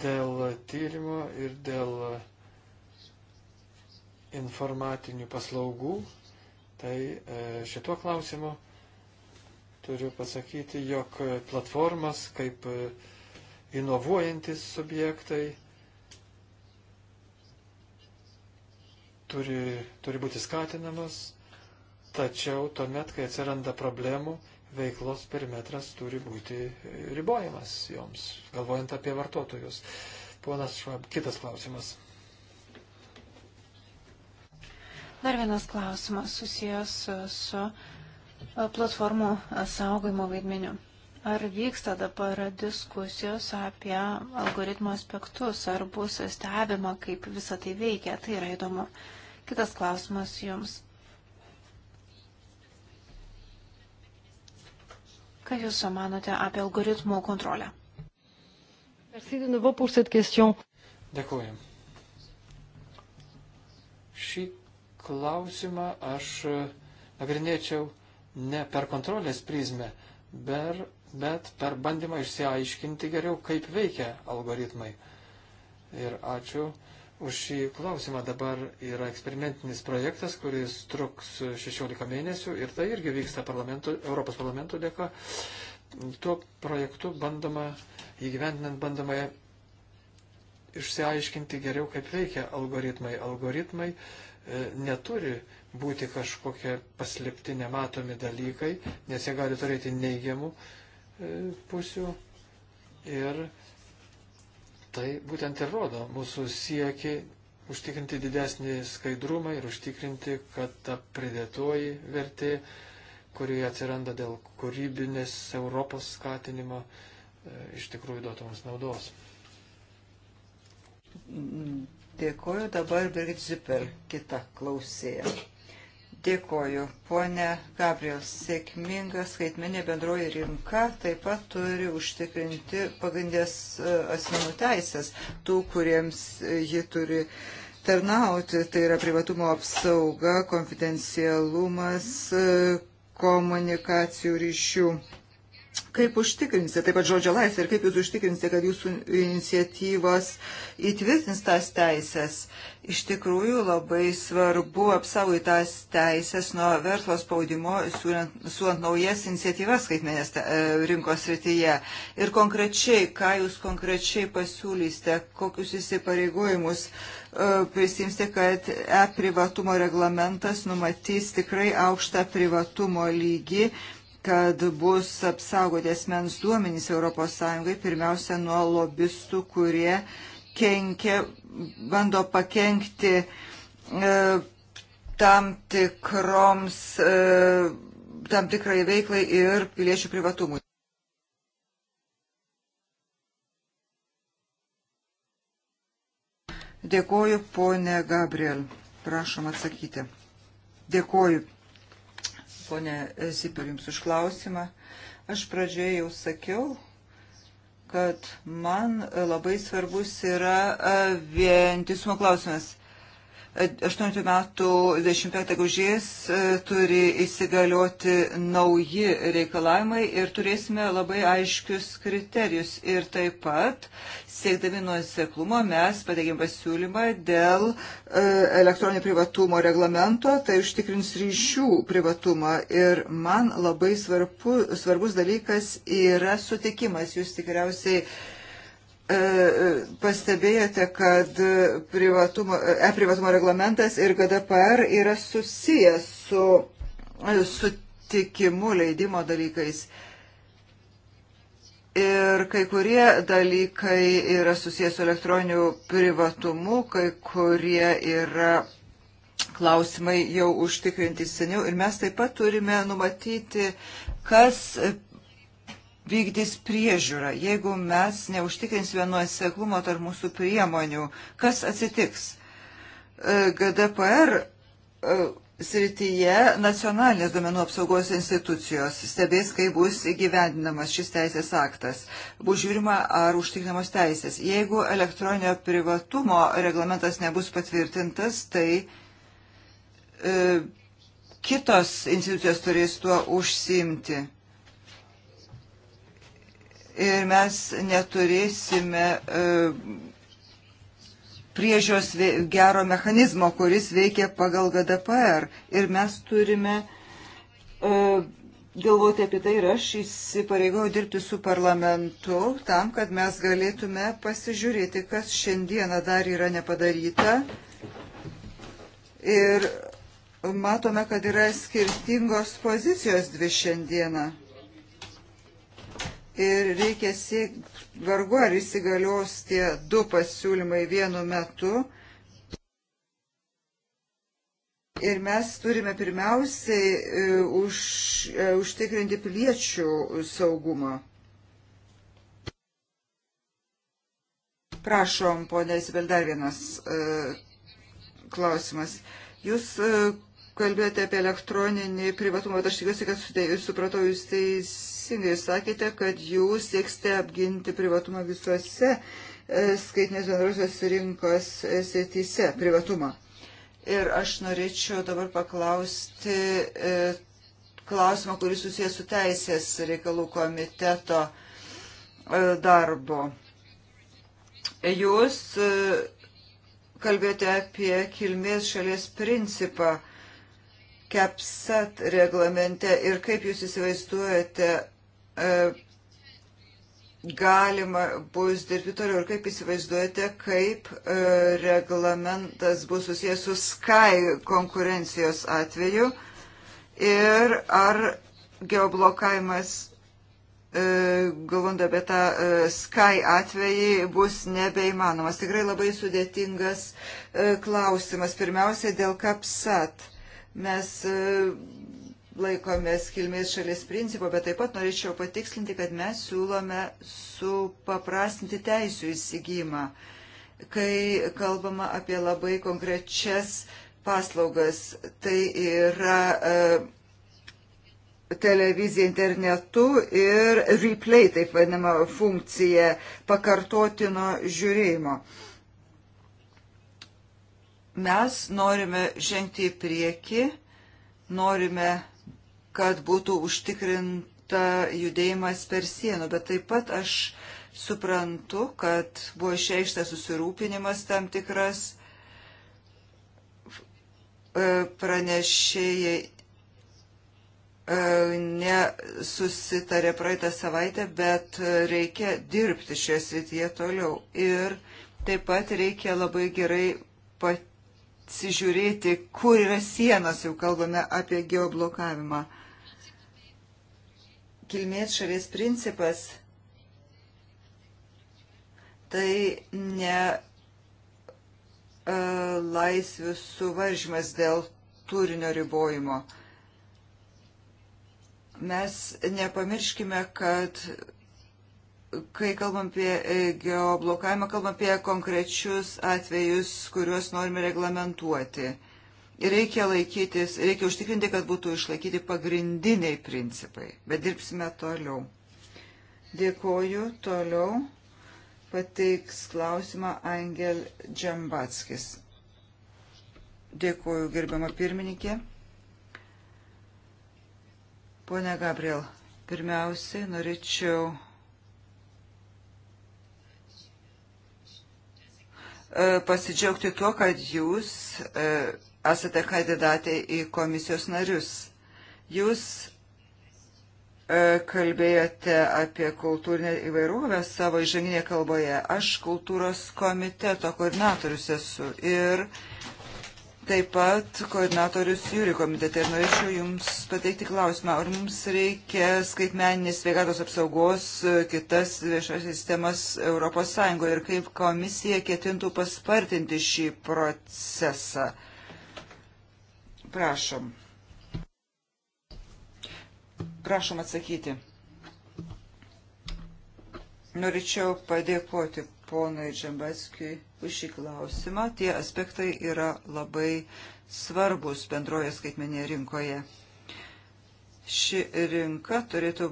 dėl tyrimo ir dėl informatinių paslaugų. Tai e, šituo klausimu turiu pasakyti, jog platformas kaip e, inovuojantis subjektai turi, turi būti skatinamas, tačiau tuomet, kai atsiranda problemų, veiklos perimetras turi būti ribojamas joms, galvojant apie vartotojus. Ponas Švab, kitas klausimas. Dar vienas klausimas susijęs su platformų saugojimo vaidmeniu. Ar vyksta dabar diskusijos apie algoritmo aspektus, ar bus stebima, kaip visa tai veikia, tai yra įdomu. Uh, Kitas klausimas jums. Ką jūs manote apie algoritmų kontrolę? Dėkuoju. Šį klausimą aš e, nagrinėčiau ne per kontrolės prizmę, ber, bet per bandymą išsiaiškinti geriau, kaip veikia algoritmai. Ir ačiū už šį klausimą. Dabar yra eksperimentinis projektas, kuris truks 16 mėnesių ir tai irgi vyksta parlamento, Europos parlamento dėka. Tuo projektu bandoma, įgyvendinant bandoma išsiaiškinti geriau, kaip veikia algoritmai. Algoritmai e, neturi būti kažkokie paslėpti nematomi dalykai, nes jie gali turėti neigiamų e, pusių ir tai būtent ir rodo mūsų sieki užtikrinti didesnį skaidrumą ir užtikrinti, kad ta pridėtoji vertė, kuri atsiranda dėl kūrybinės Europos skatinimo, e, iš tikrųjų duotų mums naudos. Dėkuoju dabar Birgit Zipper, kita klausėja. Dėkoju. Pone Gabriel, sėkminga skaitminė bendroji rinka taip pat turi užtikrinti pagrindės e, asmenų teisės, tų, kuriems ji turi tarnauti. Tai yra privatumo apsauga, konfidencialumas, e, komunikacijų ryšių Kaip užtikrinsite, taip pat žodžio laisvę, ir kaip jūs užtikrinsite, kad jūsų iniciatyvos įtvirtins tas teisės? Iš tikrųjų labai svarbu apsaugoti tas teisės nuo verslo spaudimo, siūlant naujas iniciatyvas skaitmenės e, rinkos rytyje. Ir konkrečiai, ką jūs konkrečiai pasiūlysite, kokius įsipareigojimus e, prisimsite, kad e-privatumo reglamentas numatys tikrai aukštą privatumo lygį kad bus apsaugoti asmens duomenys ES pirmiausia nuo lobistų, kurie kenkia, bando pakenkti e, tam tikroms, e, tam tikrai veiklai ir piliečių privatumui. Dėkoju, ponė Gabriel. Prašom atsakyti. Dėkoju, ponė Sipil, Jums už klausimą. Aš pradžioje jau sakiau, kad man labai svarbus yra vientisumo klausimas. 18 metų 25 gužės e, turi įsigalioti nauji reikalavimai ir turėsime labai aiškius kriterijus. Ir taip pat, siekdami nuoseklumo, mes pateikėm pasiūlymą dėl e, elektroninio privatumo reglamento, tai užtikrins ryšių privatumą. Ir man labai svarbu, svarbus dalykas yra sutikimas. Jūs tikriausiai E, e, pastebėjote, kad privatumo, e-privatumo reglamentas ir GDPR yra susijęs su e, sutikimu leidimo dalykais. Ir kai kurie dalykai yra susijęs su elektroniniu privatumu, kai kurie yra klausimai jau užtikrinti seniau. Ir mes taip pat turime numatyti, kas vykdys priežiūrą. Jeigu mes neužtikrinsime nuoseklumo tarp mūsų priemonių, kas atsitiks? E, GDPR e, srityje nacionalinės duomenų apsaugos institucijos stebės, kaip bus įgyvendinamas šis teisės aktas. Bus žiūrima, ar užtikrinamos teisės. Jeigu elektroninio privatumo reglamentas nebus patvirtintas, tai e, kitos institucijos turės tuo užsimti ir mes neturėsime e, priežios gero mechanizmo, kuris veikia pagal GDPR. Ir mes turime e, galvoti apie tai ir aš įsipareigojau dirbti su parlamentu tam, kad mes galėtume pasižiūrėti, kas šiandieną dar yra nepadaryta. Ir matome, kad yra skirtingos pozicijos dvi šiandieną ir reikia siekti vargu ar įsigalios tie du pasiūlymai vienu metu. Ir mes turime pirmiausiai e, už, e, užtikrinti piliečių saugumą. Prašom, ponė Isabel, dar vienas e, klausimas. Jūs e, kalbėjote apie elektroninį privatumą, bet aš tikiuosi, kad supratau jūs teis, teisingai sakėte, kad jūs sieksite apginti privatumą visuose e, skaitinės bendrosios rinkos e, srityse, privatumą. Ir aš norėčiau dabar paklausti e, klausimą, kuris susijęs su teisės reikalų komiteto darbu. Jūs kalbėjote apie kilmės šalies principą. CAPSAT reglamente ir kaip jūs įsivaizduojate E, galima bus dirbti toliau ir kaip įsivaizduojate, kaip e, reglamentas bus susijęs su Sky konkurencijos atveju ir ar geoblokavimas, e, galvant apie tą Sky atvejį, bus nebeįmanomas. Tikrai labai sudėtingas klausimas. Pirmiausia, dėl kapsat. Mes laikomės kilmės šalies principo, bet taip pat norėčiau patikslinti, kad mes siūlome supaprastinti teisų įsigymą, kai kalbama apie labai konkrečias paslaugas. Tai yra e, televizija internetu ir replay, taip vadinama, funkcija pakartotino žiūrėjimo. Mes norime žengti į priekį norime kad būtų užtikrinta judėjimas per sienų, bet taip pat aš suprantu, kad buvo išreikštas susirūpinimas tam tikras e, pranešėjai e, nesusitarė praeitą savaitę, bet reikia dirbti šioje srityje toliau. Ir taip pat reikia labai gerai pasižiūrėti, kur yra sienos, jau kalbame apie geoblokavimą kilmės šalies principas tai ne e, laisvių suvaržymas dėl turinio ribojimo. Mes nepamirškime, kad kai kalbam apie e, geoblokavimą, kalbam apie konkrečius atvejus, kuriuos norime reglamentuoti. Reikia laikytis, reikia užtikrinti, kad būtų išlaikyti pagrindiniai principai, bet dirbsime toliau. Dėkoju, toliau pateiks klausimą Angel Džambatskis. Dėkoju, gerbiama pirmininkė. Pone Gabriel, pirmiausiai norėčiau e, pasidžiaugti tuo, kad jūs e, esate kandidatė į komisijos narius. Jūs e, kalbėjote apie kultūrinę įvairovę savo įžanginėje kalboje. Aš kultūros komiteto koordinatorius esu ir taip pat koordinatorius jūri komitete. Ir norėčiau Jums pateikti klausimą, ar mums reikia skaitmeninės sveikatos apsaugos e, kitas viešas sistemas ES ir kaip komisija ketintų paspartinti šį procesą. Prašom. Prašom atsakyti. Norėčiau padėkoti ponui Džambatskijui už šį klausimą. Tie aspektai yra labai svarbus bendroje skaitmenėje rinkoje. Ši rinka turėtų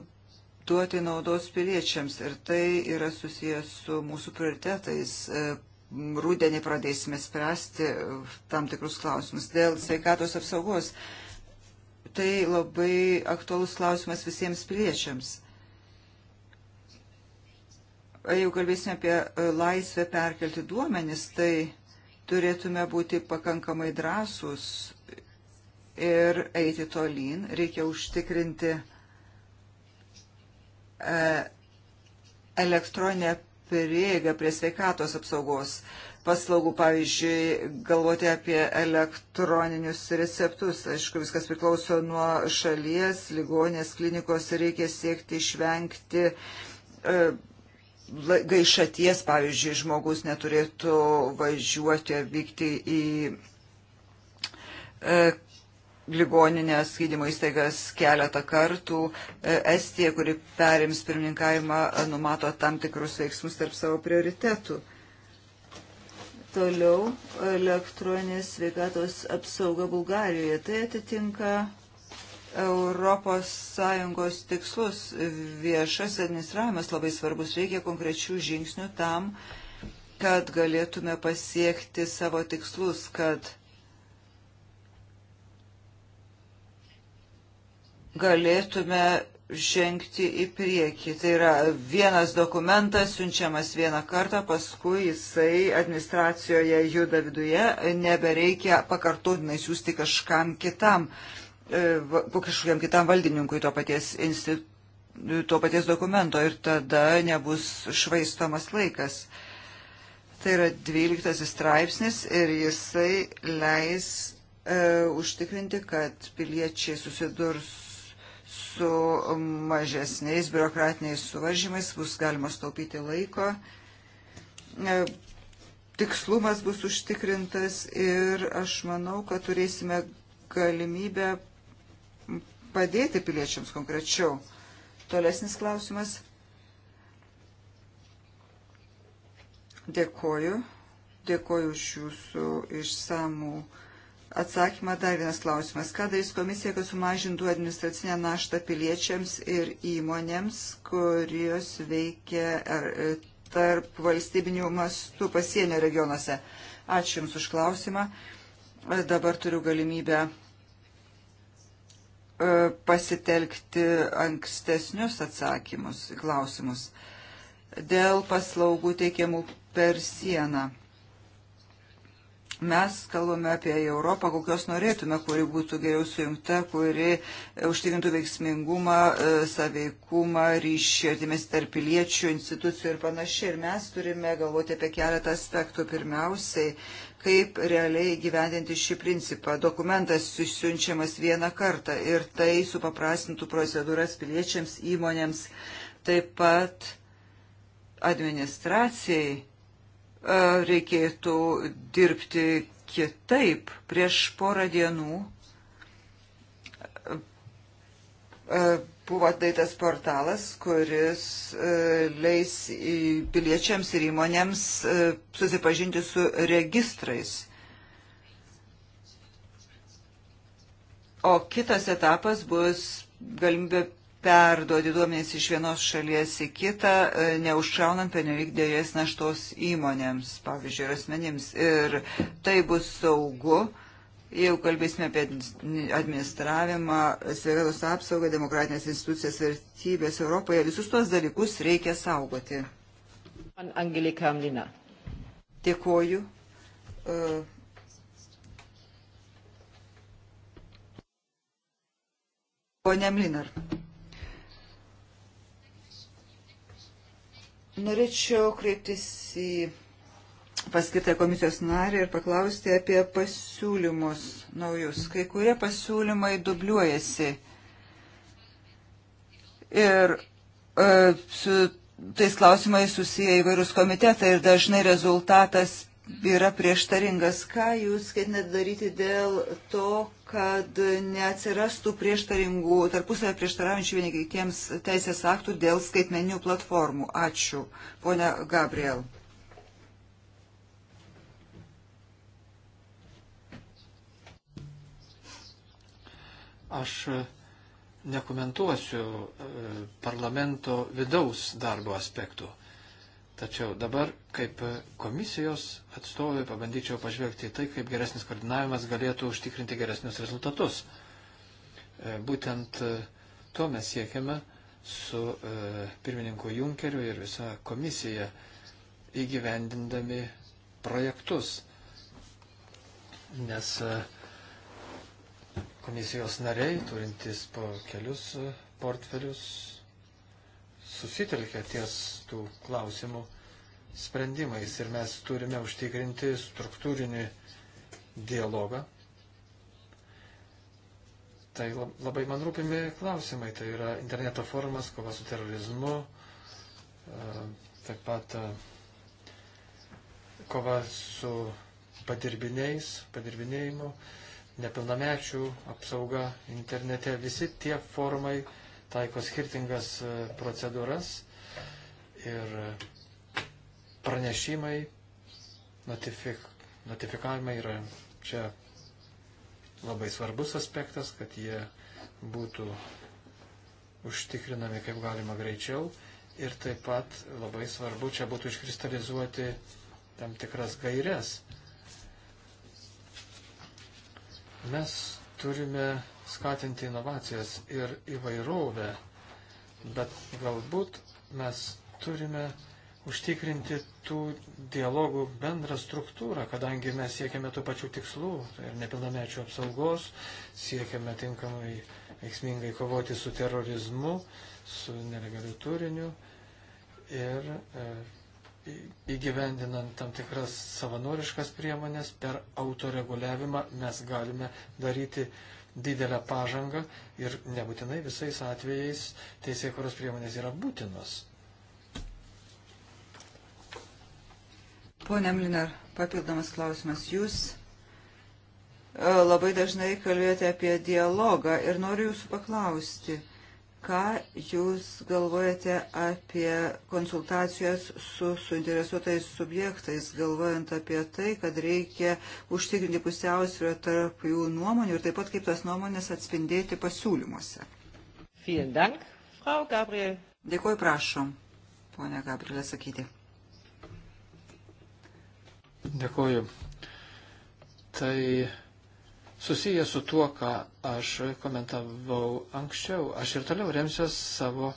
duoti naudos piliečiams ir tai yra susijęs su mūsų prioritetais e, rūdienį pradėsime spręsti uh, tam tikrus klausimus dėl sveikatos apsaugos. Tai labai aktuolus klausimas visiems piliečiams. Jeigu kalbėsime apie uh, laisvę perkelti duomenis, tai turėtume būti pakankamai drąsus ir eiti tolyn. Reikia užtikrinti uh, elektroninę prieigą prie sveikatos apsaugos paslaugų, pavyzdžiui, galvoti apie elektroninius receptus. Aišku, viskas priklauso nuo šalies, ligonės, klinikos, reikia siekti išvengti e, gaišaties, pavyzdžiui, žmogus neturėtų važiuoti, vykti į e, ligoninės gydymo įstaigas keletą kartų. E, Estija, kuri perims pirmininkavimą, e, numato tam tikrus veiksmus tarp savo prioritetų. Toliau elektroninė sveikatos apsauga Bulgarijoje. Tai atitinka Europos Sąjungos tikslus. Viešas administravimas labai svarbus. Reikia konkrečių žingsnių tam, kad galėtume pasiekti savo tikslus, kad galėtume žengti į priekį. Tai yra vienas dokumentas siunčiamas vieną kartą, paskui jisai administracijoje juda viduje, nebereikia pakartotinai siūsti kažkam kitam, e, kažkokiam kitam valdininkui to paties institucijos to paties dokumento ir tada nebus švaistomas laikas. Tai yra 12 straipsnis ir jisai leis e, užtikrinti, kad piliečiai susidurs su mažesniais biurokratiniais suvaržymais bus galima staupyti laiko. E, tikslumas bus užtikrintas ir aš manau, kad turėsime galimybę padėti piliečiams konkrečiau. Tolesnis klausimas. Dėkoju. Dėkoju už jūsų išsamų atsakymą dar vienas klausimas. Ką darys komisija, kad sumažintų administracinę naštą piliečiams ir įmonėms, kurios veikia ar, e, tarp valstybinių mastų pasienio regionuose? Ačiū Jums už klausimą. E, dabar turiu galimybę e, pasitelkti ankstesnius atsakymus, klausimus dėl paslaugų teikiamų per sieną. Mes kalbame apie Europą, kokios norėtume, kuri būtų geriau sujungta, kuri e, užtikrintų veiksmingumą, e, saveikumą, ryšį, artimės tarp piliečių, institucijų ir panašiai. Ir mes turime galvoti apie keletą aspektų. Pirmiausiai, kaip realiai gyvendinti šį principą. Dokumentas siunčiamas vieną kartą ir tai supaprastintų procedūras piliečiams, įmonėms, taip pat administracijai E, reikėtų dirbti kitaip. Prieš porą dienų e, buvo atdaitas portalas, kuris e, leis piliečiams ir įmonėms susipažinti su registrais. O kitas etapas bus galimybė perduodi duomenys iš vienos šalies į kitą, e, neužkraunant penelik dėlės naštos įmonėms, pavyzdžiui, ir asmenims. Ir tai bus saugu, jeigu kalbėsime apie administravimą, sveikatos apsaugą, demokratinės institucijas, vertybės Europoje, visus tuos dalykus reikia saugoti. Angelika Amlina. Dėkoju. Uh, Pone Mlinar. Norėčiau kreiptis į paskirtą komisijos narį ir paklausti apie pasiūlymus naujus. Kai kurie pasiūlymai dubliuojasi. Ir e, su tais klausimais susiję įvairūs komitetai ir dažnai rezultatas yra prieštaringas. Ką jūs ketinat daryti dėl to, kad neatsirastų prieštaringų, tarpusavę prieštaraujančių vieni kitiems teisės aktų dėl skaitmeninių platformų. Ačiū, ponia Gabriel. Aš e, nekomentuosiu e, parlamento vidaus darbo aspektų. Tačiau dabar, kaip komisijos atstovai, pabandyčiau pažvelgti į tai, kaip geresnis koordinavimas galėtų užtikrinti geresnius rezultatus. E, būtent e, to mes siekiame su e, pirmininku Junkeriu ir visa komisija įgyvendindami projektus. Nes komisijos nariai, turintys po kelius portfelius, susitelkia ties tų klausimų sprendimais ir mes turime užtikrinti struktūrinį dialogą. Tai labai man rūpimi klausimai, tai yra interneto formas, kova su terorizmu, e, taip pat e, kova su padirbiniais, padirbinėjimu, nepilnamečių apsauga internete, visi tie formai, taiko skirtingas e, procedūras ir pranešimai, notifik, notifikavimai yra čia labai svarbus aspektas, kad jie būtų užtikrinami kaip galima greičiau ir taip pat labai svarbu čia būtų iškristalizuoti tam tikras gairias. Mes turime skatinti inovacijas ir įvairovę, bet galbūt mes turime užtikrinti tų dialogų bendrą struktūrą, kadangi mes siekiame tų pačių tikslų tai ir nepilnamečių apsaugos, siekiame tinkamai veiksmingai kovoti su terorizmu, su nelegaliu turiniu ir e, įgyvendinant tam tikras savanoriškas priemonės per autoreguliavimą mes galime daryti didelę pažangą ir nebūtinai visais atvejais teisėkuros priemonės yra būtinos. Pone Mlinar, papildomas klausimas. Jūs e, labai dažnai kalbėjote apie dialogą ir noriu jūsų paklausti Ką Jūs galvojate apie konsultacijas su suinteresuotais subjektais, galvojant apie tai, kad reikia užtikrinti pusiausvyrą tarp jų nuomonių ir taip pat kaip tas nuomonės atspindėti pasiūlymuose? Dank, Frau Gabriel. Dėkuoju, prašom, ponia Gabrielė, sakyti. Dėkuoju. Tai susijęs su tuo, ką aš komentavau anksčiau. Aš ir toliau remsiuos savo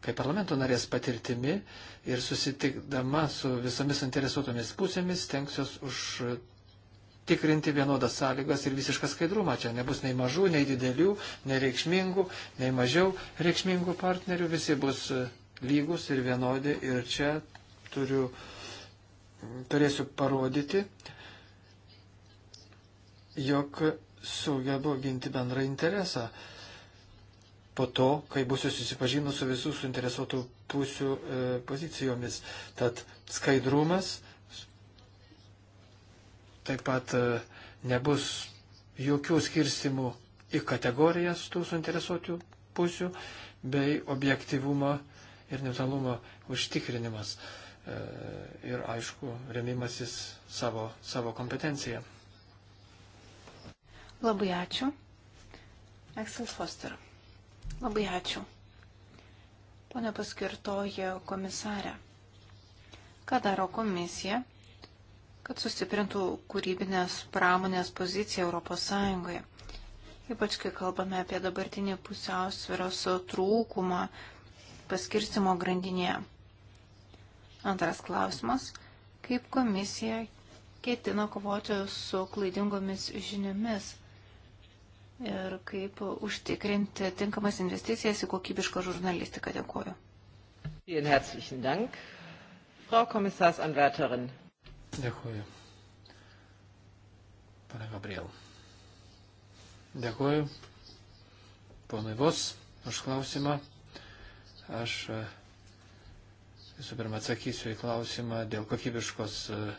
kaip parlamento narės patirtimi ir susitikdama su visomis interesuotomis pusėmis tenksiuos užtikrinti vienodas sąlygas ir visišką skaidrumą. Čia nebus nei mažų, nei didelių, nei reikšmingų, nei mažiau reikšmingų partnerių. Visi bus lygus ir vienodi ir čia turiu, turėsiu parodyti, jog sugebo ginti bendrą interesą. Po to, kai bus susipažinus su visų suinteresuotų pusių e, pozicijomis. Tad skaidrumas taip pat e, nebus jokių skirstimų į kategorijas tų suinteresuotų pusių bei objektivumo ir neutralumo užtikrinimas e, ir, aišku, remimasis savo, savo kompetenciją. Labai ačiū. Axel Foster. Labai ačiū. Pone paskirtoji komisarė. Ką daro komisija, kad sustiprintų kūrybinės pramonės poziciją Europos Sąjungoje? Ypač kai kalbame apie dabartinį pusiausviros trūkumą paskirstimo grandinėje. Antras klausimas. Kaip komisija ketina kovoti su klaidingomis žiniomis ir kaip užtikrinti tinkamas investicijas į kokybišką žurnalistiką. Dėkuoju. Vielen herzlichen Dank, Frau Kommissarsanwärterin. Dėkuoju. Pane Gabriel. Dėkuoju. Ponai Vos, už klausimą. Aš e, visų pirma atsakysiu į klausimą dėl kokybiškos uh,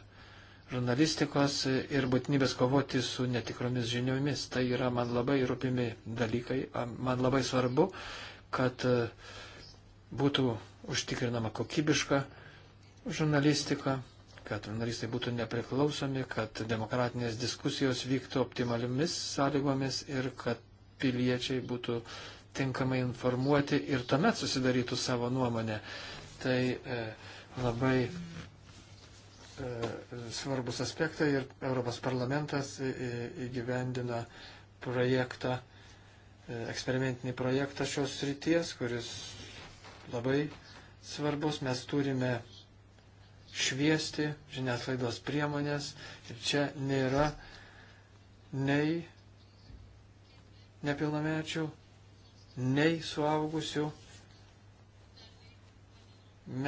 žurnalistikos ir būtinybės kovoti su netikromis žiniomis. Tai yra man labai rūpimi dalykai. Man labai svarbu, kad e, būtų užtikrinama kokybiška žurnalistika, kad žurnalistai būtų nepriklausomi, kad demokratinės diskusijos vyktų optimaliomis sąlygomis ir kad piliečiai būtų tinkamai informuoti ir tuomet susidarytų savo nuomonę. Tai e, labai E, svarbus aspektai ir Europos parlamentas įgyvendina projektą, e, eksperimentinį projektą šios srities, kuris labai svarbus. Mes turime šviesti žiniasklaidos priemonės ir čia nėra nei nepilnamečių, nei suaugusių.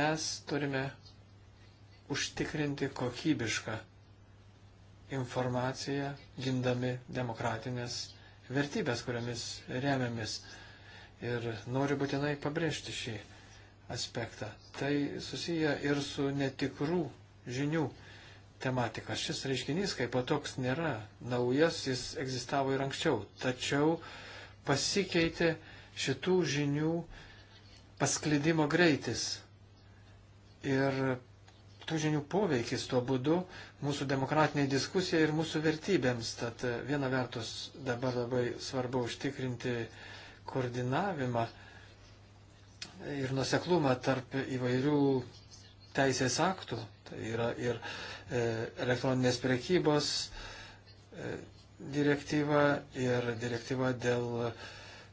Mes turime užtikrinti kokybišką informaciją, gindami demokratinės vertybės, kuriamis remiamis. Ir noriu būtinai pabrėžti šį aspektą. Tai susiję ir su netikrų žinių tematika. Šis reiškinys kaip toks nėra naujas, jis egzistavo ir anksčiau. Tačiau pasikeitė šitų žinių pasklidimo greitis. Ir tų žinių poveikis tuo būdu mūsų demokratiniai diskusijai ir mūsų vertybėms. Tad e, viena vertus dabar labai svarbu užtikrinti koordinavimą ir nuseklumą tarp įvairių teisės aktų. Tai yra ir e, elektroninės prekybos e, direktyva ir direktyva dėl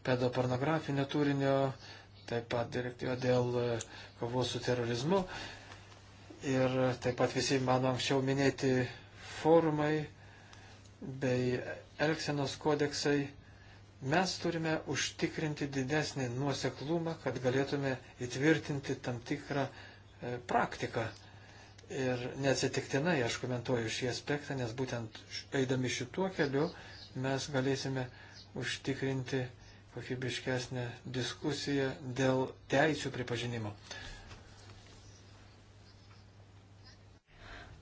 pedopornografinio turinio, taip pat direktyva dėl kovos su terorizmu ir taip pat visi mano anksčiau minėti forumai bei Elksenos kodeksai, mes turime užtikrinti didesnį nuoseklumą, kad galėtume įtvirtinti tam tikrą e, praktiką. Ir neatsitiktinai aš komentuoju šį aspektą, nes būtent eidami šituo keliu mes galėsime užtikrinti kokybiškesnę diskusiją dėl teisų pripažinimo.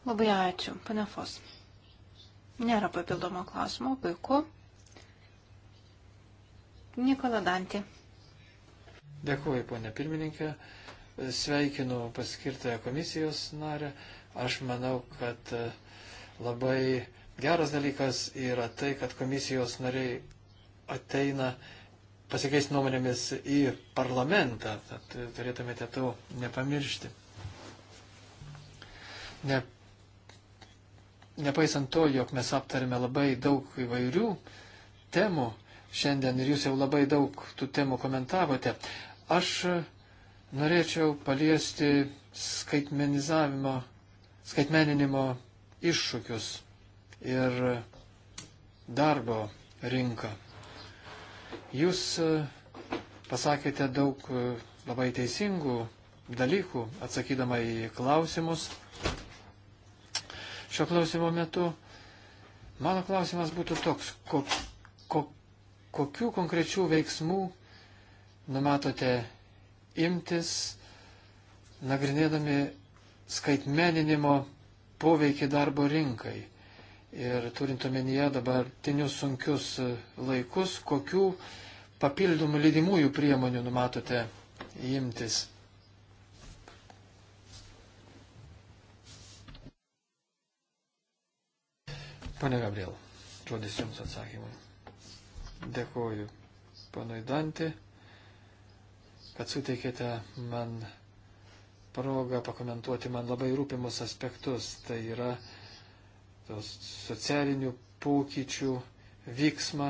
Labai ačiū, panefos. Nėra papildomo klausimo, puiku. Nikola Dantį. Dėkuoju, ponė pirmininkė. Sveikinu paskirtąją komisijos narę. Aš manau, kad e, labai geras dalykas yra tai, kad komisijos nariai ateina pasikeisti nuomonėmis į parlamentą. Tad turėtumėte to nepamiršti. Ne nepaisant to, jog mes aptarėme labai daug įvairių temų šiandien ir jūs jau labai daug tų temų komentavote, aš norėčiau paliesti skaitmenizavimo, skaitmeninimo iššūkius ir darbo rinką. Jūs e, pasakėte daug e, labai teisingų dalykų, atsakydama į klausimus šio klausimo metu. Mano klausimas būtų toks, ko, ko, kokių konkrečių veiksmų numatote imtis, nagrinėdami skaitmeninimo poveikį darbo rinkai. Ir turint omenyje dabartinius sunkius laikus, kokių papildomų lydimųjų priemonių numatote imtis. Pane Gabriel, žodis Jums atsakymui. Dėkuoju, panui Dantį, kad suteikėte man progą pakomentuoti man labai rūpimus aspektus. Tai yra tos socialinių pokyčių vyksmą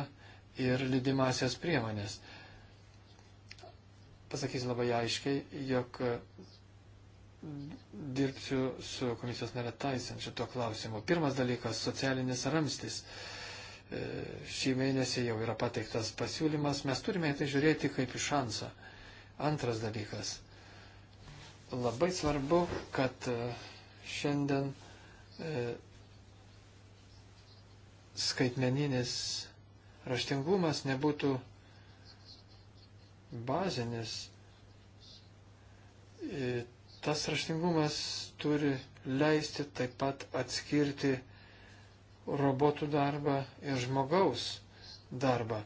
ir lydimasias priemonės. Pasakysiu labai aiškiai, jog dirbsiu su komisijos nare Taisen šito klausimu. Pirmas dalykas - socialinis ramstis. E, šį mėnesį jau yra pateiktas pasiūlymas, mes turime į tai žiūrėti kaip į šansą. Antras dalykas. Labai svarbu, kad e, šiandien e, skaitmeninis raštingumas nebūtų bazinis Tas raštingumas turi leisti taip pat atskirti robotų darbą ir žmogaus darbą.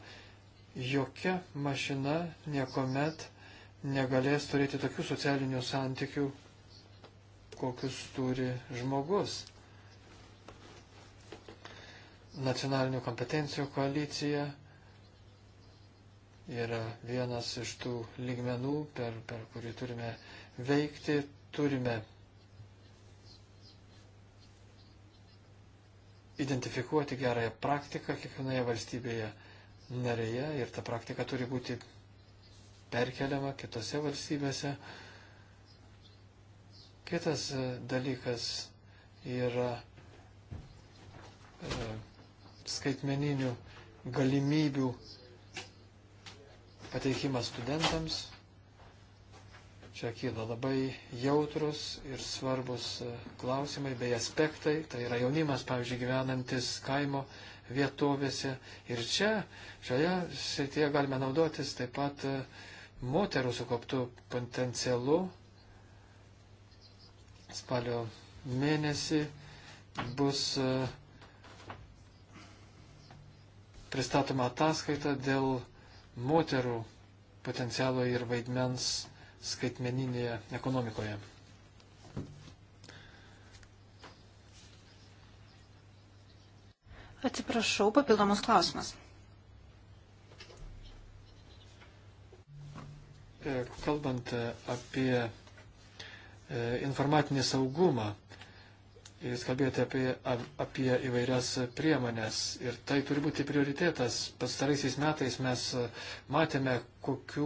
Jokia mašina niekuomet negalės turėti tokių socialinių santykių, kokius turi žmogus. Nacionalinių kompetencijų koalicija yra vienas iš tų lygmenų, per, per kurį turime uh, veikti, turime identifikuoti gerąją praktiką kiekvienoje valstybėje narėje ir ta praktika turi būti perkeliama kitose valstybėse. Kitas e, dalykas yra e, skaitmeninių galimybių pateikimas studentams. Čia kyla labai jautrus ir svarbus e, klausimai bei aspektai. Tai yra jaunimas, pavyzdžiui, gyvenantis kaimo vietovėse. Ir čia, šioje srityje galime naudotis taip pat e, moterų sukauptų potencialu. Spalio mėnesį bus e, pristatoma ataskaita dėl moterų potencialo ir vaidmens skaitmeninėje ekonomikoje. Atsiprašau, papildomus klausimas. E, kalbant apie e, informatinį saugumą, Jūs kalbėjote apie, apie įvairias priemonės ir tai turi būti prioritetas. Pastaraisiais metais mes matėme, kokių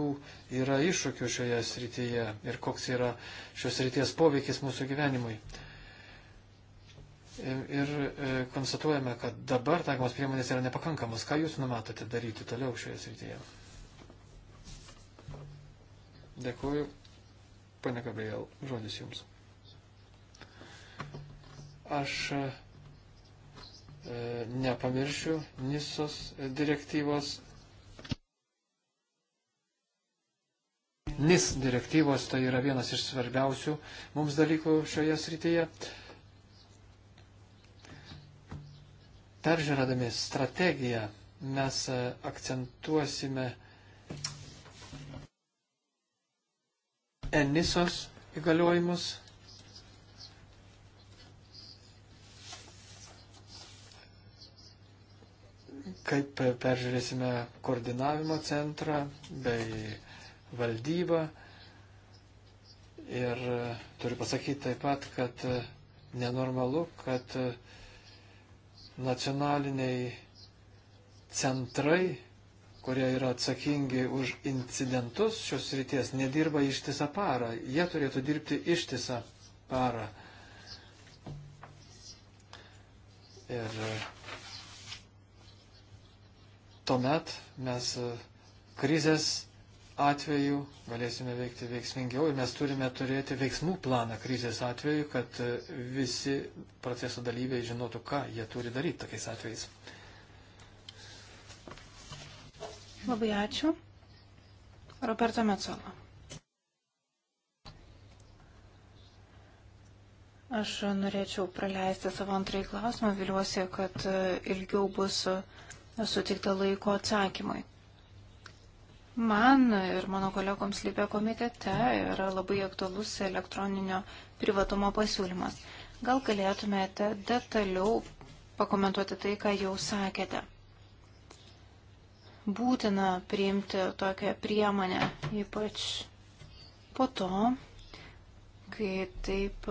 yra iššūkių šioje srityje ir koks yra šios srities poveikis mūsų gyvenimui. Ir, ir e, konstatuojame, kad dabar taikomos priemonės yra nepakankamos. Ką Jūs numatote daryti toliau šioje srityje? Dėkuoju. Pane Gabriel, žodis Jums. Aš e, nepamiršiu Nisos direktyvos. NIS direktyvos tai yra vienas iš svarbiausių mums dalykų šioje srityje. Peržiūrėdami strategiją mes e, akcentuosime Enisos įgaliojimus kaip peržiūrėsime koordinavimo centrą bei valdybą. Ir e, turiu pasakyti taip pat, kad e, nenormalu, kad e, nacionaliniai centrai, kurie yra atsakingi už incidentus šios ryties, nedirba ištisą parą. Jie turėtų dirbti ištisą parą. Ir tuomet mes e, krizės atveju galėsime veikti veiksmingiau ir mes turime turėti veiksmų planą krizės atveju, kad e, visi proceso dalyviai žinotų, ką jie turi daryti tokiais atvejais. Labai ačiū. Roberto Metzola. Aš norėčiau praleisti savo antrąjį klausimą, viliuosi, kad e, ilgiau bus sutikta laiko atsakymui. Man ir mano kolegoms Libė komitete yra labai aktualus elektroninio privatumo pasiūlymas. Gal galėtumėte detaliau pakomentuoti tai, ką jau sakėte. Būtina priimti tokią priemonę, ypač po to, kai taip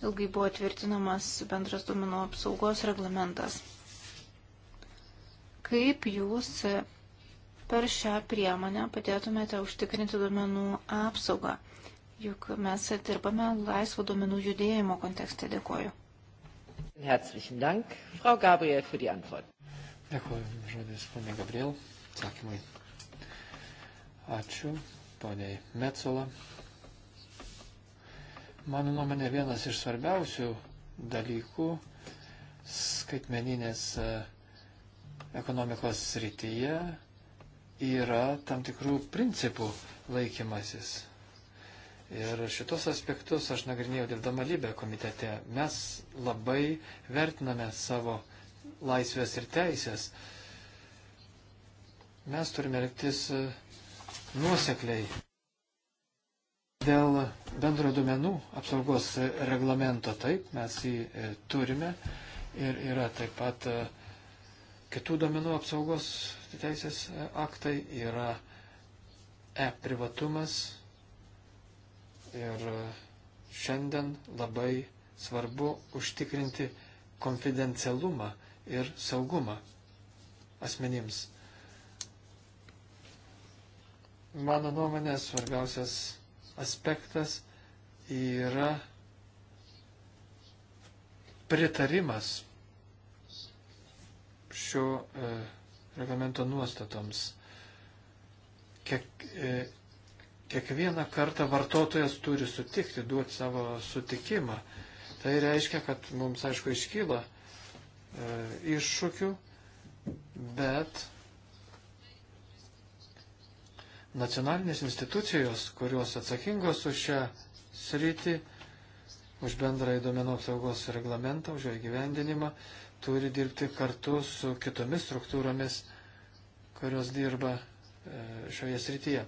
ilgai buvo tvirtinamas bendras duomenų apsaugos reglamentas. Kaip jūs per šią priemonę padėtumėte užtikrinti duomenų apsaugą? Juk mes dirbame laisvo duomenų judėjimo kontekste. Dėkoju. Herzlichen Dank, Frau Gabriel, für die Antwort. Dėkoju, žodis ponė Gabriel, atsakymai. Ačiū, poniai Metzola. Mano nuomonė vienas iš svarbiausių dalykų skaitmeninės uh, ekonomikos srityje yra tam tikrų principų laikymasis. Ir šitos aspektus aš nagrinėjau dirbdama Libė komitete. Mes labai vertiname savo laisvės ir teisės. Mes turime elgtis e, nuosekliai. Dėl bendro duomenų apsaugos reglamento taip, mes jį e, turime ir yra taip pat uh, kitų domenų apsaugos teisės aktai yra e-privatumas ir šiandien labai svarbu užtikrinti konfidencialumą ir saugumą asmenims. Mano nuomonė svarbiausias aspektas yra pritarimas šio e, reglamento nuostatoms. Kiek, e, kiekvieną kartą vartotojas turi sutikti, duoti savo sutikimą. Tai reiškia, kad mums, aišku, iškyla e, iššūkių, bet nacionalinės institucijos, kurios atsakingos už šią sritį, už bendrąjį domenų apsaugos reglamentą, už jo įgyvendinimą, turi dirbti kartu su kitomis struktūromis, kurios dirba e, šioje srityje.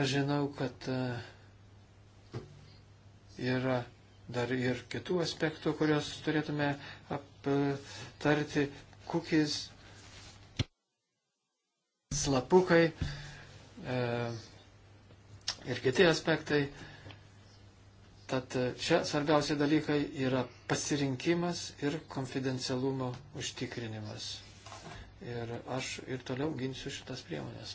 Aš žinau, kad e, yra dar ir kitų aspektų, kuriuos turėtume aptarti. Kukis, slapukai e, ir kiti aspektai. Tad e, čia svarbiausia dalykai yra pasirinkimas ir konfidencialumo užtikrinimas. Ir aš ir toliau ginsiu šitas priemonės.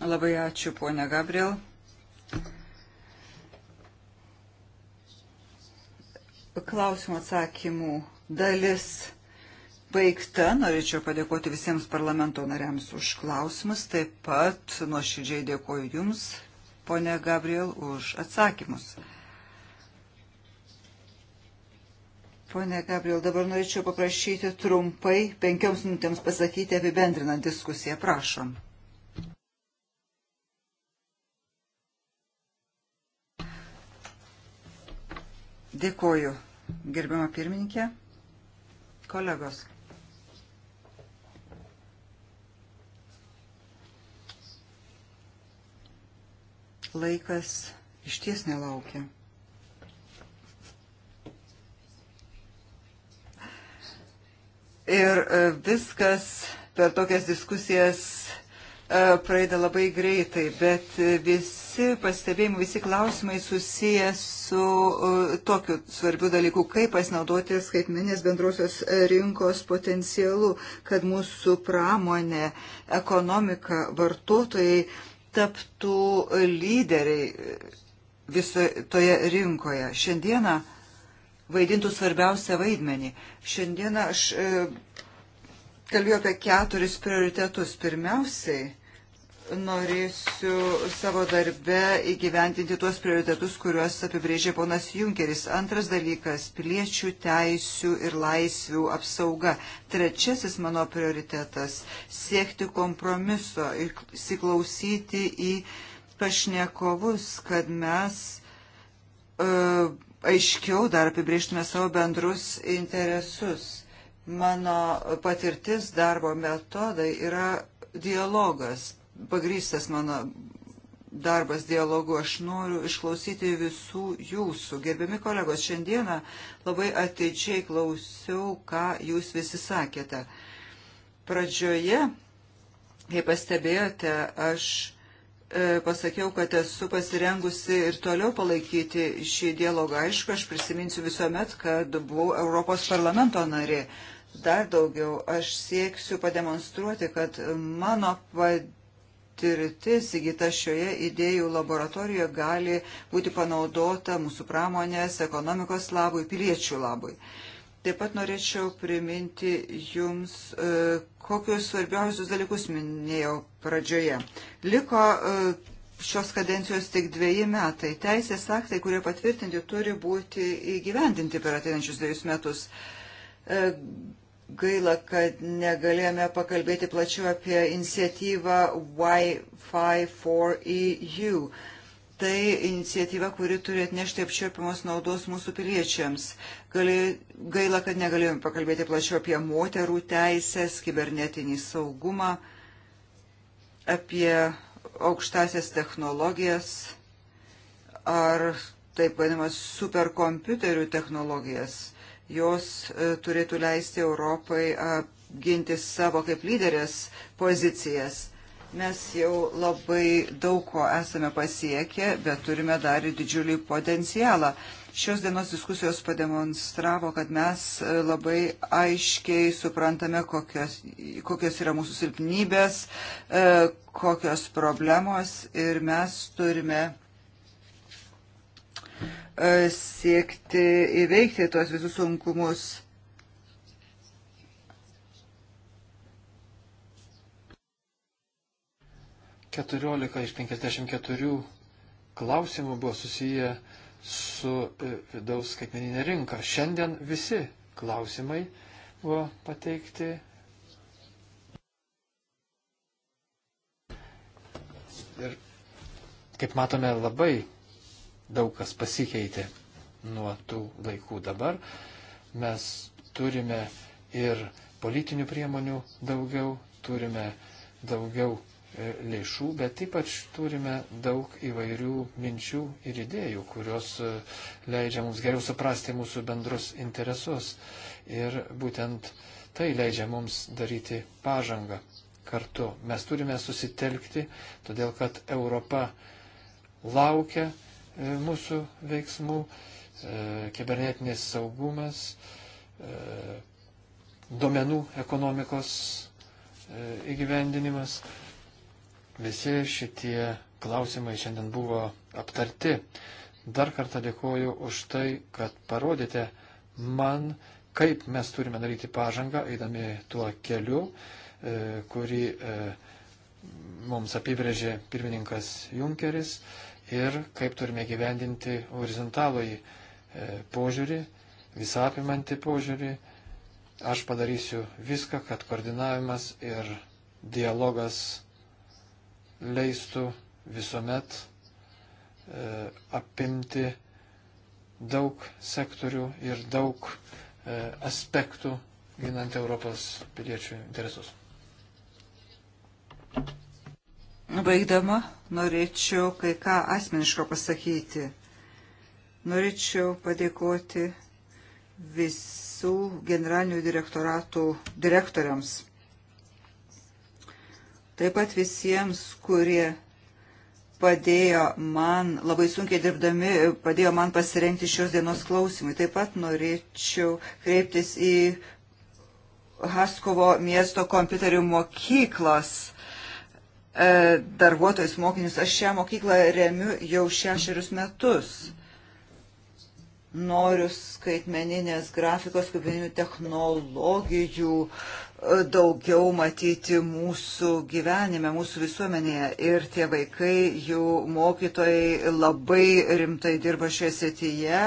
Labai ačiū, ponia Gabriel. Klausimų atsakymų dalis baigta. Norėčiau padėkoti visiems parlamento nariams už klausimus. Taip pat nuoširdžiai dėkoju Jums, ponė Gabriel, už atsakymus. Pone Gabriel, dabar norėčiau paprašyti trumpai penkioms minutėms pasakyti apibendrinant diskusiją. Prašom. Dėkoju, gerbiama pirmininkė, kolegos. laikas išties nelaukia. Ir e, viskas per tokias diskusijas e, praeina labai greitai, bet e, visi pastebėjimai, visi klausimai susiję su tokiu svarbiu dalyku, kaip pasinaudoti skaitmenės bendrosios rinkos potencialu, kad mūsų pramonė, ekonomika, vartotojai taptų lyderiai visoje toje rinkoje. Šiandieną vaidintų svarbiausią vaidmenį. Šiandieną aš e, kalbėjau apie keturis prioritetus. Pirmiausiai, norėsiu savo darbe įgyventinti tuos prioritetus, kuriuos apibrėžė ponas Junkeris. Antras dalykas - piliečių teisių ir laisvių apsauga. Trečiasis mano prioritetas - siekti kompromiso ir siklausyti į pašnekovus, kad mes uh, aiškiau dar apibrėžtume savo bendrus interesus. Mano patirtis darbo metodai yra dialogas pagrystas mano darbas dialogu. Aš noriu išklausyti visų jūsų. Gerbiami kolegos, šiandieną labai ateidžiai klausiau, ką jūs visi sakėte. Pradžioje, kaip pastebėjote, aš e, pasakiau, kad esu pasirengusi ir toliau palaikyti šį dialogą. Aišku, aš prisiminsiu visuomet, kad buvau Europos parlamento narė. Dar daugiau aš sieksiu pademonstruoti, kad mano padėtis patirtis įgyta šioje idėjų laboratorijoje gali būti panaudota mūsų pramonės, ekonomikos labui, piliečių labui. Taip pat norėčiau priminti Jums, e, kokius svarbiausius dalykus minėjau pradžioje. Liko e, šios kadencijos tik dviejai metai. Teisės aktai, kurie patvirtinti, turi būti įgyvendinti per ateinančius dviejus metus e, Gaila, kad negalėjome pakalbėti plačiau apie iniciatyvą Wi-Fi for EU. Tai iniciatyva, kuri turi atnešti apčiopiamos naudos mūsų piliečiams. Gali, gaila, kad negalėjome pakalbėti plačiau apie moterų teisės, kibernetinį saugumą, apie aukštasias technologijas ar taip vadinamas superkompiuterių technologijas Jos e, turėtų leisti Europai apginti savo kaip lyderės pozicijas. Mes jau labai daug ko esame pasiekę, bet turime dar ir didžiulį potencialą. Šios dienos diskusijos pademonstravo, kad mes e, labai aiškiai suprantame, kokios, kokios yra mūsų silpnybės, e, kokios problemos ir mes turime E, siekti įveikti tuos visus sunkumus. Keturiolika iš penkiasdešimt keturių klausimų buvo susiję su e, vidaus skaitmeninė rinka. Šiandien visi klausimai buvo pateikti Ir kaip matome, labai daug kas pasikeitė nuo tų laikų dabar. Mes turime ir politinių priemonių daugiau, turime daugiau e, lėšų, bet ypač turime daug įvairių minčių ir idėjų, kurios e, leidžia mums geriau suprasti mūsų bendrus interesus. Ir būtent tai leidžia mums daryti pažangą kartu. Mes turime susitelkti, todėl kad Europa laukia E, mūsų veiksmų, e, kibernetinės saugumas, e, duomenų ekonomikos įgyvendinimas. Visi šitie klausimai šiandien buvo aptarti. Dar kartą dėkoju už tai, kad parodėte man, kaip mes turime daryti pažangą, eidami tuo keliu, kurį mums apibrėžė pirmininkas Junkeris ir kaip turime gyvendinti horizontalųjį e, požiūrį, visapimantį požiūrį. Aš padarysiu viską, kad koordinavimas ir dialogas leistų visuomet e, apimti daug sektorių ir daug e, aspektų ginant Europos piliečių interesus. Baigdama norėčiau kai ką asmeniško pasakyti. Norėčiau padėkoti visų generalinių direktoratų direktoriams. Taip pat visiems, kurie padėjo man, labai sunkiai dirbdami, padėjo man pasirengti šios dienos klausimui. Taip pat norėčiau kreiptis į Haskovo miesto kompiuterių mokyklas E, darbuotojus mokinius. Aš šią mokyklą remiu jau šešerius metus. Noriu skaitmeninės grafikos, skaitmeninių technologijų e, daugiau matyti mūsų gyvenime, mūsų visuomenėje. Ir tie vaikai, jų mokytojai labai rimtai dirba šioje srityje.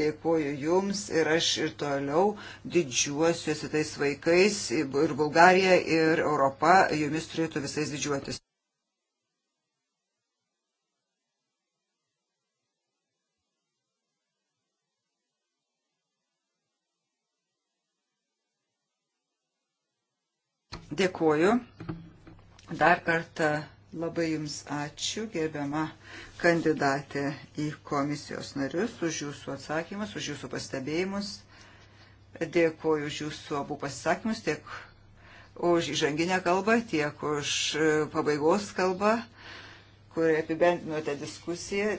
Dėkuoju Jums ir aš ir toliau didžiuosiuosi tais vaikais. Ir Bulgarija, ir Europa jumis turėtų visais didžiuotis. Dėkuoju. Dar kartą labai Jums ačiū, gerbiama kandidatė į komisijos narius, už Jūsų atsakymus, už Jūsų pastebėjimus. Dėkuoju už Jūsų abu pasisakymus, tiek už įžanginę kalbą, tiek už e, pabaigos kalbą, kurioje apibendinote diskusiją.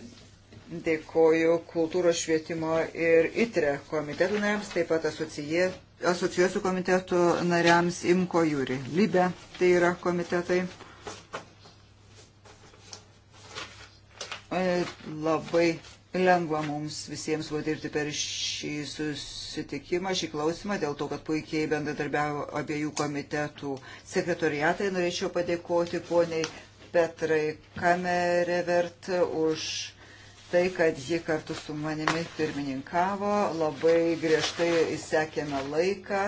Dėkoju kultūros švietimo ir ITRE komitetų nariams, taip pat asocijuotų asocijuosių komitetų nariams Imko Jūri. Libe tai yra komitetai. E, labai lengva mums visiems buvo dirbti per šį susitikimą, šį klausimą, dėl to, kad puikiai bendradarbiavo abiejų komitetų sekretoriatai. Norėčiau padėkoti poniai Petrai Kamerevert už tai, kad ji kartu su manimi pirmininkavo, labai griežtai įsekėme laiką,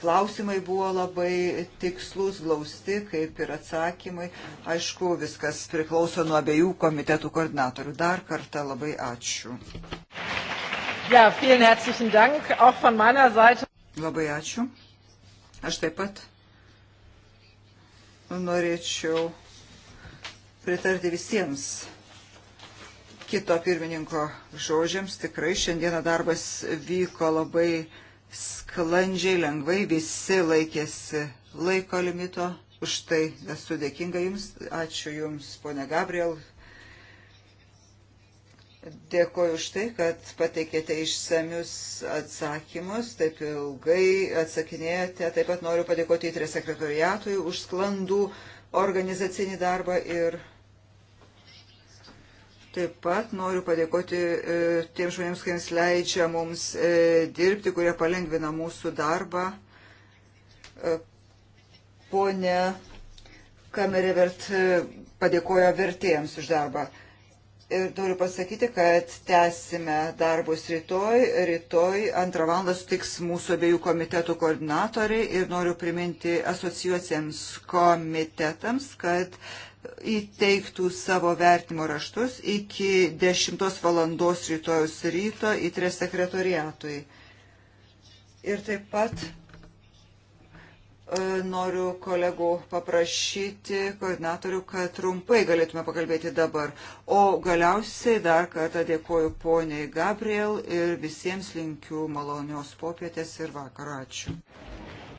klausimai buvo labai tikslus, glausti, kaip ir atsakymai. Aišku, viskas priklauso nuo abiejų komitetų koordinatorių. Dar kartą labai ačiū. Ja, vielen herzlichen Dank, auch von meiner Seite. Labai ačiū. Aš taip pat norėčiau pritarti visiems kito pirmininko žodžiams. Tikrai šiandieną darbas vyko labai sklandžiai, lengvai, visi laikėsi laiko limito. Už tai esu dėkinga Jums. Ačiū Jums, ponė Gabriel. Dėkoju už tai, kad pateikėte išsamius atsakymus, taip ilgai atsakinėjote. Taip pat noriu padėkoti įtrės sekretoriatui už sklandų organizacinį darbą ir Taip pat noriu padėkoti e, tiems žmonėms, kuriems leidžia mums e, dirbti, kurie palengvina mūsų darbą. E, Pone Kamerevert padėkojo vertėjams už darbą. Ir noriu pasakyti, kad tęsime darbus rytoj. Rytoj antrą valandą sutiks mūsų abiejų komitetų koordinatoriai ir noriu priminti asociuocijams komitetams, kad uh, įteiktų savo vertimo raštus iki 10 valandos rytojus ryto į tres sekretoriatui. Ir taip pat e, noriu kolegų paprašyti, koordinatorių, kad trumpai galėtume pakalbėti dabar. O galiausiai dar kartą dėkoju poniai Gabriel ir visiems linkiu malonios popietės ir vakaro. Ačiū.